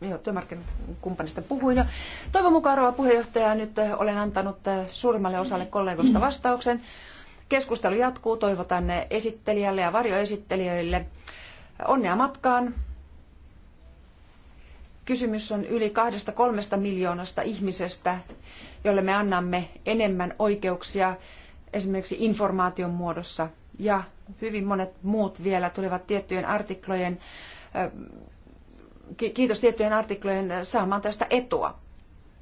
Joo, työmarkkinakumppanista puhuin jo. Toivon mukaan rouva puheenjohtaja, nyt olen antanut suurimmalle osalle kollegoista vastauksen. Keskustelu jatkuu, toivotan esittelijälle ja varjoesittelijöille onnea matkaan Kysymys on yli kahdesta kolmesta miljoonasta ihmisestä, jolle me annamme enemmän oikeuksia esimerkiksi informaation muodossa. Ja hyvin monet muut vielä tulevat tiettyjen artiklojen, kiitos tiettyjen artiklojen saamaan tästä etua.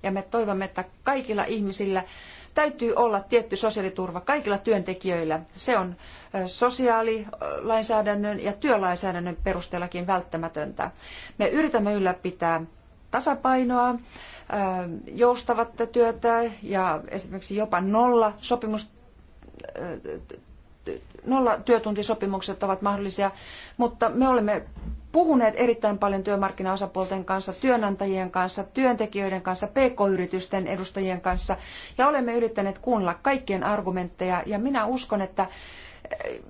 Ja me toivomme, että kaikilla ihmisillä täytyy olla tietty sosiaaliturva kaikilla työntekijöillä. Se on sosiaalilainsäädännön ja työlainsäädännön perusteellakin välttämätöntä. Me yritämme ylläpitää tasapainoa, joustavat työtä ja esimerkiksi jopa nolla sopimus nollatyötuntisopimukset ovat mahdollisia, mutta me olemme puhuneet erittäin paljon työmarkkinaosapuolten kanssa, työnantajien kanssa, työntekijöiden kanssa, pk-yritysten edustajien kanssa ja olemme yrittäneet kuunnella kaikkien argumentteja ja minä uskon, että eh,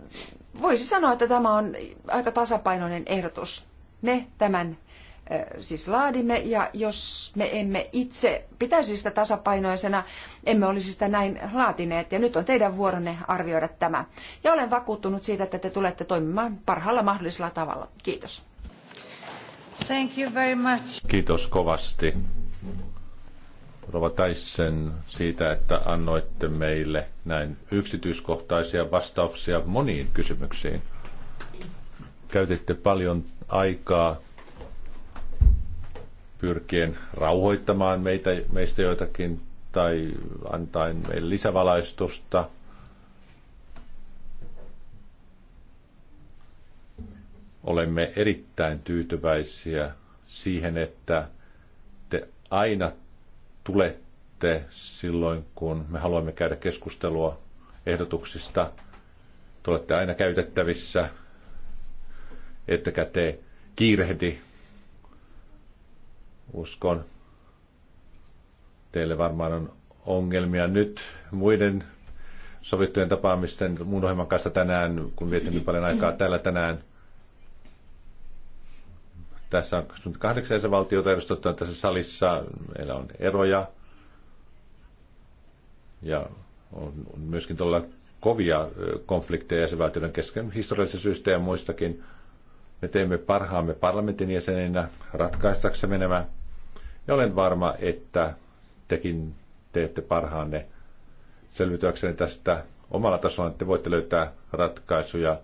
voisi sanoa, että tämä on aika tasapainoinen ehdotus. Me tämän siis laadimme ja jos me emme itse pitäisi sitä tasapainoisena, emme olisi sitä näin laatineet. Ja nyt on teidän vuoronne arvioida tämä. Ja olen vakuuttunut siitä, että te tulette toimimaan parhaalla mahdollisella tavalla. Kiitos. Thank you very much. Kiitos kovasti. Rova Täissen siitä, että annoitte meille näin yksityiskohtaisia vastauksia moniin kysymyksiin. Käytitte paljon aikaa pyrkien rauhoittamaan meitä, meistä joitakin tai antaen meille lisävalaistusta. Olemme erittäin tyytyväisiä siihen, että te aina tulette silloin, kun me haluamme käydä keskustelua ehdotuksista. tulette aina käytettävissä, ettekä te kiirehdi uskon. Teille varmaan on ongelmia nyt muiden sovittujen tapaamisten muun ohjelman kanssa tänään, kun niin paljon aikaa täällä tänään. Tässä on 28 kahdeksan jäsenvaltiota edustettuna tässä salissa. Meillä on eroja. Ja on myöskin tuolla kovia konflikteja jäsenvaltioiden kesken historiallisista syistä ja muistakin. Me teemme parhaamme parlamentin jäseninä ratkaistaksemme nämä. Ja olen varma, että tekin teette parhaanne selvityäkseni tästä omalla tasolla, että voitte löytää ratkaisuja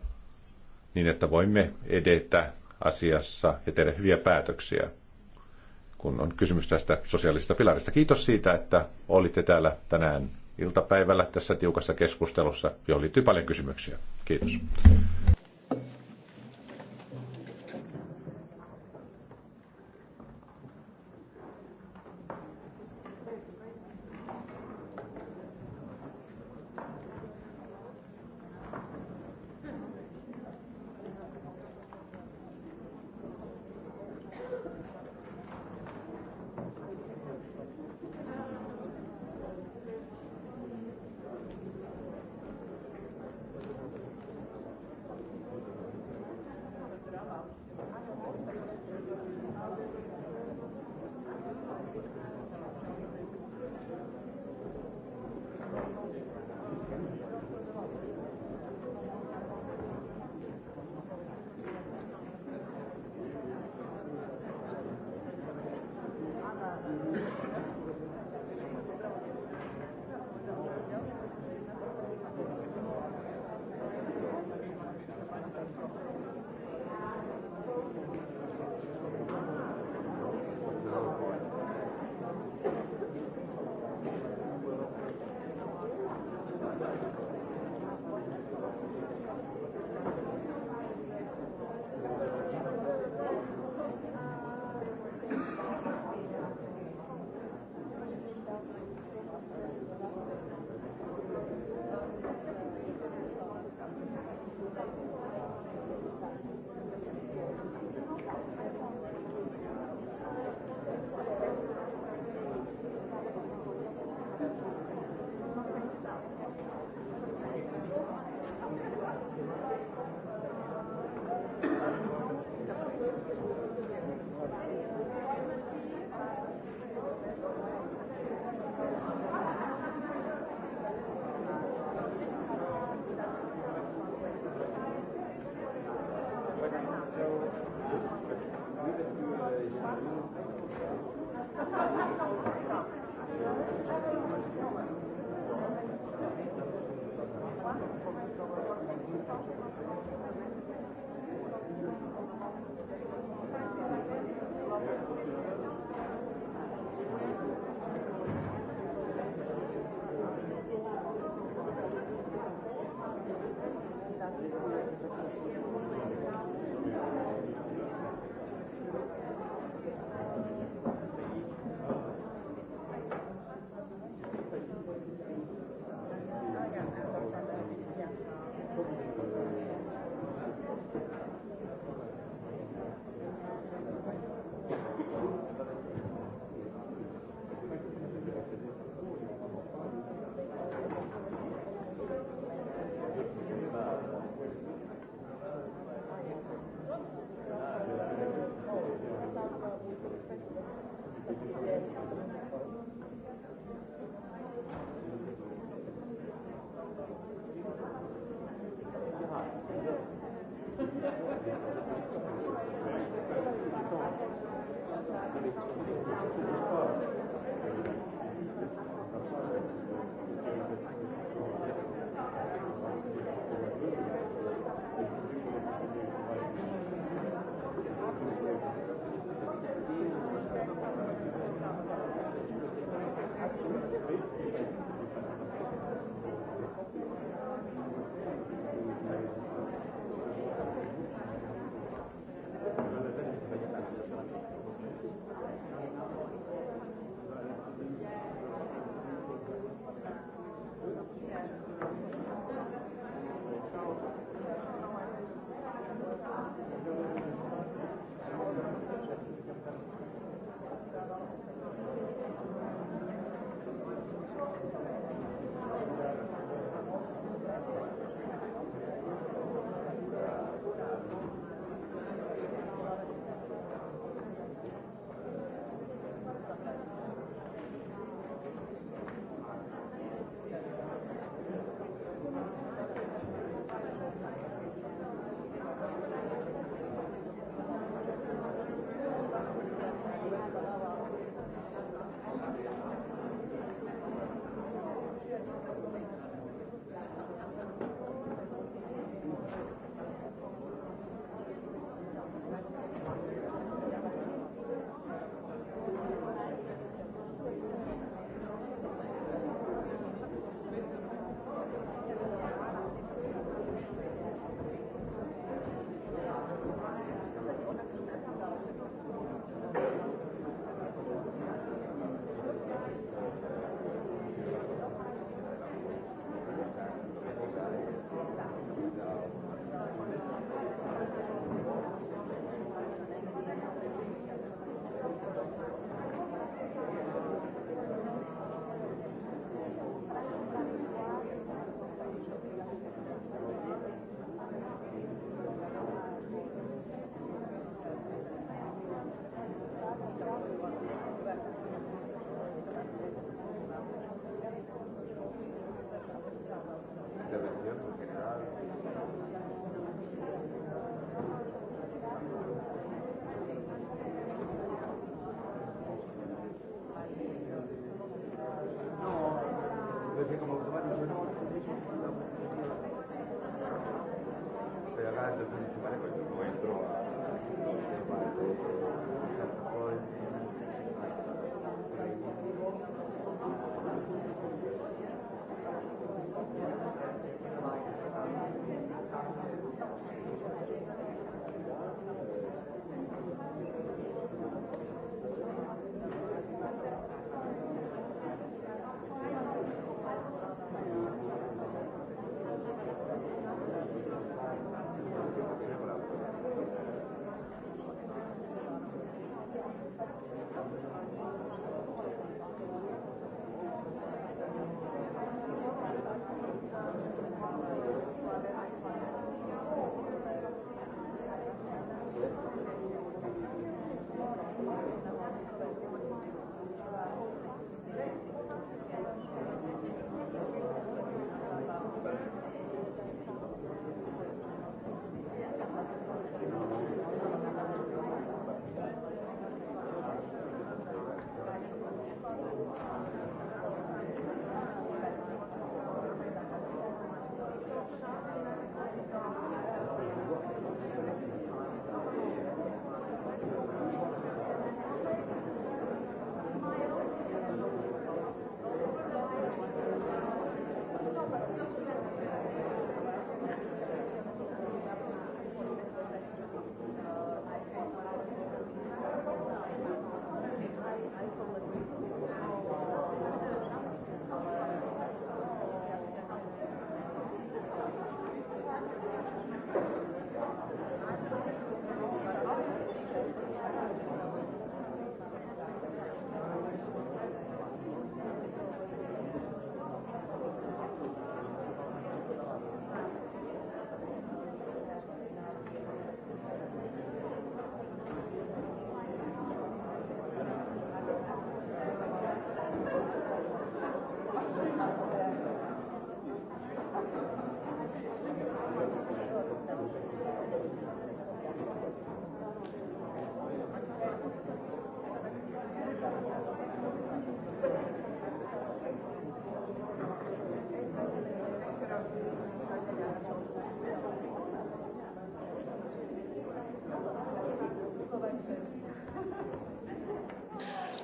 niin, että voimme edetä asiassa ja tehdä hyviä päätöksiä, kun on kysymys tästä sosiaalisesta pilarista. Kiitos siitä, että olitte täällä tänään iltapäivällä tässä tiukassa keskustelussa, johon liittyy paljon kysymyksiä. Kiitos.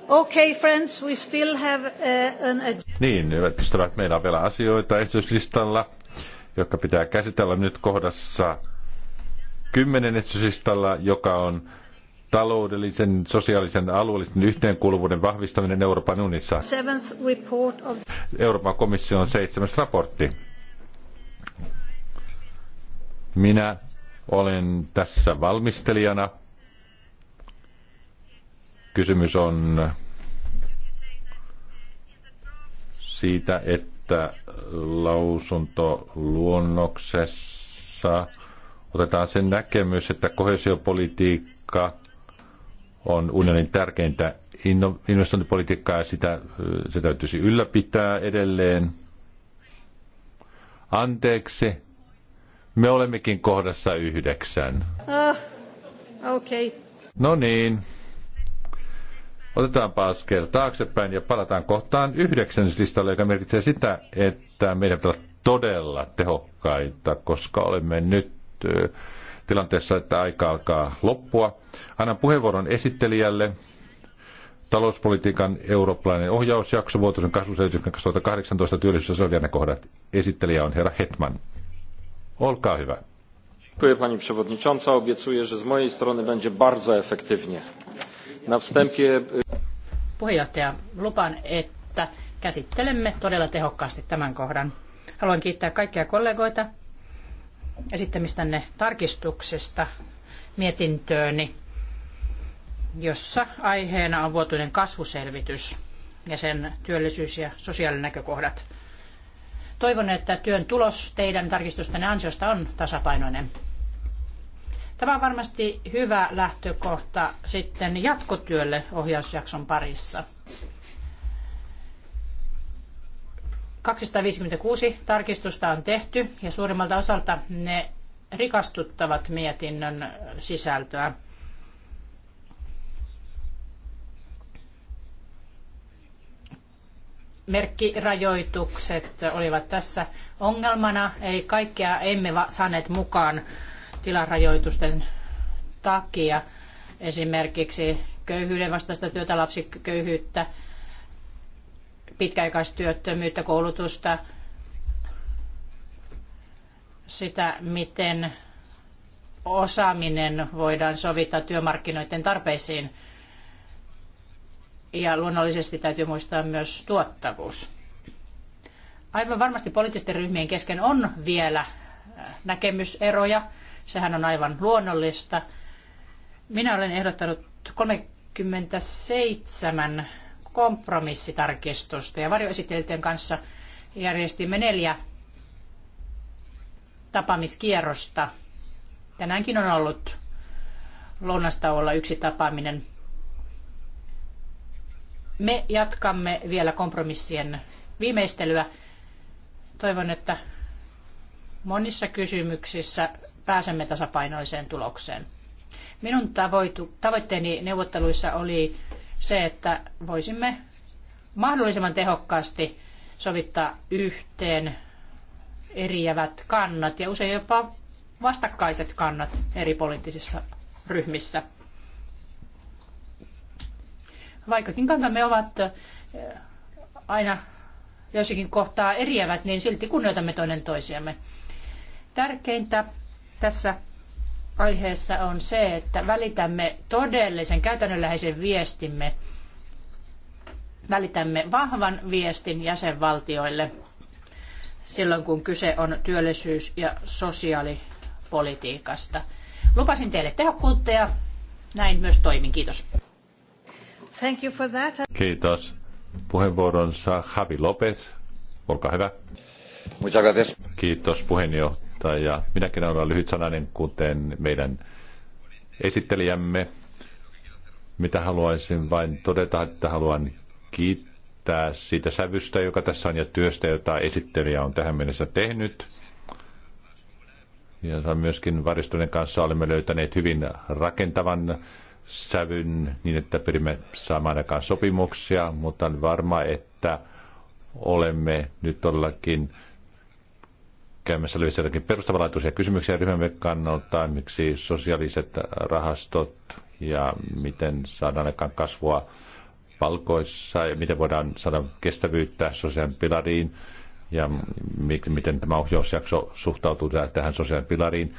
Okay, friends, we still have uh, an Niin, hyvät ystävät, meillä on vielä asioita esityslistalla, jotka pitää käsitellä nyt kohdassa kymmenen esityslistalla, joka on taloudellisen, sosiaalisen ja alueellisen yhteenkuuluvuuden vahvistaminen Euroopan unissa. Of... Euroopan komission seitsemäs raportti. Minä olen tässä valmistelijana. Kysymys on siitä, että lausuntoluonnoksessa otetaan sen näkemys, että kohesiopolitiikka on unionin tärkeintä investointipolitiikkaa ja sitä se täytyisi ylläpitää edelleen. Anteeksi, me olemmekin kohdassa yhdeksän. Uh, ah, Okay. No niin. Otetaanpa askel taaksepäin ja palataan kohtaan yhdeksännyslistalle, joka merkitsee sitä, että meidän pitää olla todella tehokkaita, koska olemme nyt tilanteessa, että aika alkaa loppua. Annan puheenvuoron esittelijälle, talouspolitiikan eurooppalainen ohjausjakso vuotuisen kasvuselityksen 2018 työllisyys- ja sosiaalinen Esittelijä on herra Hetman. Olkaa hyvä. Dziękuję pani przewodnicząca. Obiecuję, że z mojej strony będzie bardzo efektywnie. Na wstępie... Puheenjohtaja, lupaan, että käsittelemme todella tehokkaasti tämän kohdan. Haluan kiittää kaikkia kollegoita esittämistänne tarkistuksista mietintööni, jossa aiheena on vuotuinen kasvuselvitys ja sen työllisyys- ja sosiaalinäkökohdat. Toivon, että työn tulos teidän tarkistustenne ansiosta on tasapainoinen. Tämä on varmasti hyvä lähtökohta sitten jatkotyölle ohjausjakson parissa. 256 tarkistusta on tehty ja suurimmalta osalta ne rikastuttavat mietinnön sisältöä. Merkkirajoitukset olivat tässä ongelmana, eli kaikkea emme saaneet mukaan tilarajoitusten takia, esimerkiksi köyhyyden vastaista työtä, lapsiköyhyyttä, pitkäaikaistyöttömyyttä, koulutusta, sitä, miten osaaminen voidaan sovittaa työmarkkinoiden tarpeisiin. Ja luonnollisesti täytyy muistaa myös tuottavuus. Aivan varmasti poliittisten ryhmien kesken on vielä näkemyseroja. Sehän on aivan luonnollista. Minä olen ehdottanut 37 kompromissitarkistusta ja varjoesiteltyjen kanssa järjestimme neljä tapaamiskierrosta. Tänäänkin on ollut olla yksi tapaaminen. Me jatkamme vielä kompromissien viimeistelyä. Toivon, että monissa kysymyksissä pääsemme tasapainoiseen tulokseen. Minun tavoitteeni neuvotteluissa oli se, että voisimme mahdollisimman tehokkaasti sovittaa yhteen eriävät kannat ja usein jopa vastakkaiset kannat eri poliittisissa ryhmissä. Vaikkakin kantamme ovat eh, aina jossakin kohtaa eriävät, niin silti kunnioitamme toinen toisiamme. Tärkeintä tässä aiheessa on se, että välitämme todellisen käytännönläheisen viestimme. Välitämme vahvan viestin jäsenvaltioille silloin, kun kyse on työllisyys- ja sosiaalipolitiikasta. Lupasin teille tehokkuutta ja näin myös toimin. Kiitos. Thank you for that. Kiitos. Puheenvuoronsa Javi Lopez. Olkaa hyvä. Muchas gracias. Kiitos puheenjohtaja puheenjohtaja. Ja minäkin olen lyhyt sananen, kuten meidän esittelijämme. Mitä haluaisin vain todeta, että haluan kiittää siitä sävystä, joka tässä on, ja työstä, jota esittelijä on tähän mennessä tehnyt. Ja myöskin varistuneen kanssa olemme löytäneet hyvin rakentavan sävyn niin, että pyrimme saamaan aikaan sopimuksia, mutta on varma, että olemme nyt todellakin käymässä lyhyesti jotakin perustavanlaatuisia kysymyksiä ryhmämme kannalta, miksi sosiaaliset rahastot ja miten saadaan aikaan kasvua palkoissa ja miten voidaan saada kestävyyttä sosiaalisen pilariin ja miten tämä ohjausjakso suhtautuu tähän sosiaalisen pilariin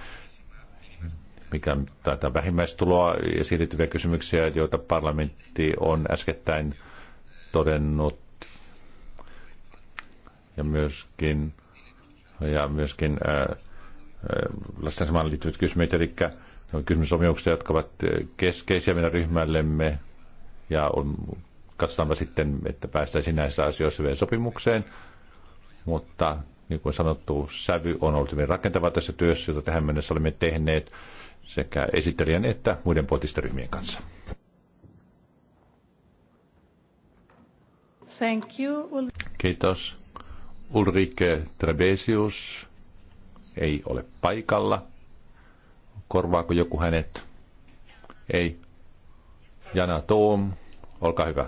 mikä taitaa vähimmäistuloa ja siihen liittyviä kysymyksiä, joita parlamentti on äskettäin todennut. Ja myöskin ja myöskin äh, äh, lastensamaan liittyvät kysymykset, eli on kysymys sopimuksista, jotka ovat äh, keskeisiä meidän ryhmällemme ja on, katsotaanpa sitten, että päästäisiin näissä asioissa hyvin sopimukseen, mutta niin kuin sanottu, sävy on ollut hyvin rakentava tässä työssä, jota tähän mennessä olemme tehneet sekä esittelijän että muiden potistaryhmien kanssa. Thank you. Kiitos. Ulrike Trebesius ei ole paikalla. Korvaako joku hänet? Ei. Jana Toom, olkaa hyvä.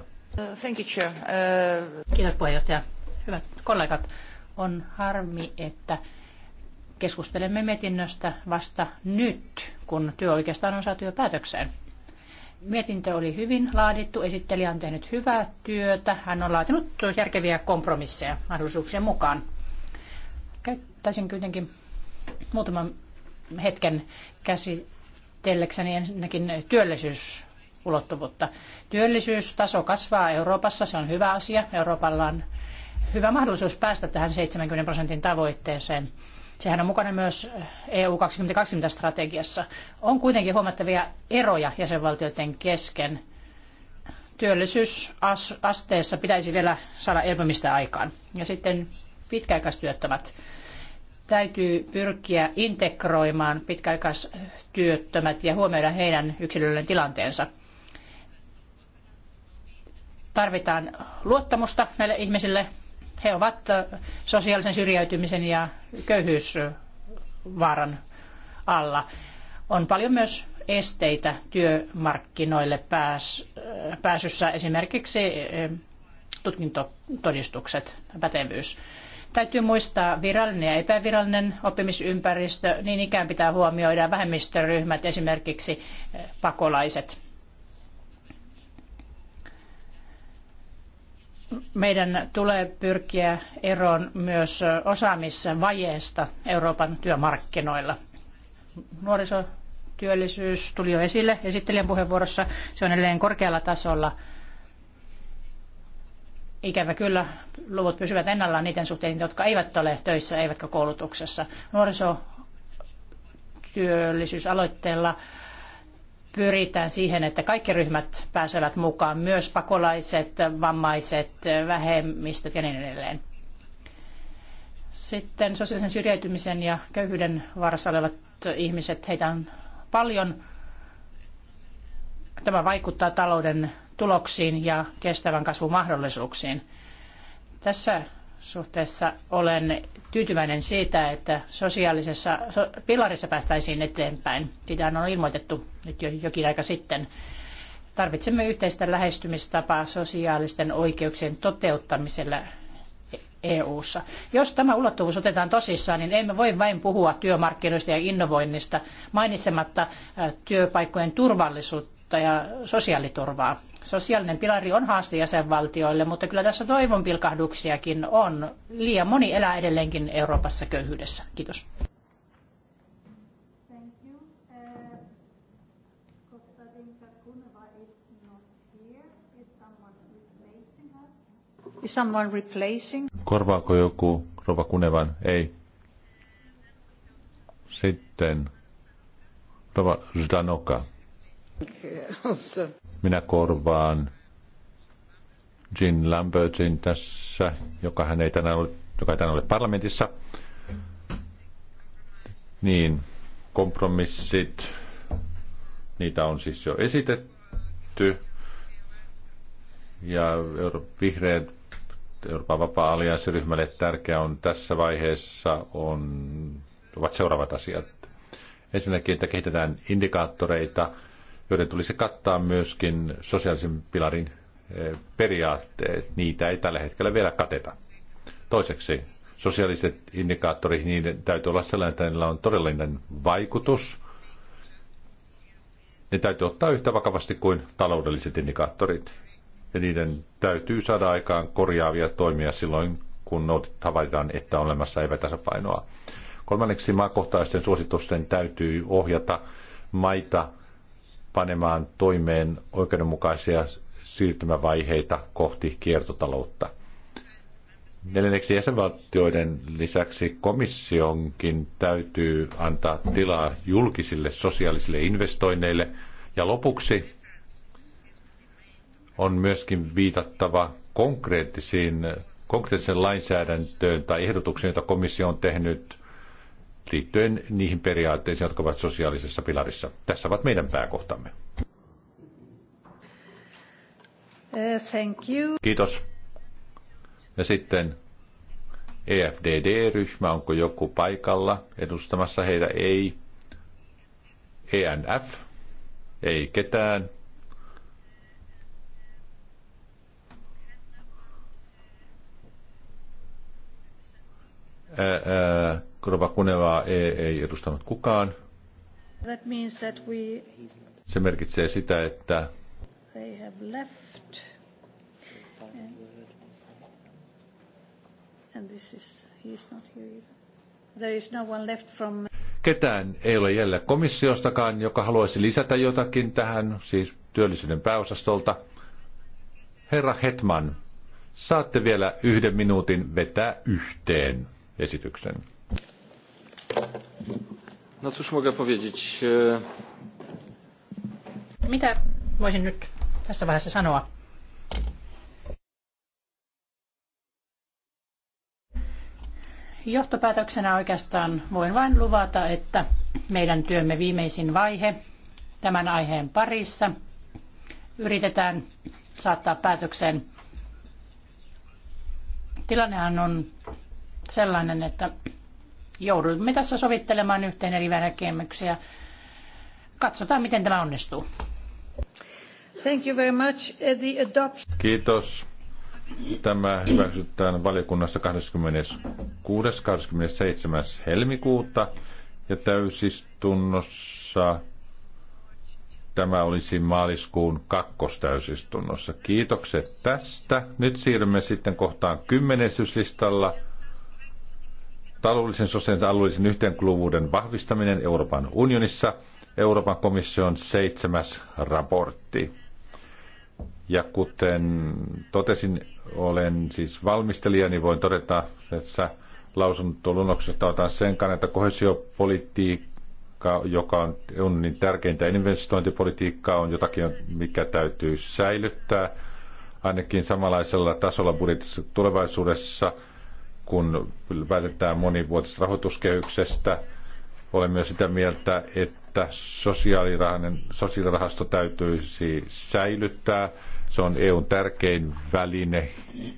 Thank you, Chair. Uh, Kiitos puheenjohtaja. Hyvät kollegat, on harmi, että keskustelemme mietinnöstä vasta nyt, kun työ oikeastaan on saatu jo päätökseen. Mietintö oli hyvin laadittu, esittelijä on tehnyt hyvää työtä, hän on laatinut järkeviä kompromisseja mahdollisuuksien mukaan. Käyttäisin kuitenkin muutaman hetken käsitelläkseni ensinnäkin työllisyysulottuvuutta. Työllisyystaso kasvaa Euroopassa, se on hyvä asia. Euroopalla on hyvä mahdollisuus päästä tähän 70 prosentin tavoitteeseen. Sehän on mukana myös EU 2020-strategiassa. On kuitenkin huomattavia eroja jäsenvaltioiden kesken. Työllisyysasteessa pitäisi vielä saada elpymistä aikaan. Ja sitten pitkäaikaistyöttömät. Täytyy pyrkiä integroimaan pitkäaikaistyöttömät ja huomioida heidän yksilöllinen tilanteensa. Tarvitaan luottamusta näille ihmisille, he ovat sosiaalisen syrjäytymisen ja köyhyysvaaran alla. On paljon myös esteitä työmarkkinoille pääs, pääsyssä, esimerkiksi tutkintotodistukset, pätevyys. Täytyy muistaa virallinen ja epävirallinen oppimisympäristö, niin ikään pitää huomioida vähemmistöryhmät, esimerkiksi pakolaiset. meidän tulee pyrkiä eroon myös osaamisvajeesta Euroopan työmarkkinoilla. Nuorisotyöllisyys tuli jo esille esittelijän puheenvuorossa. Se on edelleen korkealla tasolla. Ikävä kyllä, luvut pysyvät ennallaan niiden suhteen, jotka eivät ole töissä eivätkä koulutuksessa. Nuorisotyöllisyysaloitteella pyritään siihen, että kaikki ryhmät pääsevät mukaan, myös pakolaiset, vammaiset, vähemmistöt ja niin edelleen. Sitten sosiaalisen syrjäytymisen ja köyhyyden varassa olevat ihmiset, heitä on paljon. Tämä vaikuttaa talouden tuloksiin ja kestävän kasvun mahdollisuuksiin. Tässä suhteessa olen tyytyväinen siitä, että sosiaalisessa pilarissa päästäisiin eteenpäin. Sitä on ilmoitettu nyt jo jokin aika sitten. Tarvitsemme yhteistä lähestymistapaa sosiaalisten oikeuksien toteuttamiselle EU:ssa. Jos tämä ulottuvuus otetaan tosissaan, niin emme voi vain puhua työmarkkinoista ja innovoinnista mainitsematta työpaikkojen turvallisuutta ja sosiaaliturvaa. Sosiaalinen pilari on haaste jäsenvaltioille, mutta kyllä tässä toivon pilkahduksiakin on. Liian moni elää edelleenkin Euroopassa köyhyydessä. Kiitos. Is someone replacing? Korvaako joku Rova Kunevan? Ei. Sitten Rova Zdanoka. Also. Minä korvaan Jean Lambertin tässä, joka, hän ei tänään ole, joka ei tänään ole parlamentissa. Niin, kompromissit, niitä on siis jo esitetty. Ja vihreän Euroopan vapaa-allianssiryhmälle tärkeä on tässä vaiheessa on, ovat seuraavat asiat. Ensinnäkin, että kehitetään indikaattoreita, joiden tulisi kattaa myöskin sosiaalisen pilarin eh, periaatteet. Niitä ei tällä hetkellä vielä kateta. Toiseksi sosiaaliset indikaattorit, niiden täytyy olla sellainen, että niillä on todellinen vaikutus. Ne täytyy ottaa yhtä vakavasti kuin taloudelliset indikaattorit. Ja niiden täytyy saada aikaan korjaavia toimia silloin, kun havaitaan, että on olemassa epätasapainoa. Kolmanneksi maakohtaisten suositusten täytyy ohjata maita panemaan toimeen oikeudenmukaisia siirtymävaiheita kohti kiertotaloutta. Neljänneksi jäsenvaltioiden lisäksi komissionkin täytyy antaa tilaa julkisille sosiaalisille investoinneille. Ja lopuksi on myöskin viitattava konkreettisiin, konkreettisen lainsäädäntöön tai ehdotuksiin, joita komissio on tehnyt liittyen niihin periaatteisiin, jotka ovat sosiaalisessa pilarissa. Tässä ovat meidän pääkohtamme. Eh, thank you. Kiitos. Ja sitten EFDD-ryhmä, onko joku paikalla edustamassa heitä? Ei. ENF, ei ketään. Ää, eh, ää, eh, Korva Kunevaa ei, ei edustanut kukaan. That means that we... Se merkitsee sitä, että they have left. and this is, he's not here either. There is no one left from... Ketään ei ole jäljellä komissiostakaan, joka haluaisi lisätä jotakin tähän, siis työllisyyden pääosastolta. Herra Hetman, saatte vielä yhden minuutin vetää yhteen esityksen. No cóż mogę powiedzieć. E, Mitä voisin nyt tässä vaiheessa sanoa? Johtopäätöksenä oikeastaan voin vain luvata, että meidän työmme viimeisin vaihe tämän aiheen parissa yritetään saattaa päätökseen. Tilannehan on sellainen, että joudumme tässä sovittelemaan yhteen eri näkemyksiä. Katsotaan, miten tämä onnistuu. Thank you very much. Uh, the adoption. Kiitos. Tämä hyväksytään valiokunnassa 26. 27. helmikuuta ja täysistunnossa tämä olisi maaliskuun kakkostäysistunnossa. Kiitokset tästä. Nyt siirrymme sitten kohtaan kymmenesyslistalla taloudellisen, sosiaalisen ja alueellisen yhteenkuuluvuuden vahvistaminen Euroopan unionissa, Euroopan komission seitsemäs raportti. Ja kuten totesin, olen siis valmistelija, niin voin todeta, että lausuntoluonnoksesta otan sen kannan, että kohesiopolitiikka, joka on, on niin tärkeintä investointipolitiikkaa, on jotakin, mikä täytyy säilyttää ainakin samanlaisella tasolla budjetissa tulevaisuudessa – kun päätetään monivuotisesta rahoituskehyksestä. Olen myös sitä mieltä, että sosiaalirahasto täytyisi säilyttää. Se on EUn tärkein väline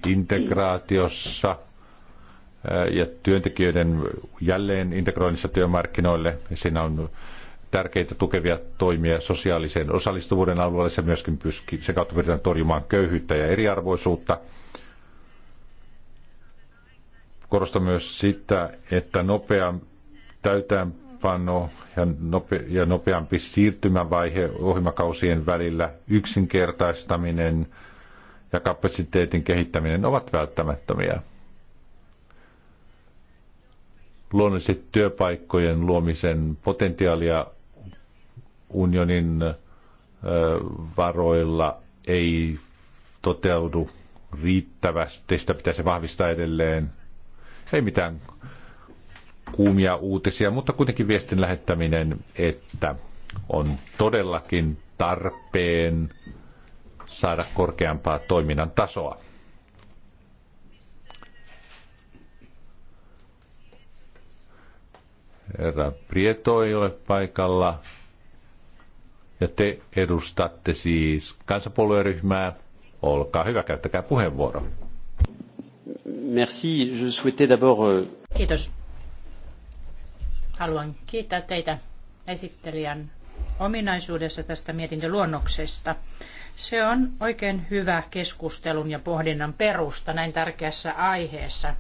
integraatiossa ja työntekijöiden jälleen integroinnissa työmarkkinoille. Siinä on tärkeitä tukevia toimia sosiaalisen osallistuvuuden alueella. Se myöskin pyskii, se kautta pyritään torjumaan köyhyyttä ja eriarvoisuutta – Korostan myös sitä, että nopea täytäänpano ja, nope, ja nopeampi siirtymävaihe ohjelmakausien välillä, yksinkertaistaminen ja kapasiteetin kehittäminen ovat välttämättömiä. Luonnollisesti työpaikkojen luomisen potentiaalia unionin varoilla ei toteudu riittävästi. Sitä pitäisi vahvistaa edelleen. Ei mitään kuumia uutisia, mutta kuitenkin viestin lähettäminen, että on todellakin tarpeen saada korkeampaa toiminnan tasoa. Herra Prieto ei ole paikalla. Ja te edustatte siis kansanpuolueryhmää. Olkaa hyvä, käyttäkää puheenvuoro. Merci. Je souhaitais d'abord... Euh, Kiitos. Haluan kiittää teitä esittelijän ominaisuudessa tästä mietintöluonnoksesta. Se on oikein hyvä keskustelun ja pohdinnan perusta näin tärkeässä aiheessa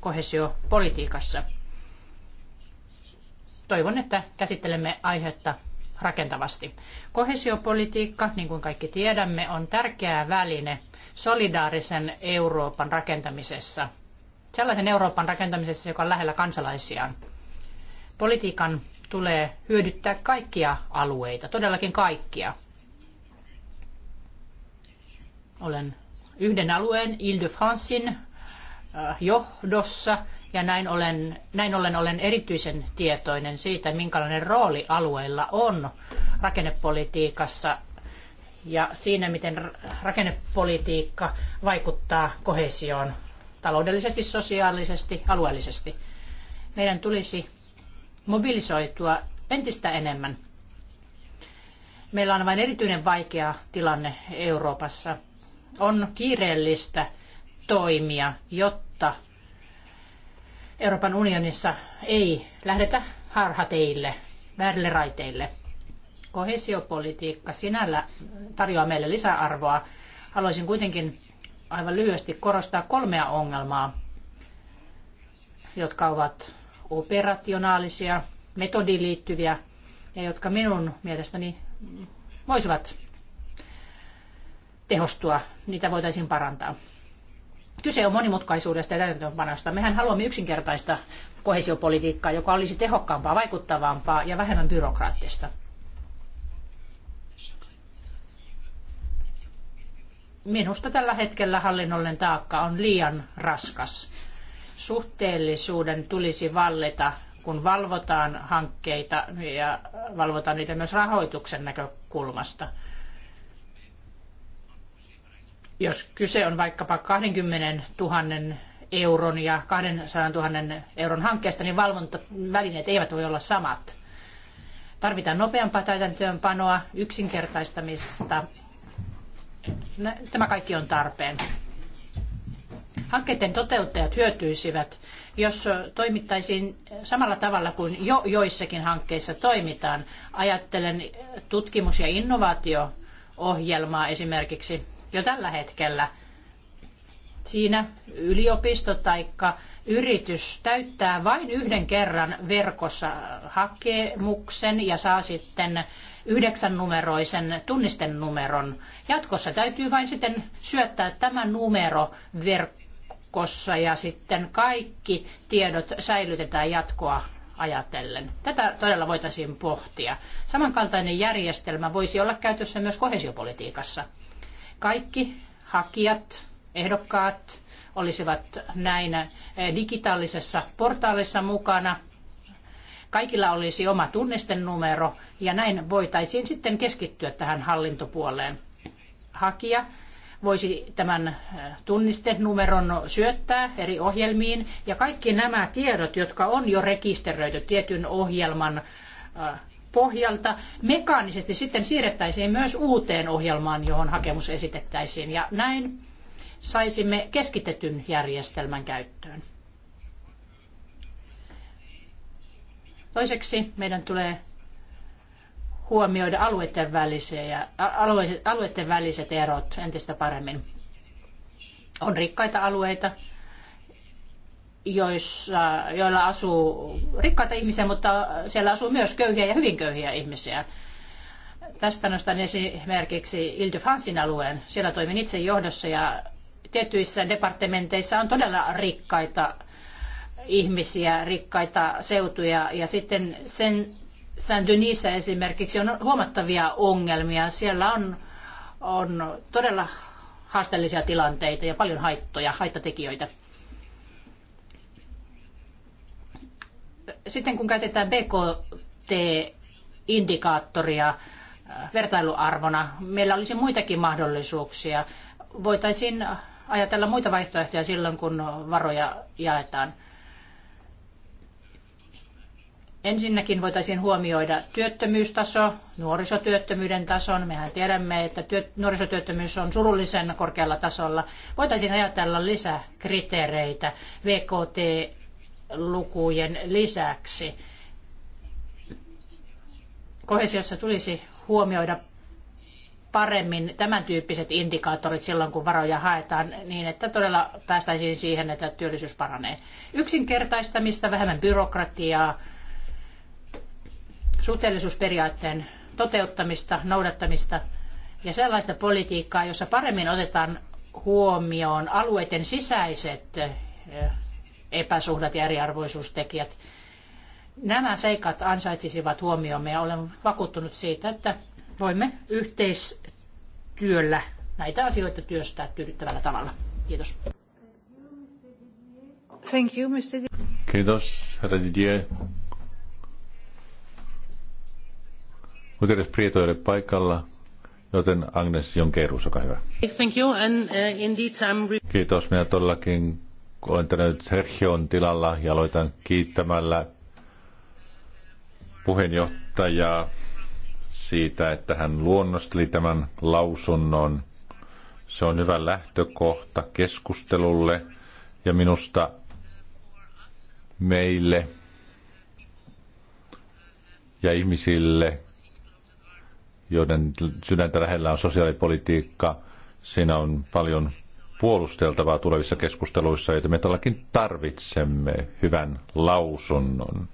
kohesiopolitiikassa. Toivon, että käsittelemme aihetta rakentavasti. Kohesiopolitiikka, niin kuin kaikki tiedämme, on tärkeä väline solidaarisen Euroopan rakentamisessa. Sellaisen Euroopan rakentamisessa, joka on lähellä kansalaisiaan. Politiikan tulee hyödyttää kaikkia alueita, todellakin kaikkia. Olen yhden alueen, Ile-de-Francein Äh, johdossa ja näin ollen, näin ollen olen erityisen tietoinen siitä, minkälainen rooli alueilla on rakennepolitiikassa ja siinä, miten rakennepolitiikka vaikuttaa kohesioon taloudellisesti, sosiaalisesti, alueellisesti. Meidän tulisi mobilisoitua entistä enemmän. Meillä on vain erityinen vaikea tilanne Euroopassa. On kiireellistä – toimia, jotta Euroopan unionissa ei lähdetä harhateille, väärille raiteille. Kohesiopolitiikka sinällä tarjoaa meille lisäarvoa. Haluaisin kuitenkin aivan lyhyesti korostaa kolmea ongelmaa, jotka ovat operationaalisia, metodiin liittyviä ja jotka minun mielestäni voisivat tehostua, niitä voitaisiin parantaa. Kyse on monimutkaisuudesta ja täytäntöönpanosta. Mehän haluamme yksinkertaista kohesiopolitiikkaa, joka olisi tehokkaampaa, vaikuttavampaa ja vähemmän byrokraattista. Minusta tällä hetkellä hallinnollinen taakka on liian raskas. Suhteellisuuden tulisi valleta, kun valvotaan hankkeita ja valvotaan niitä myös rahoituksen näkökulmasta – jos kyse on vaikkapa 20 000 euron ja 200 000 euron hankkeesta, niin valvontavälineet eivät voi olla samat. Tarvitaan nopeampaa täytäntöönpanoa, yksinkertaistamista. Tämä kaikki on tarpeen. Hankkeiden toteuttajat hyötyisivät, jos toimittaisiin samalla tavalla kuin jo joissakin hankkeissa toimitaan. Ajattelen tutkimus- ja innovaatio-ohjelmaa esimerkiksi jo tällä hetkellä. Siinä yliopisto tai yritys täyttää vain yhden kerran verkossa hakemuksen ja saa sitten yhdeksän numeroisen tunnistenumeron. Jatkossa täytyy vain sitten syöttää tämä numero verkossa ja sitten kaikki tiedot säilytetään jatkoa ajatellen. Tätä todella voitaisiin pohtia. Samankaltainen järjestelmä voisi olla käytössä myös kohesiopolitiikassa. Kaikki hakijat, ehdokkaat olisivat näin eh, digitaalisessa portaalissa mukana. Kaikilla olisi oma tunnistenumero ja näin voitaisiin sitten keskittyä tähän hallintopuoleen. Hakija voisi tämän eh, tunnistenumeron syöttää eri ohjelmiin ja kaikki nämä tiedot, jotka on jo rekisteröity tietyn ohjelman eh, pohjalta mekaanisesti sitten siirrettäisiin myös uuteen ohjelmaan, johon hakemus esitettäisiin. Ja näin saisimme keskitetyn järjestelmän käyttöön. Toiseksi meidän tulee huomioida alueiden, välisiä, alueiden väliset erot entistä paremmin. On rikkaita alueita, joissa, joilla asuu rikkaita ihmisiä, mutta siellä asuu myös köyhiä ja hyvin köyhiä ihmisiä. Tästä nostan esimerkiksi Ilde Fansin alueen. Siellä toimin itse johdossa ja tietyissä departementeissa on todella rikkaita ihmisiä, rikkaita seutuja ja sitten sen Saint-Denisissa esimerkiksi on huomattavia ongelmia. Siellä on, on todella haasteellisia tilanteita ja paljon haittoja, haittatekijöitä. sitten kun käytetään BKT-indikaattoria äh, vertailuarvona, meillä olisi muitakin mahdollisuuksia. Voitaisiin ajatella muita vaihtoehtoja silloin, kun varoja jaetaan. Ensinnäkin voitaisiin huomioida työttömyystaso, nuorisotyöttömyyden tason. Mehän tiedämme, että työt, nuorisotyöttömyys on surullisen korkealla tasolla. Voitaisiin ajatella lisäkriteereitä VKT lukujen lisäksi. Kohesiossa tulisi huomioida paremmin tämän tyyppiset indikaattorit silloin, kun varoja haetaan, niin että todella päästäisiin siihen, että työllisyys paranee. Yksinkertaistamista, vähemmän byrokratiaa, suhteellisuusperiaatteen toteuttamista, noudattamista ja sellaista politiikkaa, jossa paremmin otetaan huomioon alueiden sisäiset epäsuhdat ja eriarvoisuustekijät. Nämä seikat ansaitsisivat huomiomme ja olen vakuuttunut siitä, että voimme yhteistyöllä näitä asioita työstää tyydyttävällä tavalla. Kiitos. Thank you, Mr. Kiitos, herra Didier. Guterres Prieto ei ole paikalla, joten Agnes Jonkerus, olkaa hyvä. Thank you, and, uh, indeed I'm... Kiitos, minä todellakin olen tänään Sergion tilalla ja aloitan kiittämällä puheenjohtajaa siitä, että hän luonnosteli tämän lausunnon. Se on hyvä lähtökohta keskustelulle ja minusta meille ja ihmisille, joiden sydäntä lähellä on sosiaalipolitiikka. Siinä on paljon puolusteltavaa tulevissa keskusteluissa, joita me todellakin tarvitsemme hyvän lausunnon.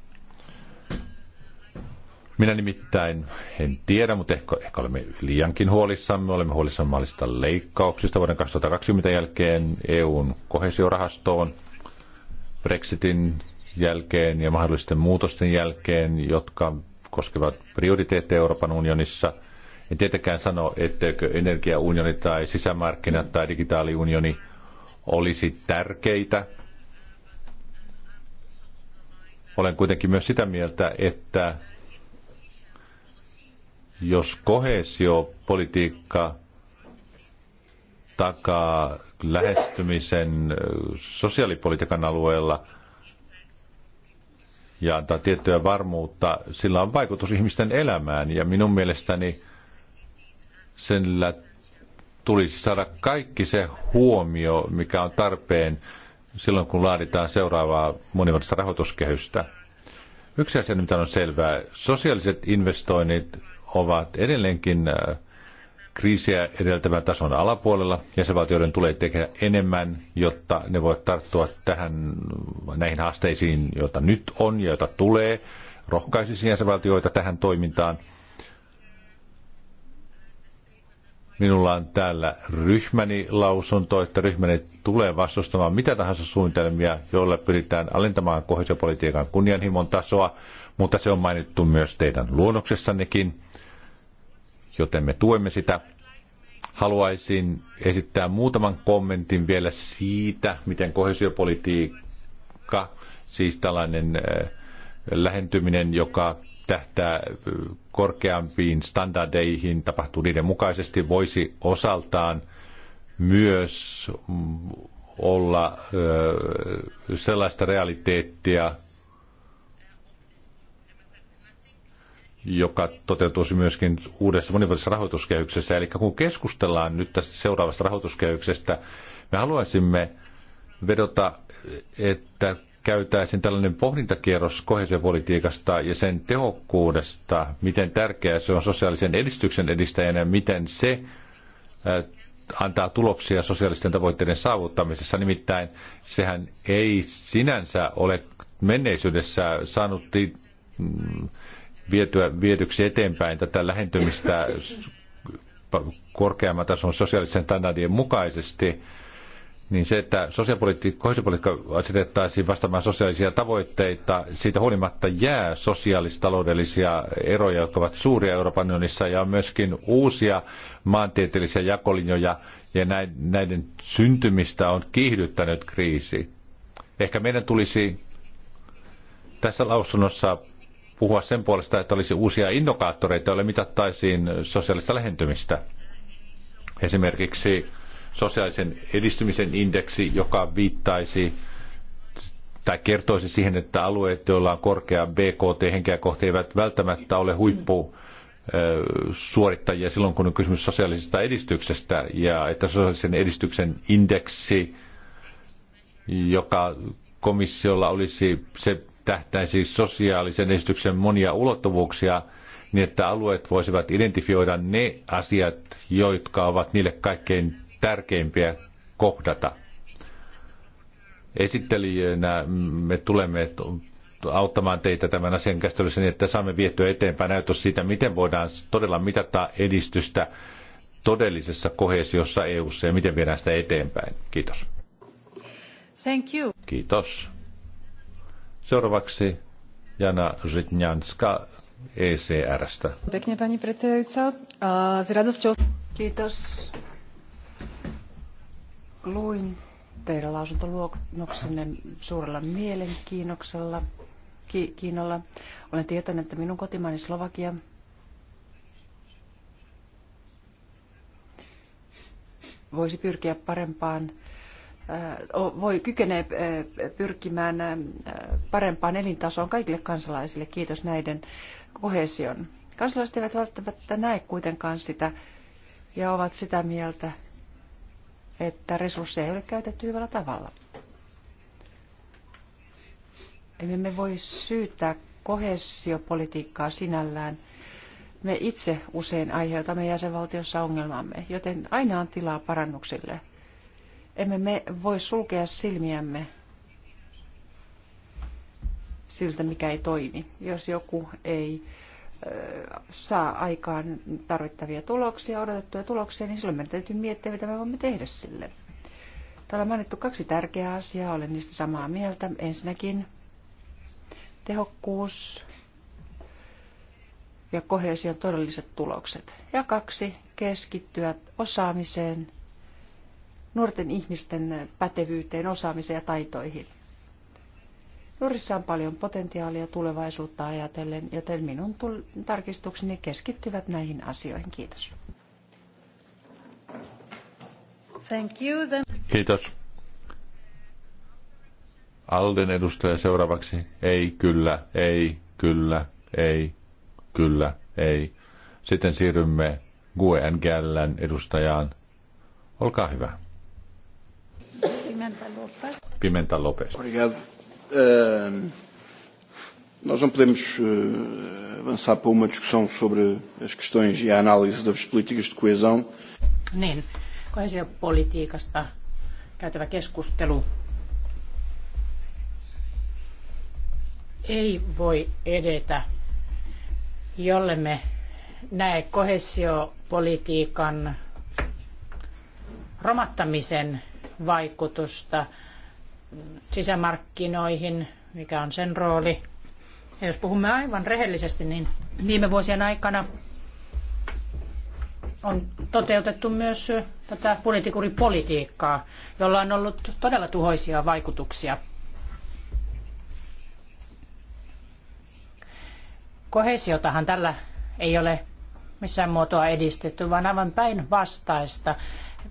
Minä nimittäin en tiedä, mutta ehkä, ehkä olemme liiankin huolissamme. Olemme huolissamme mahdollisista leikkauksista vuoden 2020 jälkeen EUn kohesiorahastoon, Brexitin jälkeen ja mahdollisten muutosten jälkeen, jotka koskevat prioriteetteja Euroopan unionissa – en tietenkään sano, etteikö energiaunioni tai sisämarkkinat tai digitaaliunioni olisi tärkeitä. Olen kuitenkin myös sitä mieltä, että jos kohesiopolitiikka takaa lähestymisen sosiaalipolitiikan alueella ja antaa tiettyä varmuutta, sillä on vaikutus ihmisten elämään. Ja minun mielestäni sillä tulisi saada kaikki se huomio, mikä on tarpeen silloin, kun laaditaan seuraavaa monivuotista rahoituskehystä. Yksi asia mitä on selvää, sosiaaliset investoinnit ovat edelleenkin äh, kriisiä edeltävän tason alapuolella. Jäsenvaltioiden tulee tehdä enemmän, jotta ne voivat tarttua tähän, näihin haasteisiin, joita nyt on ja joita tulee. Rohkaisisi jäsenvaltioita tähän toimintaan – Minulla on täällä ryhmäni lausunto, että ryhmäni tulee vastustamaan mitä tahansa suunnitelmia, joilla pyritään alentamaan kohesiopolitiikan kunnianhimon tasoa, mutta se on mainittu myös teidän luonnoksessannekin, joten me tuemme sitä. Haluaisin esittää muutaman kommentin vielä siitä, miten kohesiopolitiikka, siis tällainen eh, lähentyminen, joka tähtää korkeampiin standardeihin, tapahtuu niiden mukaisesti, voisi osaltaan myös mm, olla sellaista realiteettia, joka toteutuisi myöskin uudessa monivuotisessa rahoituskehyksessä. Eli kun keskustellaan nyt tästä seuraavasta rahoituskehyksestä, me haluaisimme vedota, että käytäisiin tällainen pohdintakierros kohesiopolitiikasta ja sen tehokkuudesta, miten tärkeää se on sosiaalisen edistyksen edistäjänä, miten se äh, antaa tuloksia sosiaalisten tavoitteiden saavuttamisessa. Nimittäin sehän ei sinänsä ole menneisyydessä saanut mm, vietyä, vietyksi eteenpäin tätä lähentymistä korkeamman tason sosiaalisen standardien mukaisesti – niin se, että sosiaalipolitiikka asetettaisiin vastaamaan sosiaalisia tavoitteita, siitä huolimatta jää sosiaalistaloudellisia eroja, jotka ovat suuria Euroopan unionissa, ja on myöskin uusia maantieteellisiä jakolinjoja, ja näiden syntymistä on kiihdyttänyt kriisi. Ehkä meidän tulisi tässä lausunnossa puhua sen puolesta, että olisi uusia indikaattoreita joilla mitattaisiin sosiaalista lähentymistä. Esimerkiksi sosiaalisen edistymisen indeksi, joka viittaisi tai kertoisi siihen, että alueet, joilla on korkea BKT henkeä kohti, eivät välttämättä ole huippu suorittajia silloin, kun on kysymys sosiaalisesta edistyksestä ja että sosiaalisen edistyksen indeksi, joka komissiolla olisi, se tähtäisi sosiaalisen edistyksen monia ulottuvuuksia, niin että alueet voisivat identifioida ne asiat, jotka ovat niille kaikkein tärkeimpiä kohdata. Esittelijöinä me tulemme auttamaan teitä tämän asian käsittelyssä niin, että saamme viettyä eteenpäin näytös siitä, miten voidaan todella mitata edistystä todellisessa kohesiossa EU:ssa ja miten viedään sitä eteenpäin. Kiitos. Thank you. Kiitos. Seuraavaksi Jana Żytnianska ECRstä. Pekne, pani predsedajúca. S radosťou... Kiitos, Luin teidän lausuntoluonnoksenne suurella mielenkiinnoksella. Ki- Kiinalla. Olen tietoinen, että minun kotimaani Slovakia voisi pyrkiä parempaan, voi kykenee pyrkimään parempaan elintasoon kaikille kansalaisille. Kiitos näiden kohesion. Kansalaiset eivät välttämättä näe kuitenkaan sitä ja ovat sitä mieltä, että resursseja ei ole käytetty hyvällä tavalla. Emme me voi syyttää kohesiopolitiikkaa sinällään. Me itse usein aiheutamme jäsenvaltiossa ongelmamme, joten aina on tilaa parannuksille. Emme me voi sulkea silmiämme siltä, mikä ei toimi. Jos joku ei saa aikaan tarvittavia tuloksia, odotettuja tuloksia, niin silloin meidän täytyy miettiä, mitä me voimme tehdä sille. Täällä on mainittu kaksi tärkeää asiaa, olen niistä samaa mieltä. Ensinnäkin tehokkuus ja kohesion todelliset tulokset. Ja kaksi, keskittyä osaamiseen, nuorten ihmisten pätevyyteen, osaamiseen ja taitoihin. Juurissa on paljon potentiaalia tulevaisuutta ajatellen, joten minun tarkistukseni keskittyvät näihin asioihin. Kiitos. Thank you. The... Kiitos. Alden edustaja seuraavaksi. Ei, kyllä, ei, kyllä, ei, kyllä, ei. Sitten siirrymme Guen ngln edustajaan. Olkaa hyvä. Pimenta Lopes. Pimenta Lopes. Ehm, nós não podemos uh, avançar para uma discussão sobre as questões e a análise das políticas de coesão. Niin, kohesiopolitiikasta käytävä keskustelu ei voi edetä, jollemme näe kohesiopolitiikan romattamisen vaikutusta sisämarkkinoihin, mikä on sen rooli. Ja jos puhumme aivan rehellisesti, niin viime vuosien aikana on toteutettu myös tätä politikuripolitiikkaa, jolla on ollut todella tuhoisia vaikutuksia. Kohesiotahan tällä ei ole missään muotoa edistetty, vaan aivan päinvastaista.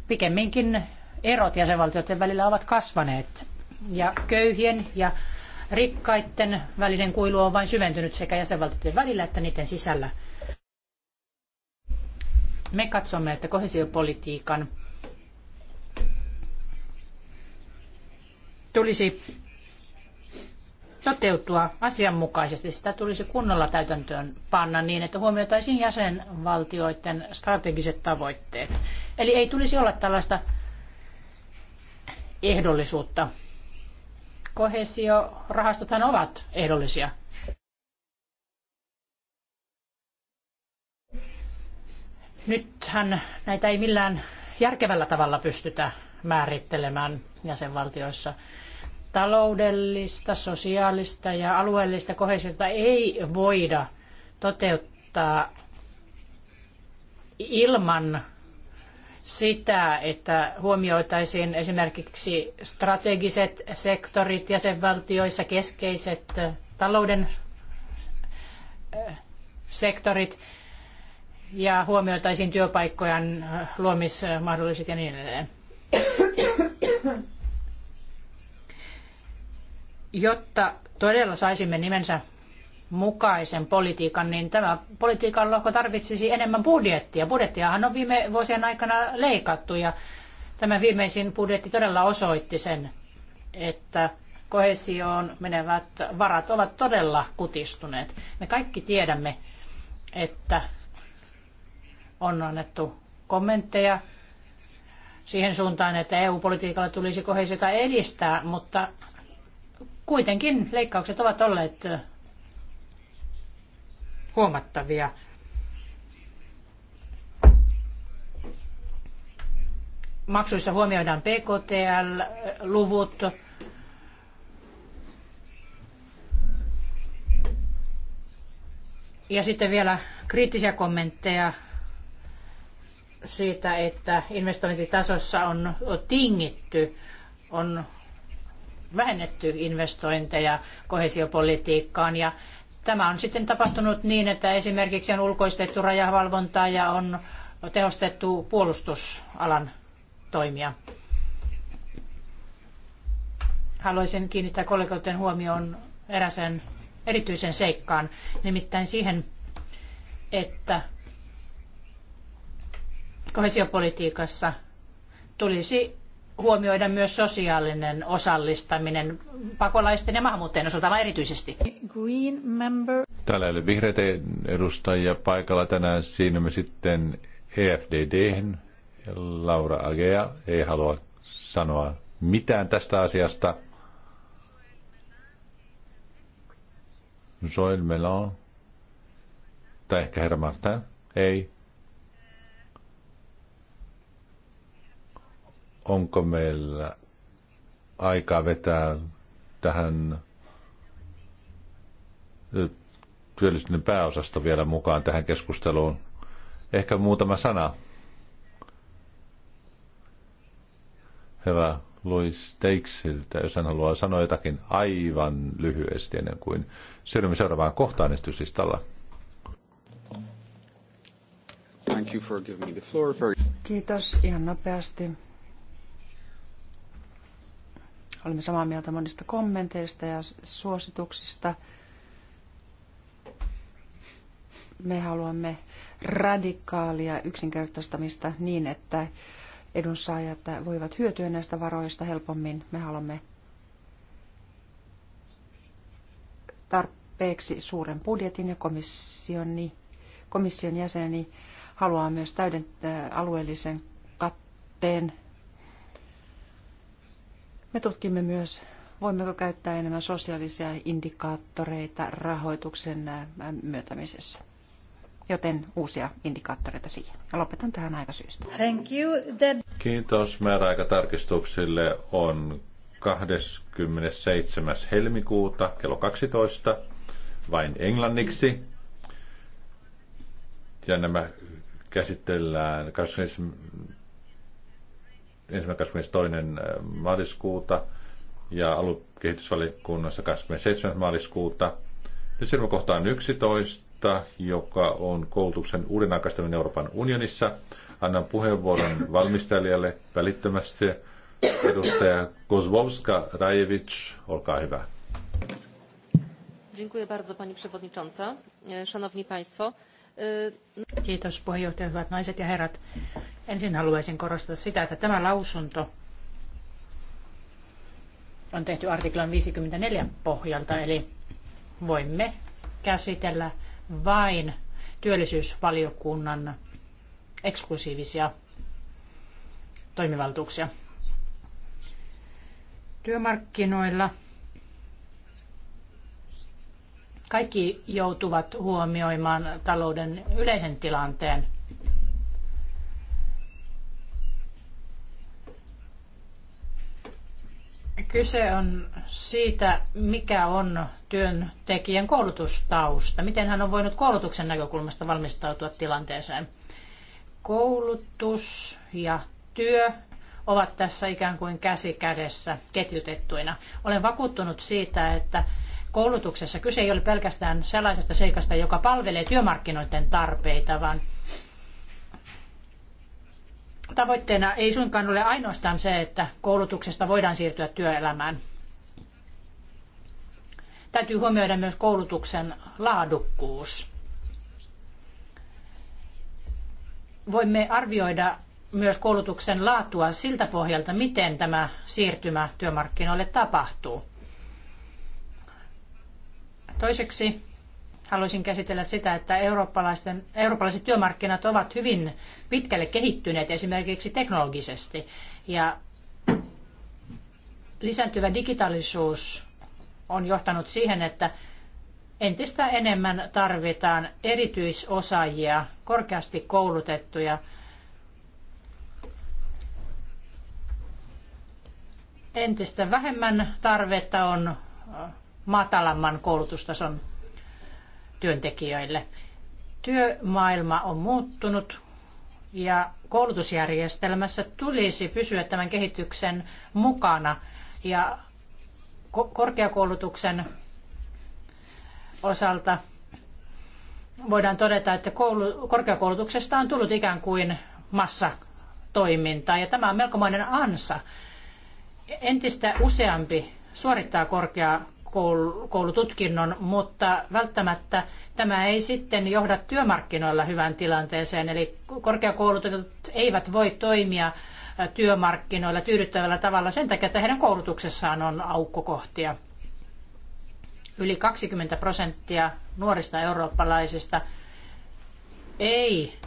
Pikemminkin erot jäsenvaltioiden välillä ovat kasvaneet ja köyhien ja rikkaiden välinen kuilu on vain syventynyt sekä jäsenvaltioiden välillä että niiden sisällä. Me katsomme, että kohesiopolitiikan tulisi toteutua asianmukaisesti. Sitä tulisi kunnolla täytäntöön panna niin, että huomioitaisiin jäsenvaltioiden strategiset tavoitteet. Eli ei tulisi olla tällaista ehdollisuutta kohesiorahastothan ovat ehdollisia. Nythän näitä ei millään järkevällä tavalla pystytä määrittelemään jäsenvaltioissa. Taloudellista, sosiaalista ja alueellista kohesiota ei voida toteuttaa ilman sitä, että huomioitaisiin esimerkiksi strategiset sektorit jäsenvaltioissa, keskeiset äh, talouden äh, sektorit ja huomioitaisiin työpaikkojen äh, luomismahdollisuudet ja niin edelleen. Jotta todella saisimme nimensä mukaisen politiikan, niin tämä politiikan lohko tarvitsisi enemmän budjettia. Budjettiahan on viime vuosien aikana leikattu ja tämä viimeisin budjetti todella osoitti sen, että kohesioon menevät varat ovat todella kutistuneet. Me kaikki tiedämme, että on annettu kommentteja siihen suuntaan, että EU-politiikalla tulisi kohesiota edistää, mutta kuitenkin leikkaukset ovat olleet huomattavia. Maksuissa huomioidaan PKTL-luvut, Ja sitten vielä kriittisiä kommentteja siitä, että investointitasossa on tingitty, on vähennetty investointeja kohesiopolitiikkaan ja Tämä on sitten tapahtunut niin, että esimerkiksi on ulkoistettu rajavalvontaa ja on tehostettu puolustusalan toimia. Haluaisin kiinnittää kollegoiden huomioon eräseen erityisen seikkaan, nimittäin siihen, että kohesiopolitiikassa tulisi huomioida myös sosiaalinen osallistaminen pakolaisten ja maahanmuuttajien osalta, vaan erityisesti? Green member. Täällä ei ole vihreitä edustajia paikalla tänään. Siinä me sitten EFDD, Laura Agea, ei halua sanoa mitään tästä asiasta. Joel Melon, tai ehkä herra Martin, ei. onko meillä aikaa vetää tähän työllisyyden pääosasto vielä mukaan tähän keskusteluun. Ehkä muutama sana. Herra Louis Teixiltä, jos hän haluaa sanoa jotakin aivan lyhyesti ennen kuin siirrymme seuraavaan kohtaan esityslistalla. Kiitos ihan nopeasti. Olemme samaa mieltä monista kommenteista ja suosituksista. Me haluamme radikaalia yksinkertaistamista niin, että edunsaajat voivat hyötyä näistä varoista helpommin. Me haluamme tarpeeksi suuren budjetin ja komissioni, komission jäseni haluaa myös täydentää alueellisen katteen me tutkimme myös, voimmeko käyttää enemmän sosiaalisia indikaattoreita rahoituksen äh, myötämisessä. Joten uusia indikaattoreita siihen. Ja lopetan tähän syystä. Thank you. The... Kiitos. Määräaikatarkistuksille on 27. helmikuuta kello 12 vain englanniksi. Ja nämä käsitellään 25 ensimmäinen 22. maaliskuuta ja aluekehitysvaliokunnassa 27. maaliskuuta. Nyt siirrymme kohtaan 11, joka on koulutuksen uuden aikaistaminen Euroopan unionissa. Annan puheenvuoron valmistelijalle välittömästi. Edustaja Kozłowska Rajevic, olkaa hyvä. Dziękuję bardzo pani przewodnicząca. E, szanowni państwo. E, Kiitos puheenjohtaja, hyvät naiset ja herrat. Ensin haluaisin korostaa sitä, että tämä lausunto on tehty artiklan 54 pohjalta, eli voimme käsitellä vain työllisyysvaliokunnan eksklusiivisia toimivaltuuksia. Työmarkkinoilla kaikki joutuvat huomioimaan talouden yleisen tilanteen – Kyse on siitä, mikä on työntekijän koulutustausta. Miten hän on voinut koulutuksen näkökulmasta valmistautua tilanteeseen? Koulutus ja työ ovat tässä ikään kuin käsi kädessä ketjutettuina. Olen vakuuttunut siitä, että koulutuksessa kyse ei ole pelkästään sellaisesta seikasta, joka palvelee työmarkkinoiden tarpeita, vaan – tavoitteena ei suinkaan ole ainoastaan se, että koulutuksesta voidaan siirtyä työelämään. Täytyy huomioida myös koulutuksen laadukkuus. Voimme arvioida myös koulutuksen laatua siltä pohjalta, miten tämä siirtymä työmarkkinoille tapahtuu. Toiseksi haluaisin käsitellä sitä, että eurooppalaisten, eurooppalaiset työmarkkinat ovat hyvin pitkälle kehittyneet esimerkiksi teknologisesti. Ja lisääntyvä digitaalisuus on johtanut siihen, että entistä enemmän tarvitaan erityisosaajia, korkeasti koulutettuja. Entistä vähemmän tarvetta on matalamman koulutustason työntekijöille. Työmaailma on muuttunut ja koulutusjärjestelmässä tulisi pysyä tämän kehityksen mukana ja korkeakoulutuksen osalta voidaan todeta, että koulu, korkeakoulutuksesta on tullut ikään kuin massa toiminta ja tämä on melkomainen ansa. Entistä useampi suorittaa korkeaa Koulututkinnon, mutta välttämättä tämä ei sitten johda työmarkkinoilla hyvään tilanteeseen. Eli korkeakoulutetut eivät voi toimia työmarkkinoilla tyydyttävällä tavalla sen takia, että heidän koulutuksessaan on aukkokohtia. Yli 20 prosenttia nuorista eurooppalaisista ei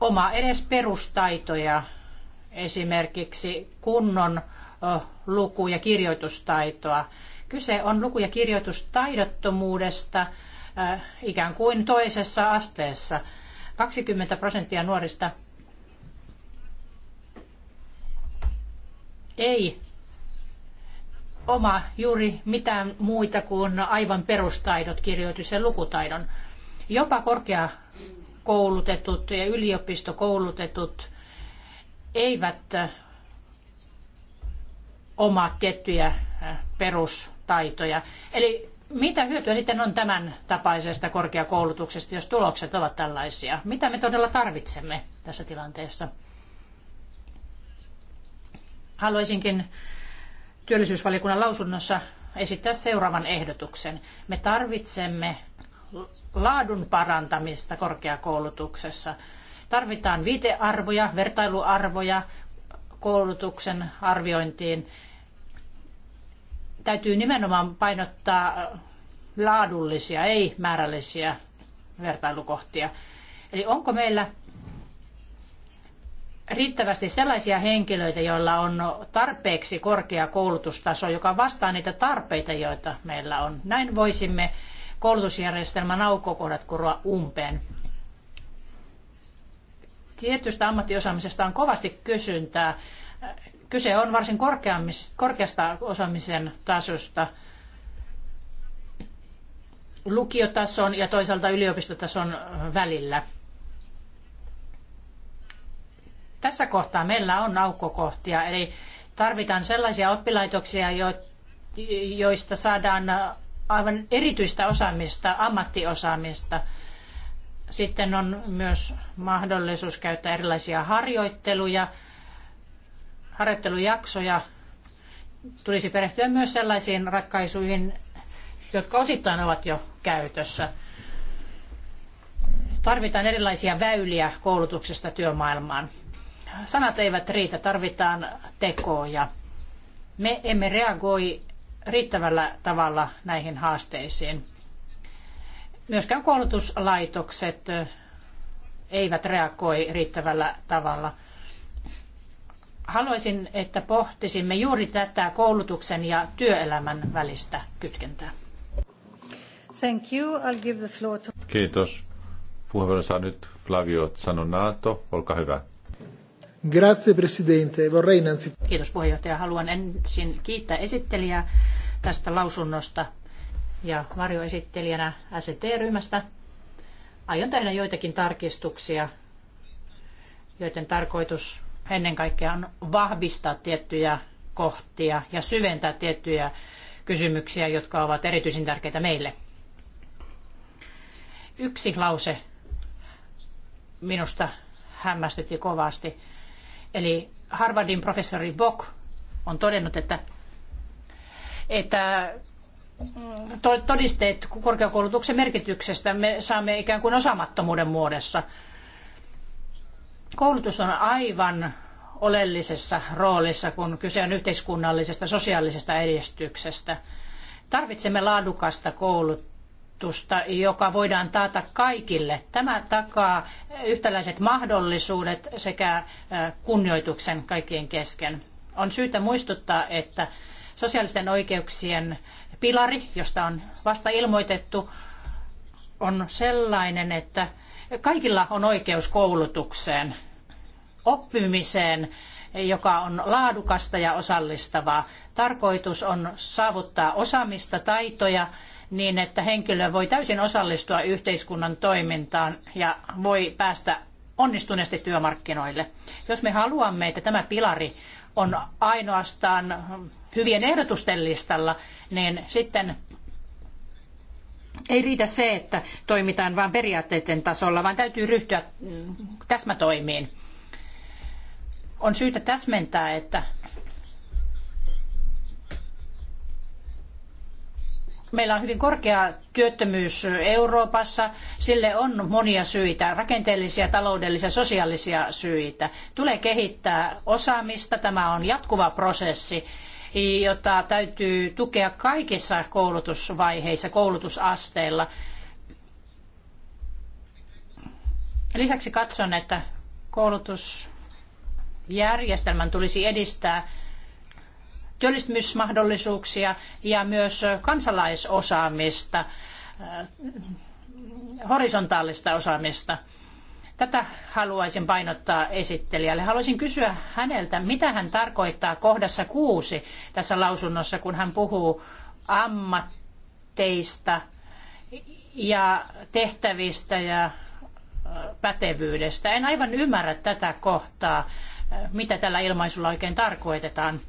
oma edes perustaitoja, esimerkiksi kunnon luku- ja kirjoitustaitoa. Kyse on luku- ja kirjoitustaidottomuudesta ikään kuin toisessa asteessa. 20 prosenttia nuorista ei oma juuri mitään muita kuin aivan perustaidot, kirjoitus ja lukutaidon. Jopa korkeakoulutetut ja yliopistokoulutetut eivät omaa tiettyjä äh, perustaitoja. Eli mitä hyötyä sitten on tämän tapaisesta korkeakoulutuksesta, jos tulokset ovat tällaisia? Mitä me todella tarvitsemme tässä tilanteessa? Haluaisinkin työllisyysvaliokunnan lausunnossa esittää seuraavan ehdotuksen. Me tarvitsemme laadun parantamista korkeakoulutuksessa. Tarvitaan viitearvoja, vertailuarvoja koulutuksen arviointiin täytyy nimenomaan painottaa laadullisia, ei määrällisiä vertailukohtia. Eli onko meillä riittävästi sellaisia henkilöitä, joilla on tarpeeksi korkea koulutustaso, joka vastaa niitä tarpeita, joita meillä on. Näin voisimme koulutusjärjestelmän aukkokohdat kurua umpeen. Tietystä ammattiosaamisesta on kovasti kysyntää Kyse on varsin korkeasta osaamisen tasosta lukiotason ja toisaalta yliopistotason välillä. Tässä kohtaa meillä on aukkokohtia, eli tarvitaan sellaisia oppilaitoksia, joista saadaan aivan erityistä osaamista, ammattiosaamista. Sitten on myös mahdollisuus käyttää erilaisia harjoitteluja, harjoittelujaksoja, tulisi perehtyä myös sellaisiin ratkaisuihin, jotka osittain ovat jo käytössä. Tarvitaan erilaisia väyliä koulutuksesta työmaailmaan. Sanat eivät riitä, tarvitaan tekoja. Me emme reagoi riittävällä tavalla näihin haasteisiin. Myöskään koulutuslaitokset eivät reagoi riittävällä tavalla – Haluaisin, että pohtisimme juuri tätä koulutuksen ja työelämän välistä kytkentää. Thank you. I'll give the floor to... Kiitos. Puheenvuoron saa nyt Flavio Zanonato. Olkaa hyvä. Grazie Presidente. Vorrei innanzi... Kiitos puheenjohtaja. Haluan ensin kiittää esittelijää tästä lausunnosta ja varjoesittelijänä ST-ryhmästä. Aion tehdä joitakin tarkistuksia, joiden tarkoitus ennen kaikkea on vahvistaa tiettyjä kohtia ja syventää tiettyjä kysymyksiä, jotka ovat erityisen tärkeitä meille. Yksi lause minusta hämmästytti kovasti. Eli Harvardin professori Bock on todennut, että, että todisteet korkeakoulutuksen merkityksestä me saamme ikään kuin osaamattomuuden muodossa – Koulutus on aivan oleellisessa roolissa, kun kyse on yhteiskunnallisesta sosiaalisesta edistyksestä. Tarvitsemme laadukasta koulutusta, joka voidaan taata kaikille. Tämä takaa yhtäläiset mahdollisuudet sekä kunnioituksen kaikkien kesken. On syytä muistuttaa, että sosiaalisten oikeuksien pilari, josta on vasta ilmoitettu, on sellainen, että Kaikilla on oikeus koulutukseen, oppimiseen, joka on laadukasta ja osallistavaa. Tarkoitus on saavuttaa osaamista, taitoja niin, että henkilö voi täysin osallistua yhteiskunnan toimintaan ja voi päästä onnistuneesti työmarkkinoille. Jos me haluamme, että tämä pilari on ainoastaan hyvien ehdotusten listalla, niin sitten ei riitä se, että toimitaan vain periaatteiden tasolla, vaan täytyy ryhtyä mm, täsmätoimiin. On syytä täsmentää, että meillä on hyvin korkea työttömyys Euroopassa. Sille on monia syitä, rakenteellisia, taloudellisia, sosiaalisia syitä. Tulee kehittää osaamista, tämä on jatkuva prosessi jota täytyy tukea kaikissa koulutusvaiheissa, koulutusasteilla. Lisäksi katson, että koulutusjärjestelmän tulisi edistää työllistymismahdollisuuksia ja myös kansalaisosaamista, äh, horisontaalista osaamista – Tätä haluaisin painottaa esittelijälle. Haluaisin kysyä häneltä, mitä hän tarkoittaa kohdassa kuusi tässä lausunnossa, kun hän puhuu ammatteista ja tehtävistä ja pätevyydestä. En aivan ymmärrä tätä kohtaa, mitä tällä ilmaisulla oikein tarkoitetaan.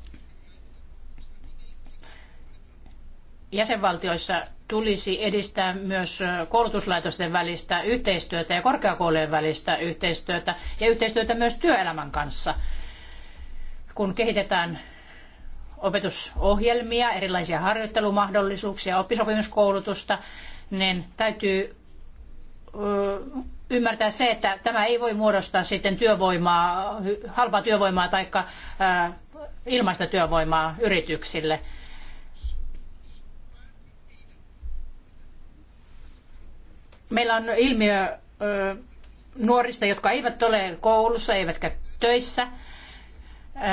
Jäsenvaltioissa tulisi edistää myös koulutuslaitosten välistä yhteistyötä ja korkeakoulujen välistä yhteistyötä ja yhteistyötä myös työelämän kanssa, kun kehitetään opetusohjelmia, erilaisia harjoittelumahdollisuuksia, oppisopimuskoulutusta, niin täytyy ymmärtää se, että tämä ei voi muodostaa sitten työvoimaa, halpaa työvoimaa tai ilmaista työvoimaa yrityksille – Meillä on ilmiö nuorista, jotka eivät ole koulussa eivätkä töissä.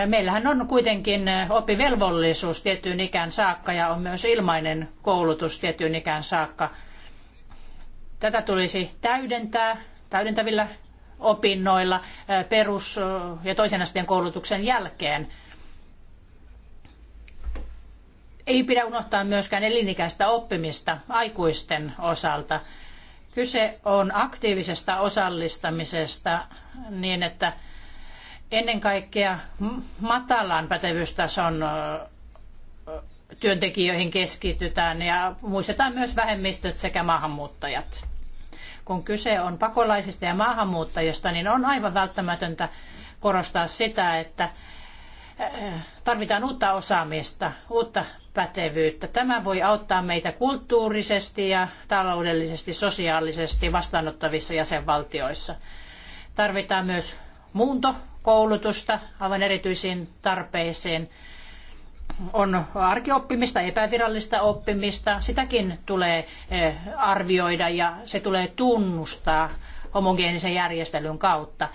Meillähän on kuitenkin oppivelvollisuus tiettyyn ikään saakka ja on myös ilmainen koulutus tiettyyn ikään saakka. Tätä tulisi täydentää täydentävillä opinnoilla perus- ja toisen asteen koulutuksen jälkeen. Ei pidä unohtaa myöskään elinikäistä oppimista aikuisten osalta. Kyse on aktiivisesta osallistamisesta niin, että ennen kaikkea matalan pätevyystason työntekijöihin keskitytään ja muistetaan myös vähemmistöt sekä maahanmuuttajat. Kun kyse on pakolaisista ja maahanmuuttajista, niin on aivan välttämätöntä korostaa sitä, että tarvitaan uutta osaamista, uutta pätevyyttä. Tämä voi auttaa meitä kulttuurisesti ja taloudellisesti, sosiaalisesti vastaanottavissa jäsenvaltioissa. Tarvitaan myös muuntokoulutusta aivan erityisiin tarpeisiin. On arkioppimista, epävirallista oppimista. Sitäkin tulee eh, arvioida ja se tulee tunnustaa homogeenisen järjestelyn kautta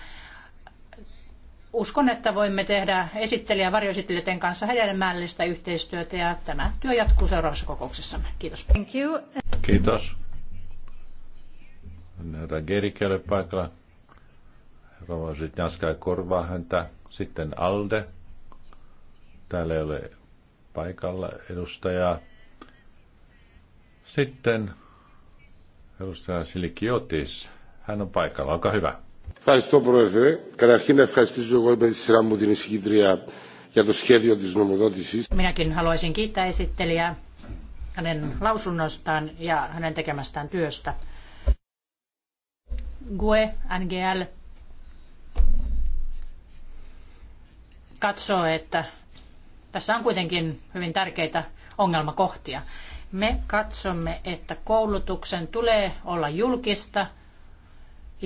uskon, että voimme tehdä esittelijä- varjoesittelijöiden kanssa hedelmällistä yhteistyötä ja tämä työ jatkuu seuraavassa kokouksessamme. Kiitos. Thank you. Kiitos. Herra Gerike oli paikalla. Rova Zitnanska korvaa häntä. Sitten Alde. Täällä ei ole paikalla edustajaa. Sitten edustaja Silikiotis. Hän on paikalla. Olkaa hyvä. Ευχαριστώ Πρόεδρε. Καταρχήν να ευχαριστήσω εγώ με τη σειρά μου την εισηγήτρια για το σχέδιο της νομοδότησης. Minäkin haluaisin kiittää esittelijää hänen lausunnostaan ja hänen tekemästään työstä. GUE NGL katsoo, että tässä on kuitenkin hyvin tärkeitä ongelmakohtia. Me katsomme, että koulutuksen tulee olla julkista –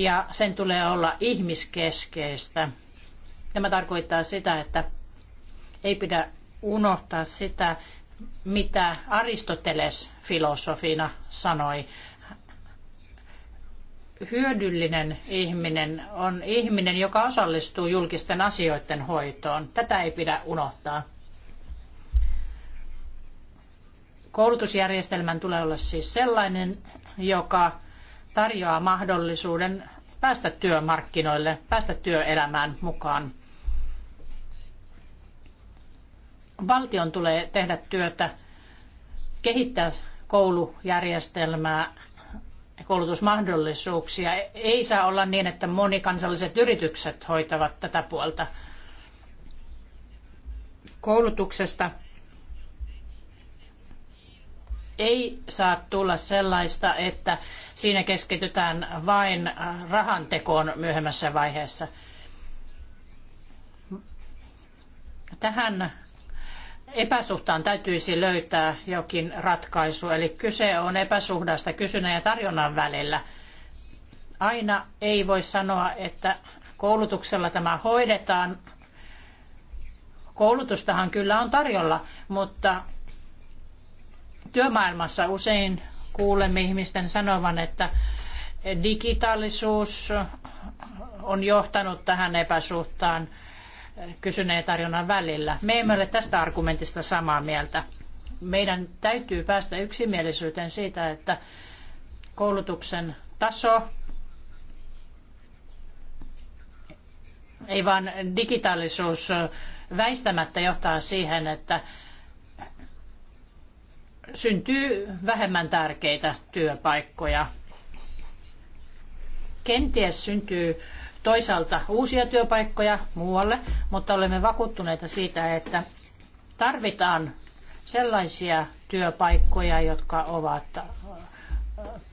ja sen tulee olla ihmiskeskeistä. Tämä tarkoittaa sitä, että ei pidä unohtaa sitä, mitä Aristoteles filosofina sanoi. Hyödyllinen ihminen on ihminen, joka osallistuu julkisten asioiden hoitoon. Tätä ei pidä unohtaa. Koulutusjärjestelmän tulee olla siis sellainen, joka tarjoaa mahdollisuuden päästä työmarkkinoille, päästä työelämään mukaan. Valtion tulee tehdä työtä, kehittää koulujärjestelmää, koulutusmahdollisuuksia. Ei saa olla niin, että monikansalliset yritykset hoitavat tätä puolta. Koulutuksesta ei saa tulla sellaista, että siinä keskitytään vain äh, rahantekoon myöhemmässä vaiheessa. Tähän epäsuhtaan täytyisi löytää jokin ratkaisu, eli kyse on epäsuhdasta kysynnän ja tarjonnan välillä. Aina ei voi sanoa, että koulutuksella tämä hoidetaan. Koulutustahan kyllä on tarjolla, mutta työmaailmassa usein kuulemme ihmisten sanovan, että digitaalisuus on johtanut tähän epäsuhtaan kysynnän ja tarjonnan välillä. Me emme ole tästä argumentista samaa mieltä. Meidän täytyy päästä yksimielisyyteen siitä, että koulutuksen taso ei vaan digitaalisuus väistämättä johtaa siihen, että syntyy vähemmän tärkeitä työpaikkoja. Kenties syntyy toisaalta uusia työpaikkoja muualle, mutta olemme vakuuttuneita siitä, että tarvitaan sellaisia työpaikkoja, jotka ovat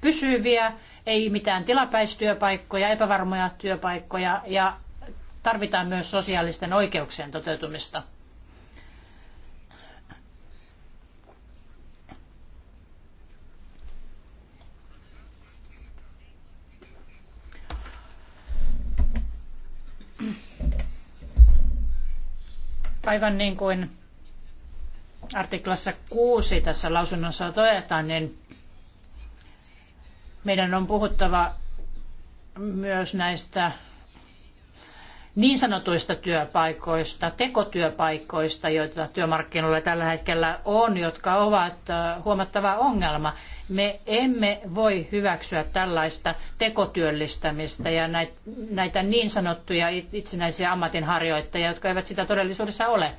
pysyviä, ei mitään tilapäistyöpaikkoja, epävarmoja työpaikkoja ja tarvitaan myös sosiaalisten oikeuksien toteutumista. Aivan niin kuin artiklassa 6 tässä lausunnossa todetaan, niin meidän on puhuttava myös näistä niin sanotuista työpaikoista, tekotyöpaikoista, joita työmarkkinoilla tällä hetkellä on, jotka ovat huomattava ongelma. Me emme voi hyväksyä tällaista tekotyöllistämistä ja näitä niin sanottuja itsenäisiä ammatinharjoittajia, jotka eivät sitä todellisuudessa ole.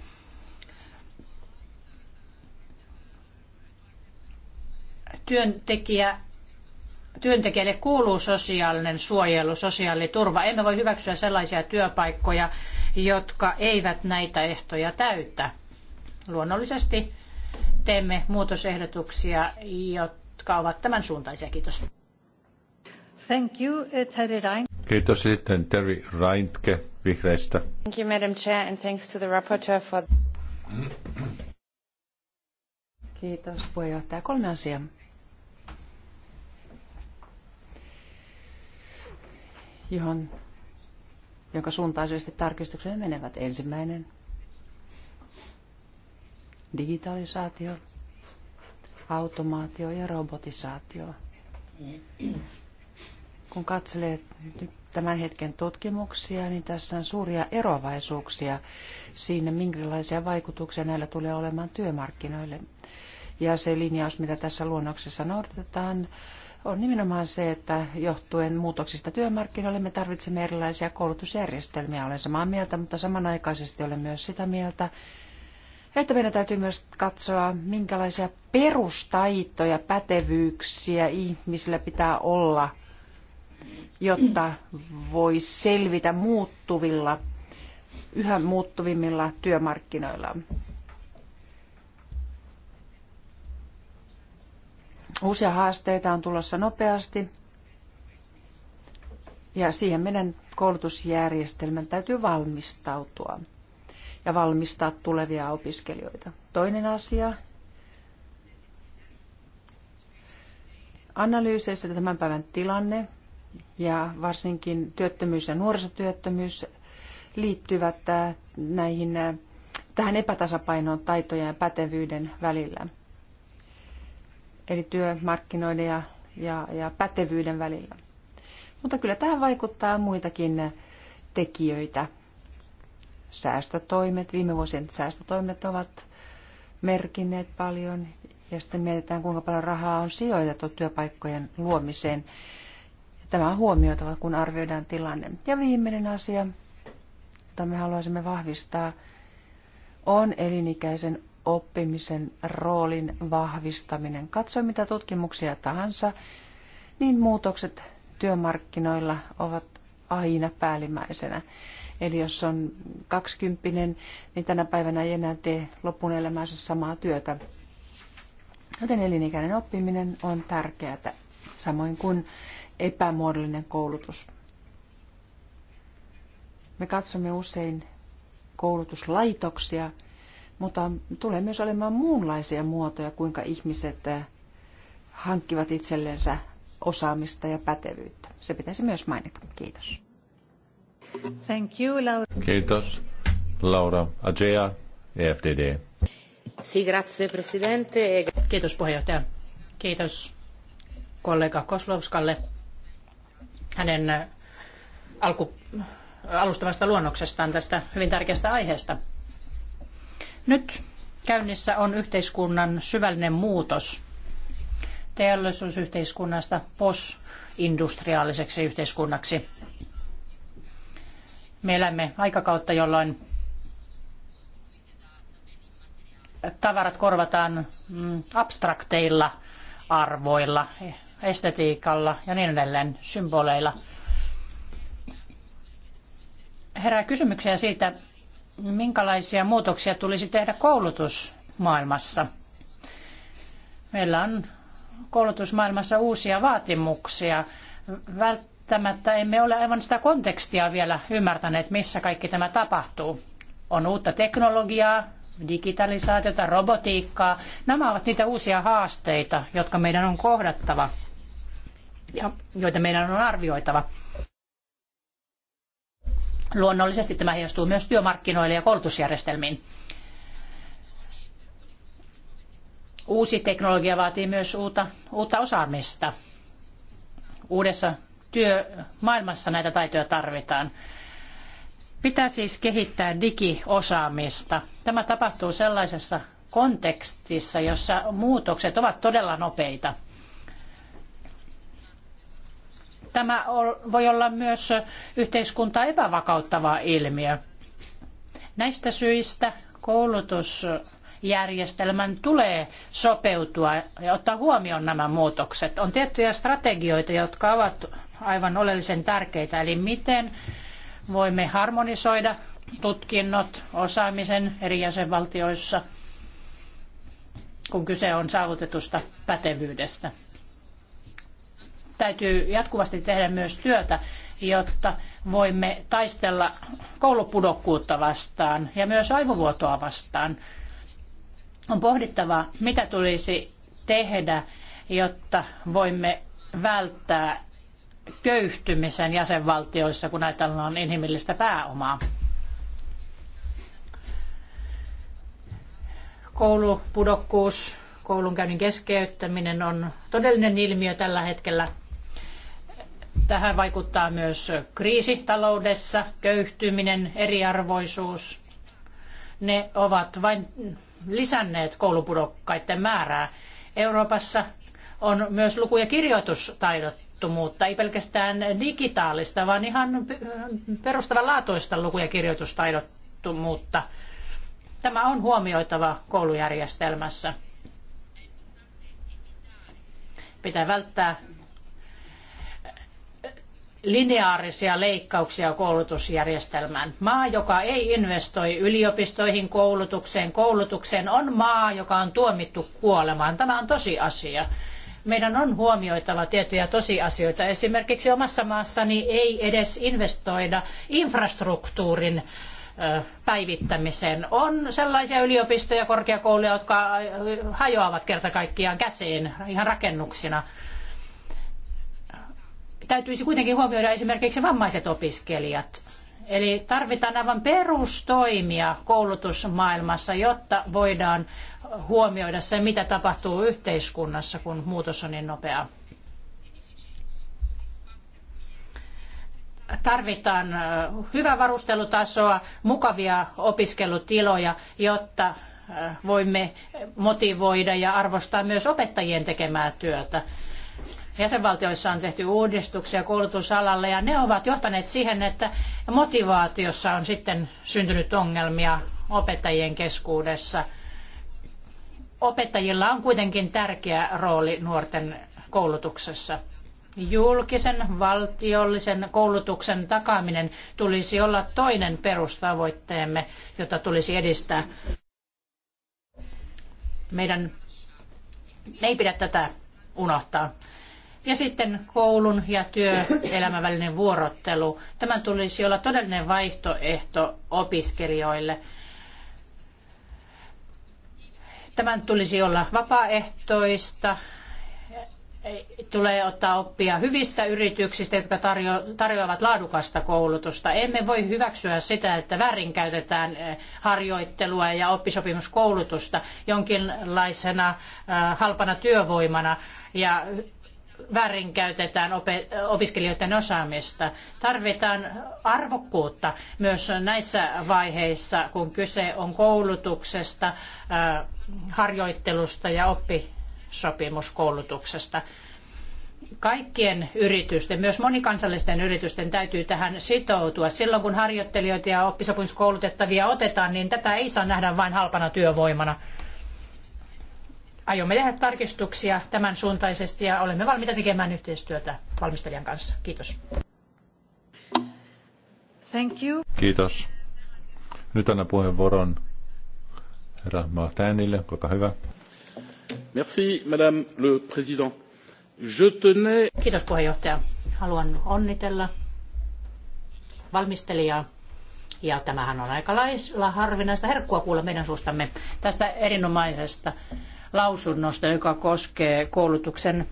Työntekijä työntekijälle kuuluu sosiaalinen suojelu, sosiaaliturva. Emme voi hyväksyä sellaisia työpaikkoja, jotka eivät näitä ehtoja täyttä. Luonnollisesti teemme muutosehdotuksia, jotka ovat tämän suuntaisia. Kiitos. Thank you, eh, Terry Rein. Kiitos sitten Terry Reintke vihreistä. Thank you, Madam Chair, and thanks to the rapporteur for... Kiitos puheenjohtaja. Kolme asiaa. johon, jonka suuntaisesti tarkistukseen menevät. Ensimmäinen, digitalisaatio, automaatio ja robotisaatio. Kun katselee tämän hetken tutkimuksia, niin tässä on suuria eroavaisuuksia siinä, minkälaisia vaikutuksia näillä tulee olemaan työmarkkinoille. Ja se linjaus, mitä tässä luonnoksessa noudatetaan, on nimenomaan se, että johtuen muutoksista työmarkkinoille me tarvitsemme erilaisia koulutusjärjestelmiä. Olen samaa mieltä, mutta samanaikaisesti olen myös sitä mieltä, että meidän täytyy myös katsoa, minkälaisia perustaitoja, pätevyyksiä ihmisillä pitää olla, jotta voi selvitä muuttuvilla, yhä muuttuvimmilla työmarkkinoilla. Uusia haasteita on tulossa nopeasti ja siihen meidän koulutusjärjestelmän täytyy valmistautua ja valmistaa tulevia opiskelijoita. Toinen asia. Analyyseissä tämän päivän tilanne ja varsinkin työttömyys ja nuorisotyöttömyys liittyvät äh, näihin, äh, tähän epätasapainoon taitojen ja pätevyyden välillä eli työmarkkinoiden ja, ja, ja pätevyyden välillä. Mutta kyllä tähän vaikuttaa muitakin tekijöitä. Säästötoimet, viime vuosien säästötoimet ovat merkinneet paljon ja sitten mietitään, kuinka paljon rahaa on sijoitettu työpaikkojen luomiseen. Tämä on huomioitava, kun arvioidaan tilanne. Ja viimeinen asia, jota me haluaisimme vahvistaa, on elinikäisen oppimisen roolin vahvistaminen. Katso mitä tutkimuksia tahansa, niin muutokset työmarkkinoilla ovat aina päällimmäisenä. Eli jos on kaksikymppinen, niin tänä päivänä ei enää tee lopun elämänsä samaa työtä. Joten elinikäinen oppiminen on tärkeää, samoin kuin epämuodollinen koulutus. Me katsomme usein koulutuslaitoksia – mutta tulee myös olemaan muunlaisia muotoja, kuinka ihmiset eh, hankkivat itsellensä osaamista ja pätevyyttä. Se pitäisi myös mainita. Kiitos. Thank you, Laura. Kiitos. Laura Ajea, EFDD. Si, grazie, presidente. Kiitos puheenjohtaja. Kiitos kollega Koslovskalle hänen eh, alku, alustavasta luonnoksestaan tästä hyvin tärkeästä aiheesta. Nyt käynnissä on yhteiskunnan syvällinen muutos teollisuusyhteiskunnasta postindustriaaliseksi yhteiskunnaksi. Me elämme aikakautta, jolloin tavarat korvataan mm, abstrakteilla arvoilla, estetiikalla ja niin edelleen, symboleilla. Herää kysymyksiä siitä, minkälaisia muutoksia tulisi tehdä koulutusmaailmassa? Meillä on koulutusmaailmassa uusia vaatimuksia. Välttämättä emme ole aivan sitä kontekstia vielä ymmärtäneet, missä kaikki tämä tapahtuu. On uutta teknologiaa, digitalisaatiota, robotiikkaa. Nämä ovat niitä uusia haasteita, jotka meidän on kohdattava ja joita meidän on arvioitava. Luonnollisesti tämä heijastuu myös työmarkkinoille ja koulutusjärjestelmiin. Uusi teknologia vaatii myös uutta, uutta osaamista. Uudessa työmaailmassa näitä taitoja tarvitaan. Pitää siis kehittää digiosaamista. Tämä tapahtuu sellaisessa kontekstissa, jossa muutokset ovat todella nopeita – Tämä voi olla myös yhteiskuntaa epävakauttava ilmiö. Näistä syistä koulutusjärjestelmän tulee sopeutua ja ottaa huomioon nämä muutokset. On tiettyjä strategioita, jotka ovat aivan oleellisen tärkeitä, eli miten voimme harmonisoida tutkinnot, osaamisen eri jäsenvaltioissa, kun kyse on saavutetusta pätevyydestä täytyy jatkuvasti tehdä myös työtä, jotta voimme taistella koulupudokkuutta vastaan ja myös aivovuotoa vastaan. On pohdittava, mitä tulisi tehdä, jotta voimme välttää köyhtymisen jäsenvaltioissa, kun ajatellaan inhimillistä pääomaa. Koulupudokkuus, koulunkäynnin keskeyttäminen on todellinen ilmiö tällä hetkellä – Tähän vaikuttaa myös kriisi taloudessa, köyhtyminen, eriarvoisuus. Ne ovat vain lisänneet koulupudokkaiden määrää. Euroopassa on myös luku- ja kirjoitustaidottomuutta, ei pelkästään digitaalista, vaan ihan perustavanlaatuista luku- ja kirjoitustaidottomuutta. Tämä on huomioitava koulujärjestelmässä. Pitää välttää lineaarisia leikkauksia koulutusjärjestelmään. Maa, joka ei investoi yliopistoihin, koulutukseen, koulutukseen, on maa, joka on tuomittu kuolemaan. Tämä on tosiasia. Meidän on huomioitava tiettyjä tosiasioita. Esimerkiksi omassa maassani ei edes investoida infrastruktuurin päivittämiseen. On sellaisia yliopistoja, ja korkeakouluja, jotka hajoavat kerta kaikkiaan käsiin ihan rakennuksina täytyisi kuitenkin huomioida esimerkiksi vammaiset opiskelijat. Eli tarvitaan aivan perustoimia koulutusmaailmassa, jotta voidaan huomioida se, mitä tapahtuu yhteiskunnassa, kun muutos on niin nopea. Tarvitaan hyvää varustelutasoa, mukavia opiskelutiloja, jotta voimme motivoida ja arvostaa myös opettajien tekemää työtä. Jäsenvaltioissa on tehty uudistuksia koulutusalalle ja ne ovat johtaneet siihen, että motivaatiossa on sitten syntynyt ongelmia opettajien keskuudessa. Opettajilla on kuitenkin tärkeä rooli nuorten koulutuksessa. Julkisen valtiollisen koulutuksen takaaminen tulisi olla toinen perustavoitteemme, jota tulisi edistää. Meidän me ei pidä tätä unohtaa. Ja sitten koulun ja työelämän välinen vuorottelu. Tämän tulisi olla todellinen vaihtoehto opiskelijoille. Tämän tulisi olla vapaaehtoista. Tulee ottaa oppia hyvistä yrityksistä, jotka tarjo- tarjoavat laadukasta koulutusta. Emme voi hyväksyä sitä, että väärinkäytetään eh, harjoittelua ja oppisopimuskoulutusta jonkinlaisena eh, halpana työvoimana ja väärinkäytetään opiskelijoiden osaamista. Tarvitaan arvokkuutta myös näissä vaiheissa, kun kyse on koulutuksesta, harjoittelusta ja oppisopimuskoulutuksesta. Kaikkien yritysten, myös monikansallisten yritysten täytyy tähän sitoutua. Silloin kun harjoittelijoita ja oppisopimuskoulutettavia otetaan, niin tätä ei saa nähdä vain halpana työvoimana Aiomme tehdä tarkistuksia tämän suuntaisesti ja olemme valmiita tekemään yhteistyötä valmistelijan kanssa. Kiitos. Thank you. Kiitos. Nyt annan puheenvuoron herra Martinille. Olkaa hyvä. Merci, madame le président. Je tenais... Kiitos puheenjohtaja. Haluan onnitella valmistelijaa. Ja tämähän on aika laisla harvinaista herkkua kuulla meidän suustamme tästä erinomaisesta lausunnosta, joka koskee koulutuksen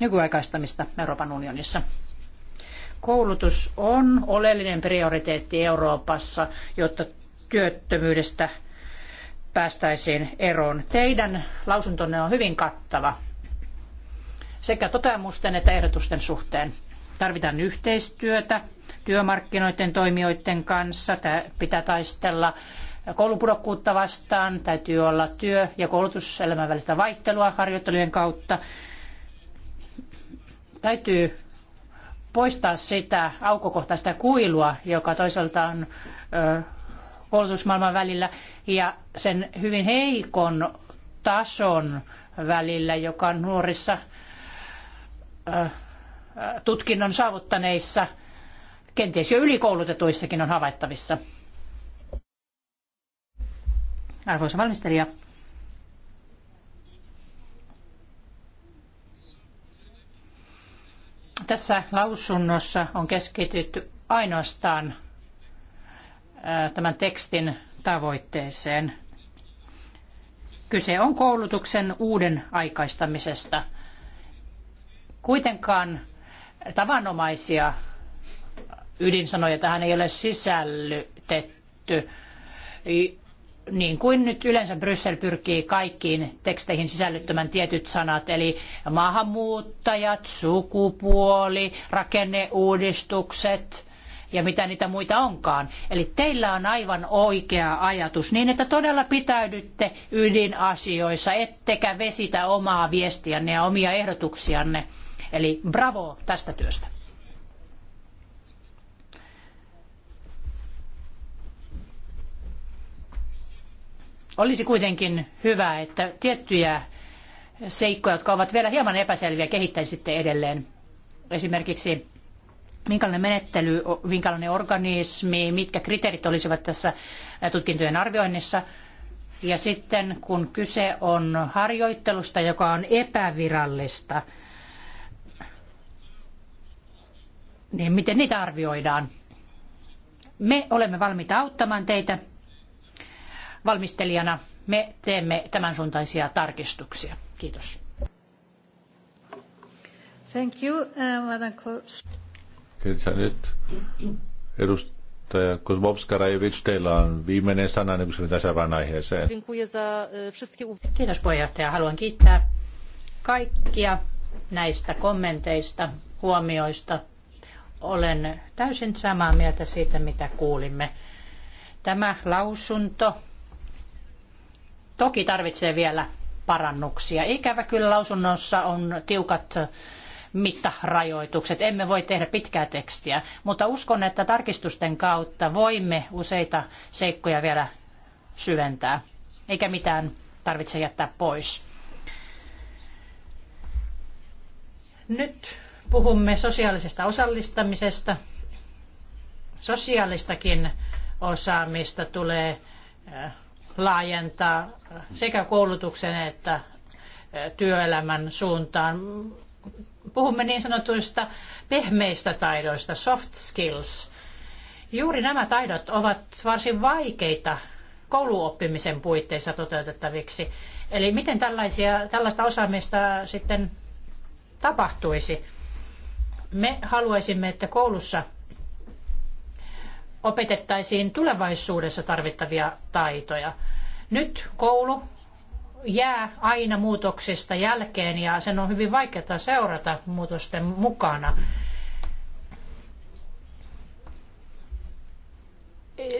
nykyaikaistamista Euroopan unionissa. Koulutus on oleellinen prioriteetti Euroopassa, jotta työttömyydestä päästäisiin eroon. Teidän lausuntonne on hyvin kattava sekä toteamusten että ehdotusten suhteen. Tarvitaan yhteistyötä työmarkkinoiden toimijoiden kanssa, pitää taistella koulupudokkuutta vastaan, täytyy olla työ- ja koulutuselämän välistä vaihtelua harjoittelujen kautta. Täytyy poistaa sitä aukokohtaista kuilua, joka toisaalta on koulutusmaailman välillä ja sen hyvin heikon tason välillä, joka on nuorissa tutkinnon saavuttaneissa, kenties jo ylikoulutetuissakin on havaittavissa. Arvoisa valmistelija. Tässä lausunnossa on keskitytty ainoastaan tämän tekstin tavoitteeseen. Kyse on koulutuksen uuden aikaistamisesta. Kuitenkaan tavanomaisia ydinsanoja tähän ei ole sisällytetty niin kuin nyt yleensä Bryssel pyrkii kaikkiin teksteihin sisällyttämään tietyt sanat, eli maahanmuuttajat, sukupuoli, rakenneuudistukset ja mitä niitä muita onkaan. Eli teillä on aivan oikea ajatus niin, että todella pitäydytte ydinasioissa, ettekä vesitä omaa viestiänne ja omia ehdotuksianne. Eli bravo tästä työstä. Olisi kuitenkin hyvä, että tiettyjä seikkoja, jotka ovat vielä hieman epäselviä, kehittäisitte edelleen. Esimerkiksi minkälainen menettely, minkälainen organismi, mitkä kriteerit olisivat tässä tutkintojen arvioinnissa. Ja sitten kun kyse on harjoittelusta, joka on epävirallista, niin miten niitä arvioidaan? Me olemme valmiita auttamaan teitä valmistelijana me teemme tämän suuntaisia tarkistuksia. Kiitos. Thank you, uh, Madam Kiitos. Nyt edustaja Kozmovska Rajevic, teillä on viimeinen sana, niin kuin tässä aiheeseen. E, Kiitos puheenjohtaja. Haluan kiittää kaikkia näistä kommenteista, huomioista. Olen täysin samaa mieltä siitä, mitä kuulimme. Tämä lausunto toki tarvitsee vielä parannuksia. Ikävä kyllä lausunnossa on tiukat mittarajoitukset. Emme voi tehdä pitkää tekstiä, mutta uskon, että tarkistusten kautta voimme useita seikkoja vielä syventää, eikä mitään tarvitse jättää pois. Nyt puhumme sosiaalisesta osallistamisesta. Sosiaalistakin osaamista tulee äh, laajentaa sekä koulutuksen että työelämän suuntaan. Puhumme niin sanotuista pehmeistä taidoista, soft skills. Juuri nämä taidot ovat varsin vaikeita kouluoppimisen puitteissa toteutettaviksi. Eli miten tällaisia, tällaista osaamista sitten tapahtuisi? Me haluaisimme, että koulussa – opetettaisiin tulevaisuudessa tarvittavia taitoja. Nyt koulu jää aina muutoksista jälkeen ja sen on hyvin vaikeaa seurata muutosten mukana.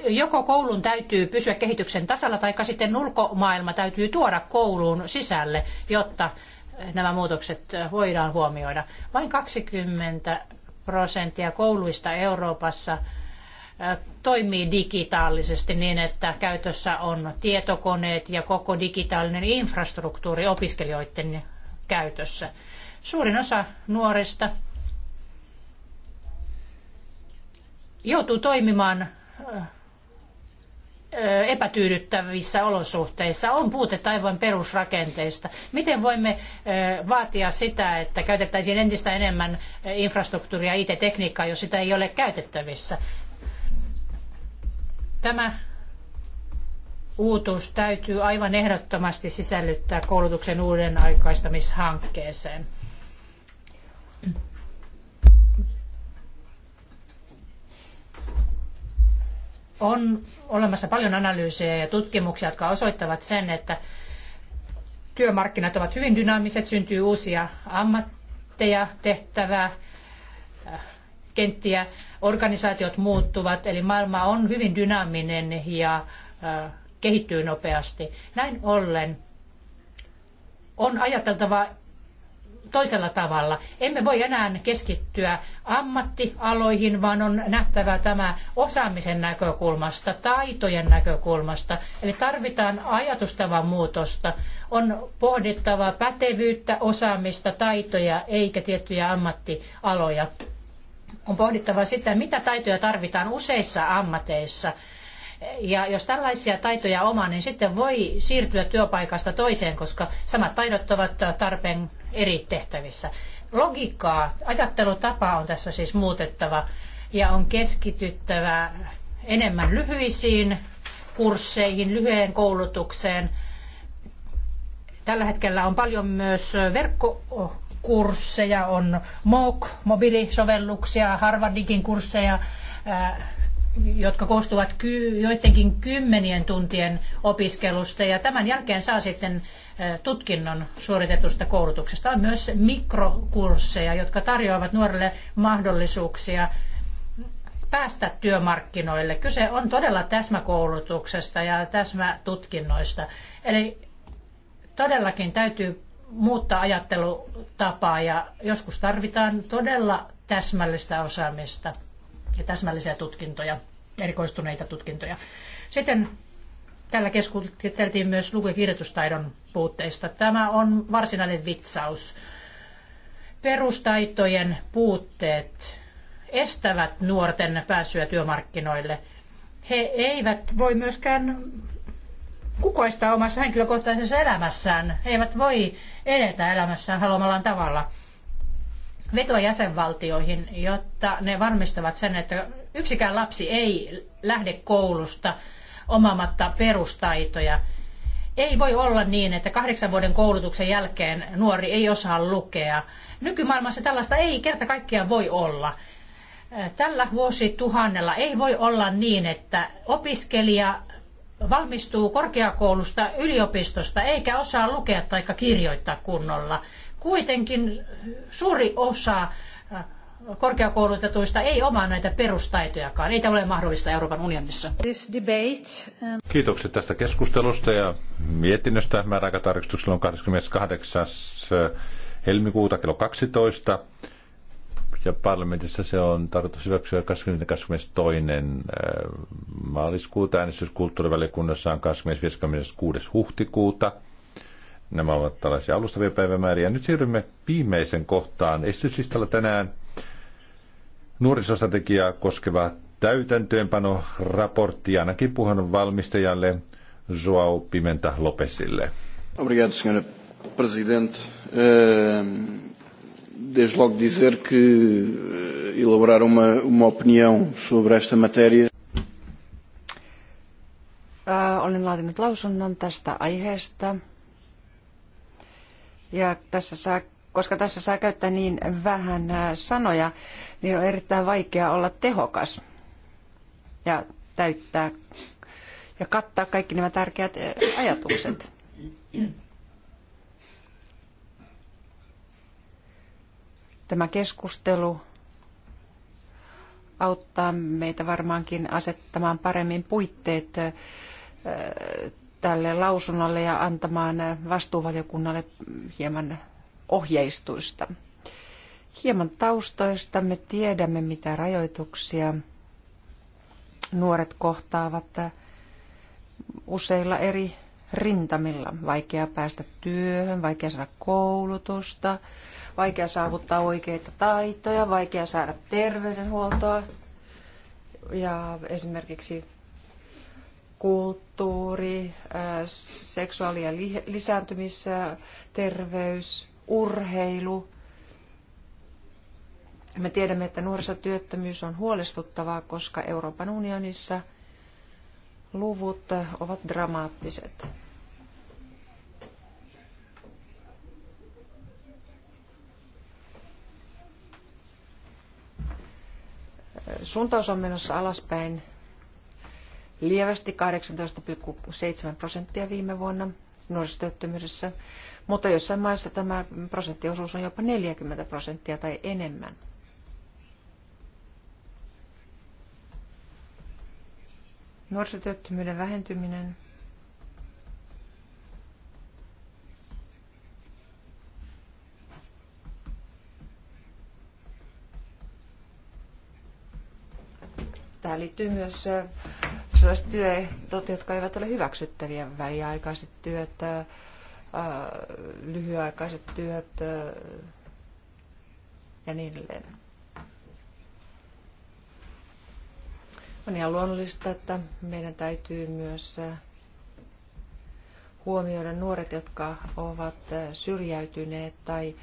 Joko koulun täytyy pysyä kehityksen tasalla tai sitten ulkomaailma täytyy tuoda kouluun sisälle, jotta nämä muutokset voidaan huomioida. Vain 20 prosenttia kouluista Euroopassa – toimii digitaalisesti niin, että käytössä on tietokoneet ja koko digitaalinen infrastruktuuri opiskelijoiden käytössä. Suurin osa nuorista joutuu toimimaan epätyydyttävissä olosuhteissa, on puutetta aivan perusrakenteista. Miten voimme vaatia sitä, että käytettäisiin entistä enemmän infrastruktuuria ja IT-tekniikkaa, jos sitä ei ole käytettävissä? Tämä uutuus täytyy aivan ehdottomasti sisällyttää koulutuksen uuden aikaistamishankkeeseen. On olemassa paljon analyysejä ja tutkimuksia, jotka osoittavat sen, että työmarkkinat ovat hyvin dynaamiset, syntyy uusia ammatteja, tehtävää, kenttiä, organisaatiot muuttuvat, eli maailma on hyvin dynaaminen ja äh, kehittyy nopeasti. Näin ollen on ajateltava toisella tavalla. Emme voi enää keskittyä ammattialoihin, vaan on nähtävä tämä osaamisen näkökulmasta, taitojen näkökulmasta. Eli tarvitaan ajatustavan muutosta. On pohdittava pätevyyttä, osaamista, taitoja, eikä tiettyjä ammattialoja on pohdittava sitä, mitä taitoja tarvitaan useissa ammateissa. Ja jos tällaisia taitoja omaa, niin sitten voi siirtyä työpaikasta toiseen, koska samat taidot ovat tarpeen eri tehtävissä. Logiikkaa, ajattelutapa on tässä siis muutettava ja on keskityttävä enemmän lyhyisiin kursseihin, lyhyen koulutukseen. Tällä hetkellä on paljon myös verkko kursseja, on MOOC, mobiilisovelluksia, Harvardikin kursseja, äh, jotka koostuvat ky- joidenkin kymmenien tuntien opiskelusta ja tämän jälkeen saa sitten äh, tutkinnon suoritetusta koulutuksesta. On myös mikrokursseja, jotka tarjoavat nuorille mahdollisuuksia päästä työmarkkinoille. Kyse on todella täsmäkoulutuksesta ja täsmätutkinnoista. Eli todellakin täytyy muuttaa ajattelutapaa ja joskus tarvitaan todella täsmällistä osaamista ja täsmällisiä tutkintoja, erikoistuneita tutkintoja. Sitten tällä keskusteltiin myös luku- ja kirjoitustaidon puutteista. Tämä on varsinainen vitsaus. Perustaitojen puutteet estävät nuorten pääsyä työmarkkinoille. He eivät voi myöskään kukoistaa omassa henkilökohtaisessa elämässään. He eivät voi edetä elämässään haluamallaan tavalla. Vetoa jäsenvaltioihin, jotta ne varmistavat sen, että yksikään lapsi ei lähde koulusta omaamatta perustaitoja. Ei voi olla niin, että kahdeksan vuoden koulutuksen jälkeen nuori ei osaa lukea. Nykymaailmassa tällaista ei kerta kaikkiaan voi olla. Tällä vuosituhannella ei voi olla niin, että opiskelija valmistuu korkeakoulusta, yliopistosta, eikä osaa lukea tai kirjoittaa kunnolla. Kuitenkin suuri osa äh, korkeakoulutetuista ei omaa näitä perustaitojakaan. Ei tämä ole mahdollista Euroopan unionissa. Um, Kiitokset tästä keskustelusta ja mietinnöstä. Määräaikatarkistuksella on 28. Äh, helmikuuta kello 12 ja parlamentissa se on tarkoitus hyväksyä 22. Äh, maaliskuuta. Äänestys kulttuurivaliokunnassa on 26. huhtikuuta. Nämä ovat tällaisia alustavia päivämääriä. Nyt siirrymme viimeisen kohtaan esityslistalla tänään. Nuorisostrategiaa koskeva täytäntöönpanoraportti ainakin puhunut valmistajalle Joao Pimenta Lopesille. Obrigado, senhora Presidente. Eh, desde logo dizer que eh, elaborar uma, uma opinião sobre esta matéria. Uh, olen laatinut lausunnon tästä aiheesta. Ja tässä saa, koska tässä saa käyttää niin vähän äh, sanoja, niin on erittäin vaikea olla tehokas ja täyttää ja kattaa kaikki nämä tärkeät äh, ajatukset. Tämä keskustelu auttaa meitä varmaankin asettamaan paremmin puitteet tälle lausunnolle ja antamaan vastuuvaliokunnalle hieman ohjeistuista. Hieman taustoista me tiedämme, mitä rajoituksia nuoret kohtaavat useilla eri rintamilla. Vaikea päästä työhön, vaikea saada koulutusta, vaikea saavuttaa oikeita taitoja, vaikea saada terveydenhuoltoa ja esimerkiksi kulttuuri, äh, seksuaali- ja lisääntymisterveys, urheilu. Me tiedämme, että nuorisotyöttömyys on huolestuttavaa, koska Euroopan unionissa luvut ovat dramaattiset. suuntaus on menossa alaspäin lievästi 18,7 prosenttia viime vuonna nuorisotyöttömyydessä, mutta joissain maissa tämä prosenttiosuus on jopa 40 prosenttia tai enemmän. Nuorisotyöttömyyden vähentyminen Tähän liittyy myös sellaiset työehdot, jotka eivät ole hyväksyttäviä, väliaikaiset työt, lyhyaikaiset työt ja niin edelleen. On ihan luonnollista, että meidän täytyy myös huomioida nuoret, jotka ovat syrjäytyneet tai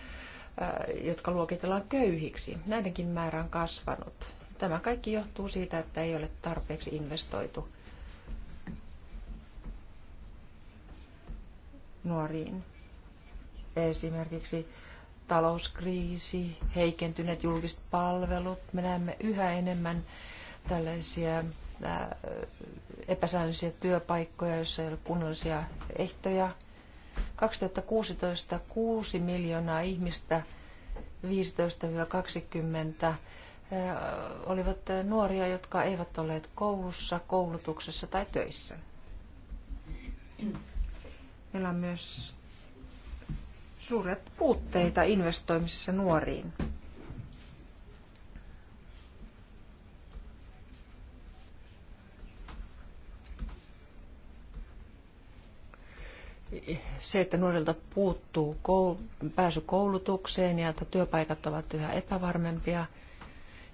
jotka luokitellaan köyhiksi. Näidenkin määrä on kasvanut. Tämä kaikki johtuu siitä, että ei ole tarpeeksi investoitu nuoriin. Esimerkiksi talouskriisi, heikentyneet julkiset palvelut. Me näemme yhä enemmän tällaisia äh, epäsäännöllisiä työpaikkoja, joissa ei ole kunnollisia ehtoja. 2016 6 miljoonaa ihmistä 15-20 olivat nuoria, jotka eivät olleet koulussa, koulutuksessa tai töissä. Meillä on myös suuret puutteita investoimisessa nuoriin. se, että nuorilta puuttuu koul- pääsy koulutukseen ja että työpaikat ovat yhä epävarmempia –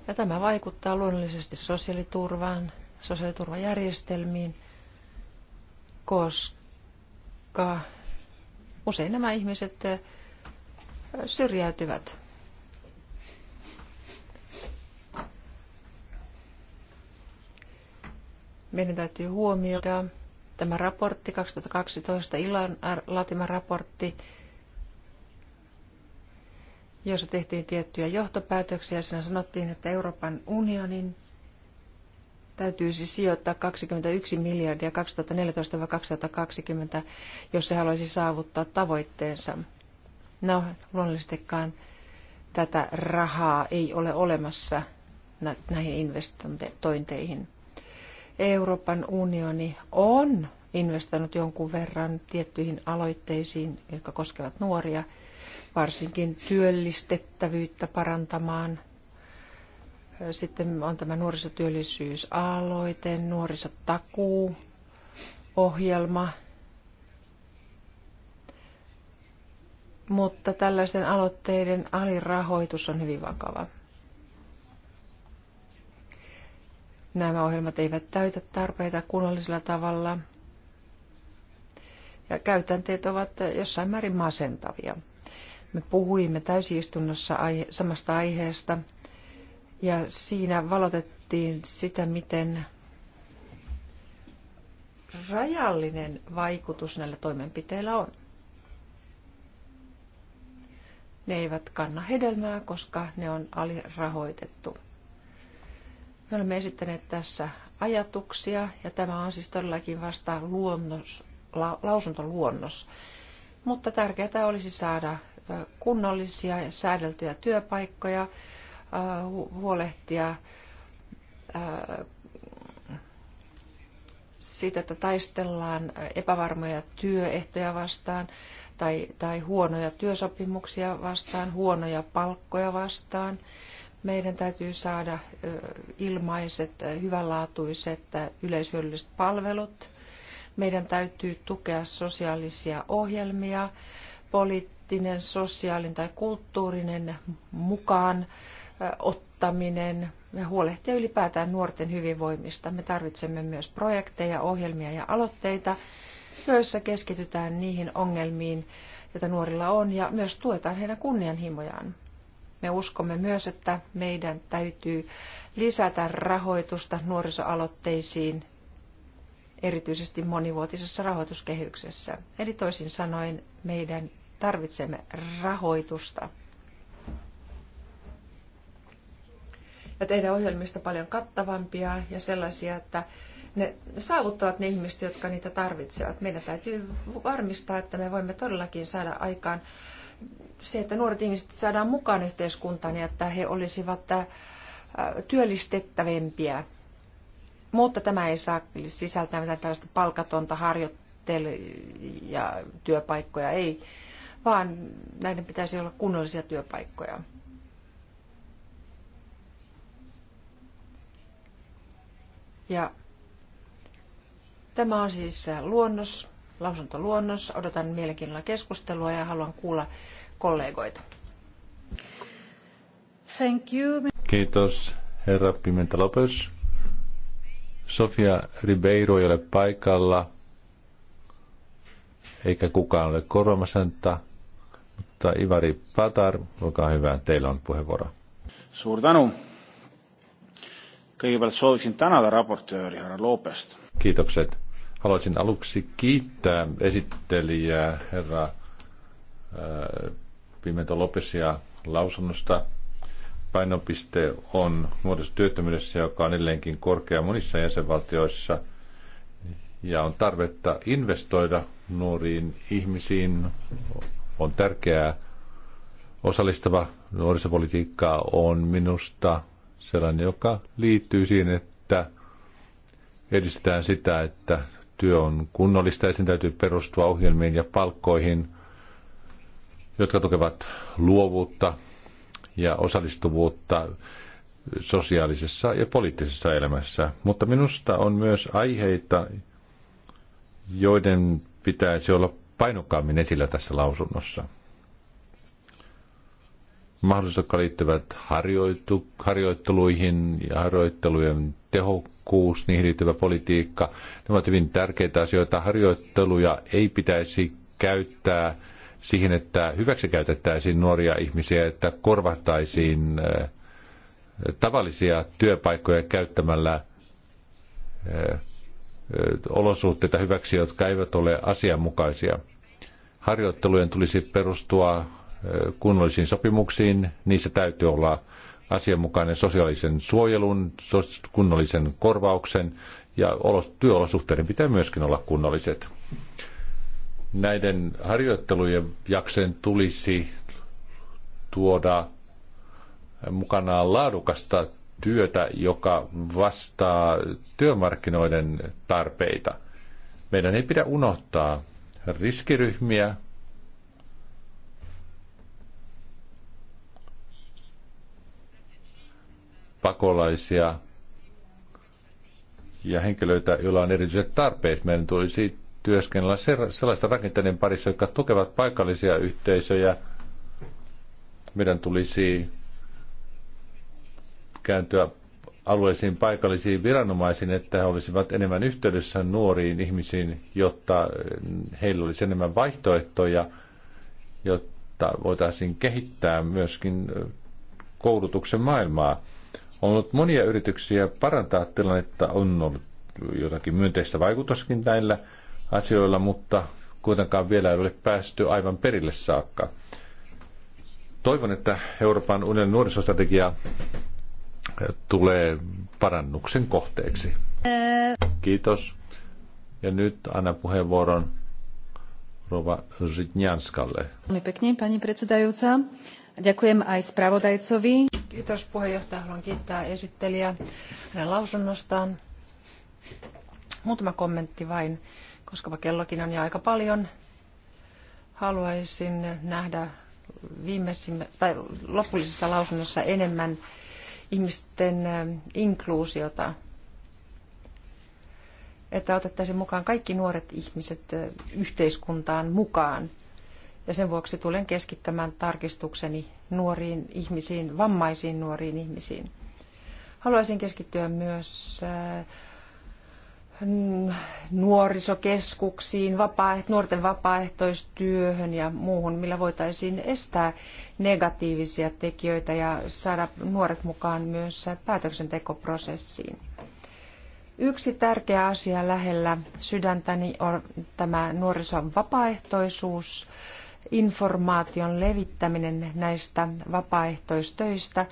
ja tämä vaikuttaa luonnollisesti sosiaaliturvaan, sosiaaliturvajärjestelmiin, koska usein nämä ihmiset syrjäytyvät. Meidän täytyy huomioida tämä raportti 2012 Ilan laatima raportti jossa tehtiin tiettyjä johtopäätöksiä. Siinä sanottiin, että Euroopan unionin täytyisi sijoittaa 21 miljardia 2014-2020, jos se haluaisi saavuttaa tavoitteensa. No, luonnollisestikaan tätä rahaa ei ole olemassa näihin investointeihin. Euroopan unioni on investoinut jonkun verran tiettyihin aloitteisiin, jotka koskevat nuoria – varsinkin työllistettävyyttä parantamaan. Sitten on tämä nuorisotyöllisyysaloite, nuorisotakuu, ohjelma. Mutta tällaisten aloitteiden alirahoitus on hyvin vakava. Nämä ohjelmat eivät täytä tarpeita kunnollisella tavalla ja käytänteet ovat jossain määrin masentavia. Me puhuimme täysistunnossa aihe, samasta aiheesta ja siinä valotettiin sitä, miten rajallinen vaikutus näillä toimenpiteillä on. Ne eivät kanna hedelmää, koska ne on alirahoitettu. Me olemme esittäneet tässä ajatuksia, ja tämä on siis todellakin vasta luonnos, la, lausuntoluonnos. Mutta tärkeää olisi saada kunnollisia ja säädeltyjä työpaikkoja, huolehtia siitä, että taistellaan epävarmoja työehtoja vastaan tai, tai huonoja työsopimuksia vastaan, huonoja palkkoja vastaan. Meidän täytyy saada ilmaiset, hyvänlaatuiset, yleishyödylliset palvelut. Meidän täytyy tukea sosiaalisia ohjelmia, poliittinen, sosiaalinen tai kulttuurinen mukaan ottaminen ja huolehtia ylipäätään nuorten hyvinvoimista. Me tarvitsemme myös projekteja, ohjelmia ja aloitteita, joissa keskitytään niihin ongelmiin, joita nuorilla on, ja myös tuetaan heidän kunnianhimojaan. Me uskomme myös, että meidän täytyy lisätä rahoitusta nuorisoaloitteisiin, erityisesti monivuotisessa rahoituskehyksessä. Eli toisin sanoen meidän tarvitsemme rahoitusta. Ja tehdä ohjelmista paljon kattavampia ja sellaisia, että ne saavuttavat ne ihmiset, jotka niitä tarvitsevat. Meidän täytyy varmistaa, että me voimme todellakin saada aikaan se, että nuoret ihmiset saadaan mukaan yhteiskuntaan ja että he olisivat äh, työllistettävämpiä. Mutta tämä ei saa sisältää mitään tällaista palkatonta harjoittelua ja työpaikkoja. Ei, vaan näiden pitäisi olla kunnollisia työpaikkoja. Ja tämä on siis luonnos, lausuntoluonnos. Odotan mielenkiinnolla keskustelua ja haluan kuulla kollegoita. Thank you. Kiitos, herra Pimenta Lopes. Sofia Ribeiro ei ole paikalla, eikä kukaan ole korvamassa edustaja Ivari Patar, olkaa hyvä, teillä on puheenvuoro. Suur tänu. Kõigepealt sooviksin tänada raportööri härra Loopest. Kiitokset. Haluaisin aluksi kiittää esittelijää herra äh, Pimento Lopesia lausunnosta. Painopiste on nuorisotyöttömyydessä, joka on edelleenkin korkea monissa jäsenvaltioissa ja on tarvetta investoida nuoriin ihmisiin, on tärkeää. Osallistava nuorisopolitiikka on minusta sellainen, joka liittyy siihen, että edistetään sitä, että työ on kunnollista ja sen täytyy perustua ohjelmiin ja palkkoihin, jotka tukevat luovuutta ja osallistuvuutta sosiaalisessa ja poliittisessa elämässä. Mutta minusta on myös aiheita, joiden pitäisi olla painokkaammin esillä tässä lausunnossa. Mahdollisuudet, jotka liittyvät harjoitu, harjoitteluihin ja harjoittelujen tehokkuus, niihin liittyvä politiikka, ne ovat hyvin tärkeitä asioita. Harjoitteluja ei pitäisi käyttää siihen, että hyväksikäytettäisiin nuoria ihmisiä, että korvattaisiin eh, tavallisia työpaikkoja käyttämällä eh, eh, olosuhteita hyväksi, jotka eivät ole asianmukaisia harjoittelujen tulisi perustua kunnollisiin sopimuksiin. Niissä täytyy olla asianmukainen sosiaalisen suojelun, kunnollisen korvauksen ja työolosuhteiden pitää myöskin olla kunnolliset. Näiden harjoittelujen jakseen tulisi tuoda mukanaan laadukasta työtä, joka vastaa työmarkkinoiden tarpeita. Meidän ei pidä unohtaa riskiryhmiä. pakolaisia ja henkilöitä, joilla on erityiset tarpeet. Meidän tulisi työskennellä sellaista rakenteiden parissa, jotka tukevat paikallisia yhteisöjä. Meidän tulisi kääntyä alueellisiin paikallisiin viranomaisiin, että he olisivat enemmän yhteydessä nuoriin ihmisiin, jotta eh, heillä olisi enemmän vaihtoehtoja, jotta voitaisiin kehittää myöskin eh, koulutuksen maailmaa. On ollut monia yrityksiä parantaa tilannetta, on ollut jotakin myönteistä vaikutuskin näillä asioilla, mutta kuitenkaan vielä ei ole päästy aivan perille saakka. Toivon, että Euroopan unionin nuorisostrategia tulee parannuksen kohteeksi. Kiitos. Ja nyt anna puheenvuoron Rova Žitňanskalle. pani spravodajcovi. Kiitos puheenjohtaja. Haluan kiittää esittelijää hänen lausunnostaan. Muutama kommentti vain, koska kellokin on jo aika paljon. Haluaisin nähdä viimeisin, tai lopullisessa lausunnossa enemmän ihmisten inkluusiota, että otettaisiin mukaan kaikki nuoret ihmiset yhteiskuntaan mukaan. Ja sen vuoksi tulen keskittämään tarkistukseni nuoriin ihmisiin, vammaisiin nuoriin ihmisiin. Haluaisin keskittyä myös Mm, nuorisokeskuksiin, vapaaehto- nuorten vapaaehtoistyöhön ja muuhun, millä voitaisiin estää negatiivisia tekijöitä ja saada nuoret mukaan myös päätöksentekoprosessiin. Yksi tärkeä asia lähellä sydäntäni on tämä nuorison vapaaehtoisuus, informaation levittäminen näistä vapaaehtoistöistä.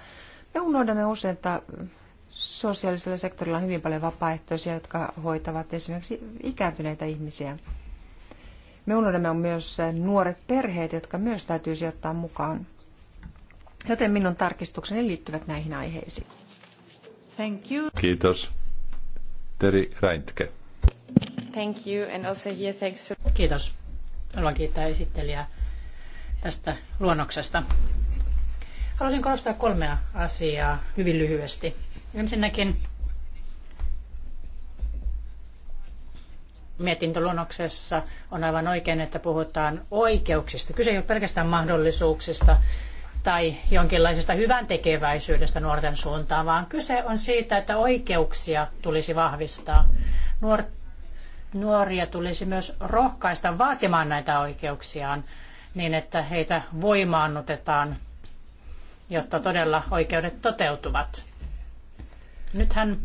Me unohdamme usein, että sosiaalisella sektorilla on hyvin paljon vapaaehtoisia, jotka hoitavat esimerkiksi ikääntyneitä ihmisiä. Me unohdamme myös nuoret perheet, jotka myös täytyy sijoittaa mukaan. Joten minun tarkistukseni liittyvät näihin aiheisiin. Thank you. Kiitos. Teri Räintke. Thank you and also here thanks. Kiitos. Haluan kiittää esittelijää tästä luonnoksesta. Haluaisin korostaa kolmea asiaa hyvin lyhyesti. Ensinnäkin mietintöluonnoksessa on aivan oikein, että puhutaan oikeuksista. Kyse ei ole pelkästään mahdollisuuksista tai jonkinlaisesta hyvän tekeväisyydestä nuorten suuntaan, vaan kyse on siitä, että oikeuksia tulisi vahvistaa. Nuor- nuoria tulisi myös rohkaista vaatimaan näitä oikeuksiaan niin, että heitä voimaannutetaan, jotta todella oikeudet toteutuvat. Nythän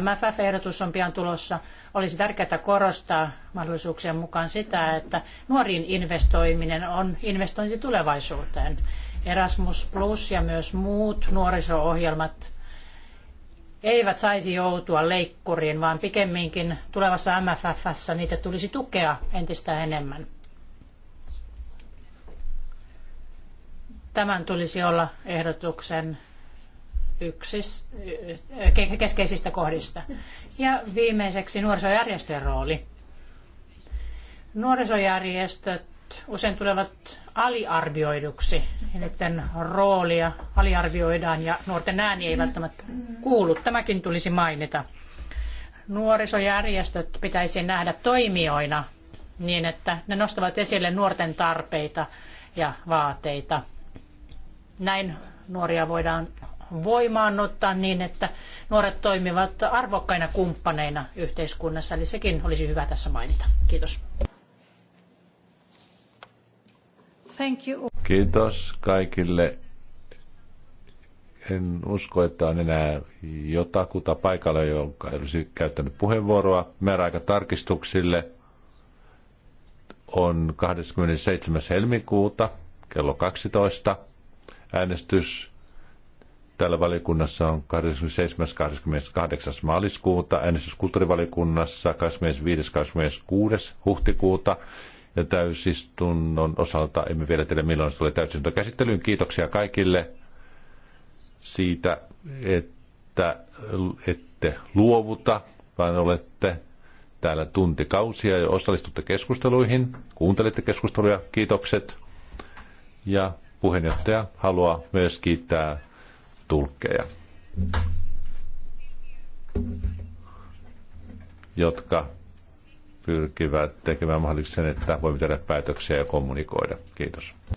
MFF-ehdotus on pian tulossa. Olisi tärkeää korostaa mahdollisuuksien mukaan sitä, että nuoriin investoiminen on investointi tulevaisuuteen. Erasmus Plus ja myös muut nuoriso-ohjelmat eivät saisi joutua leikkuriin, vaan pikemminkin tulevassa MFFssä niitä tulisi tukea entistä enemmän. Tämän tulisi olla ehdotuksen yksi keskeisistä kohdista. Ja viimeiseksi nuorisojärjestöjen rooli. Nuorisojärjestöt usein tulevat aliarvioiduksi niiden roolia aliarvioidaan ja nuorten ääni ei välttämättä kuulu. Tämäkin tulisi mainita. Nuorisojärjestöt pitäisi nähdä toimijoina niin, että ne nostavat esille nuorten tarpeita ja vaateita. Näin nuoria voidaan voimaannuttaa niin, että nuoret toimivat arvokkaina kumppaneina yhteiskunnassa. Eli sekin olisi hyvä tässä mainita. Kiitos. Thank you. Kiitos kaikille. En usko, että on enää jotakuta paikalla, jonka olisi käyttänyt puheenvuoroa. Määräaika tarkistuksille on 27. helmikuuta kello 12. Äänestys täällä valiokunnassa on 27. 28. maaliskuuta, äänestys 25. 26. huhtikuuta ja täysistunnon osalta emme vielä tiedä milloin se tulee käsittelyyn. Kiitoksia kaikille siitä, että ette luovuta, vaan olette täällä tuntikausia ja osallistutte keskusteluihin, kuuntelette keskusteluja, kiitokset. Ja puheenjohtaja haluaa myös kiittää tulkkeja, jotka pyrkivät tekemään mahdollisen, että voimme tehdä päätöksiä ja kommunikoida. Kiitos.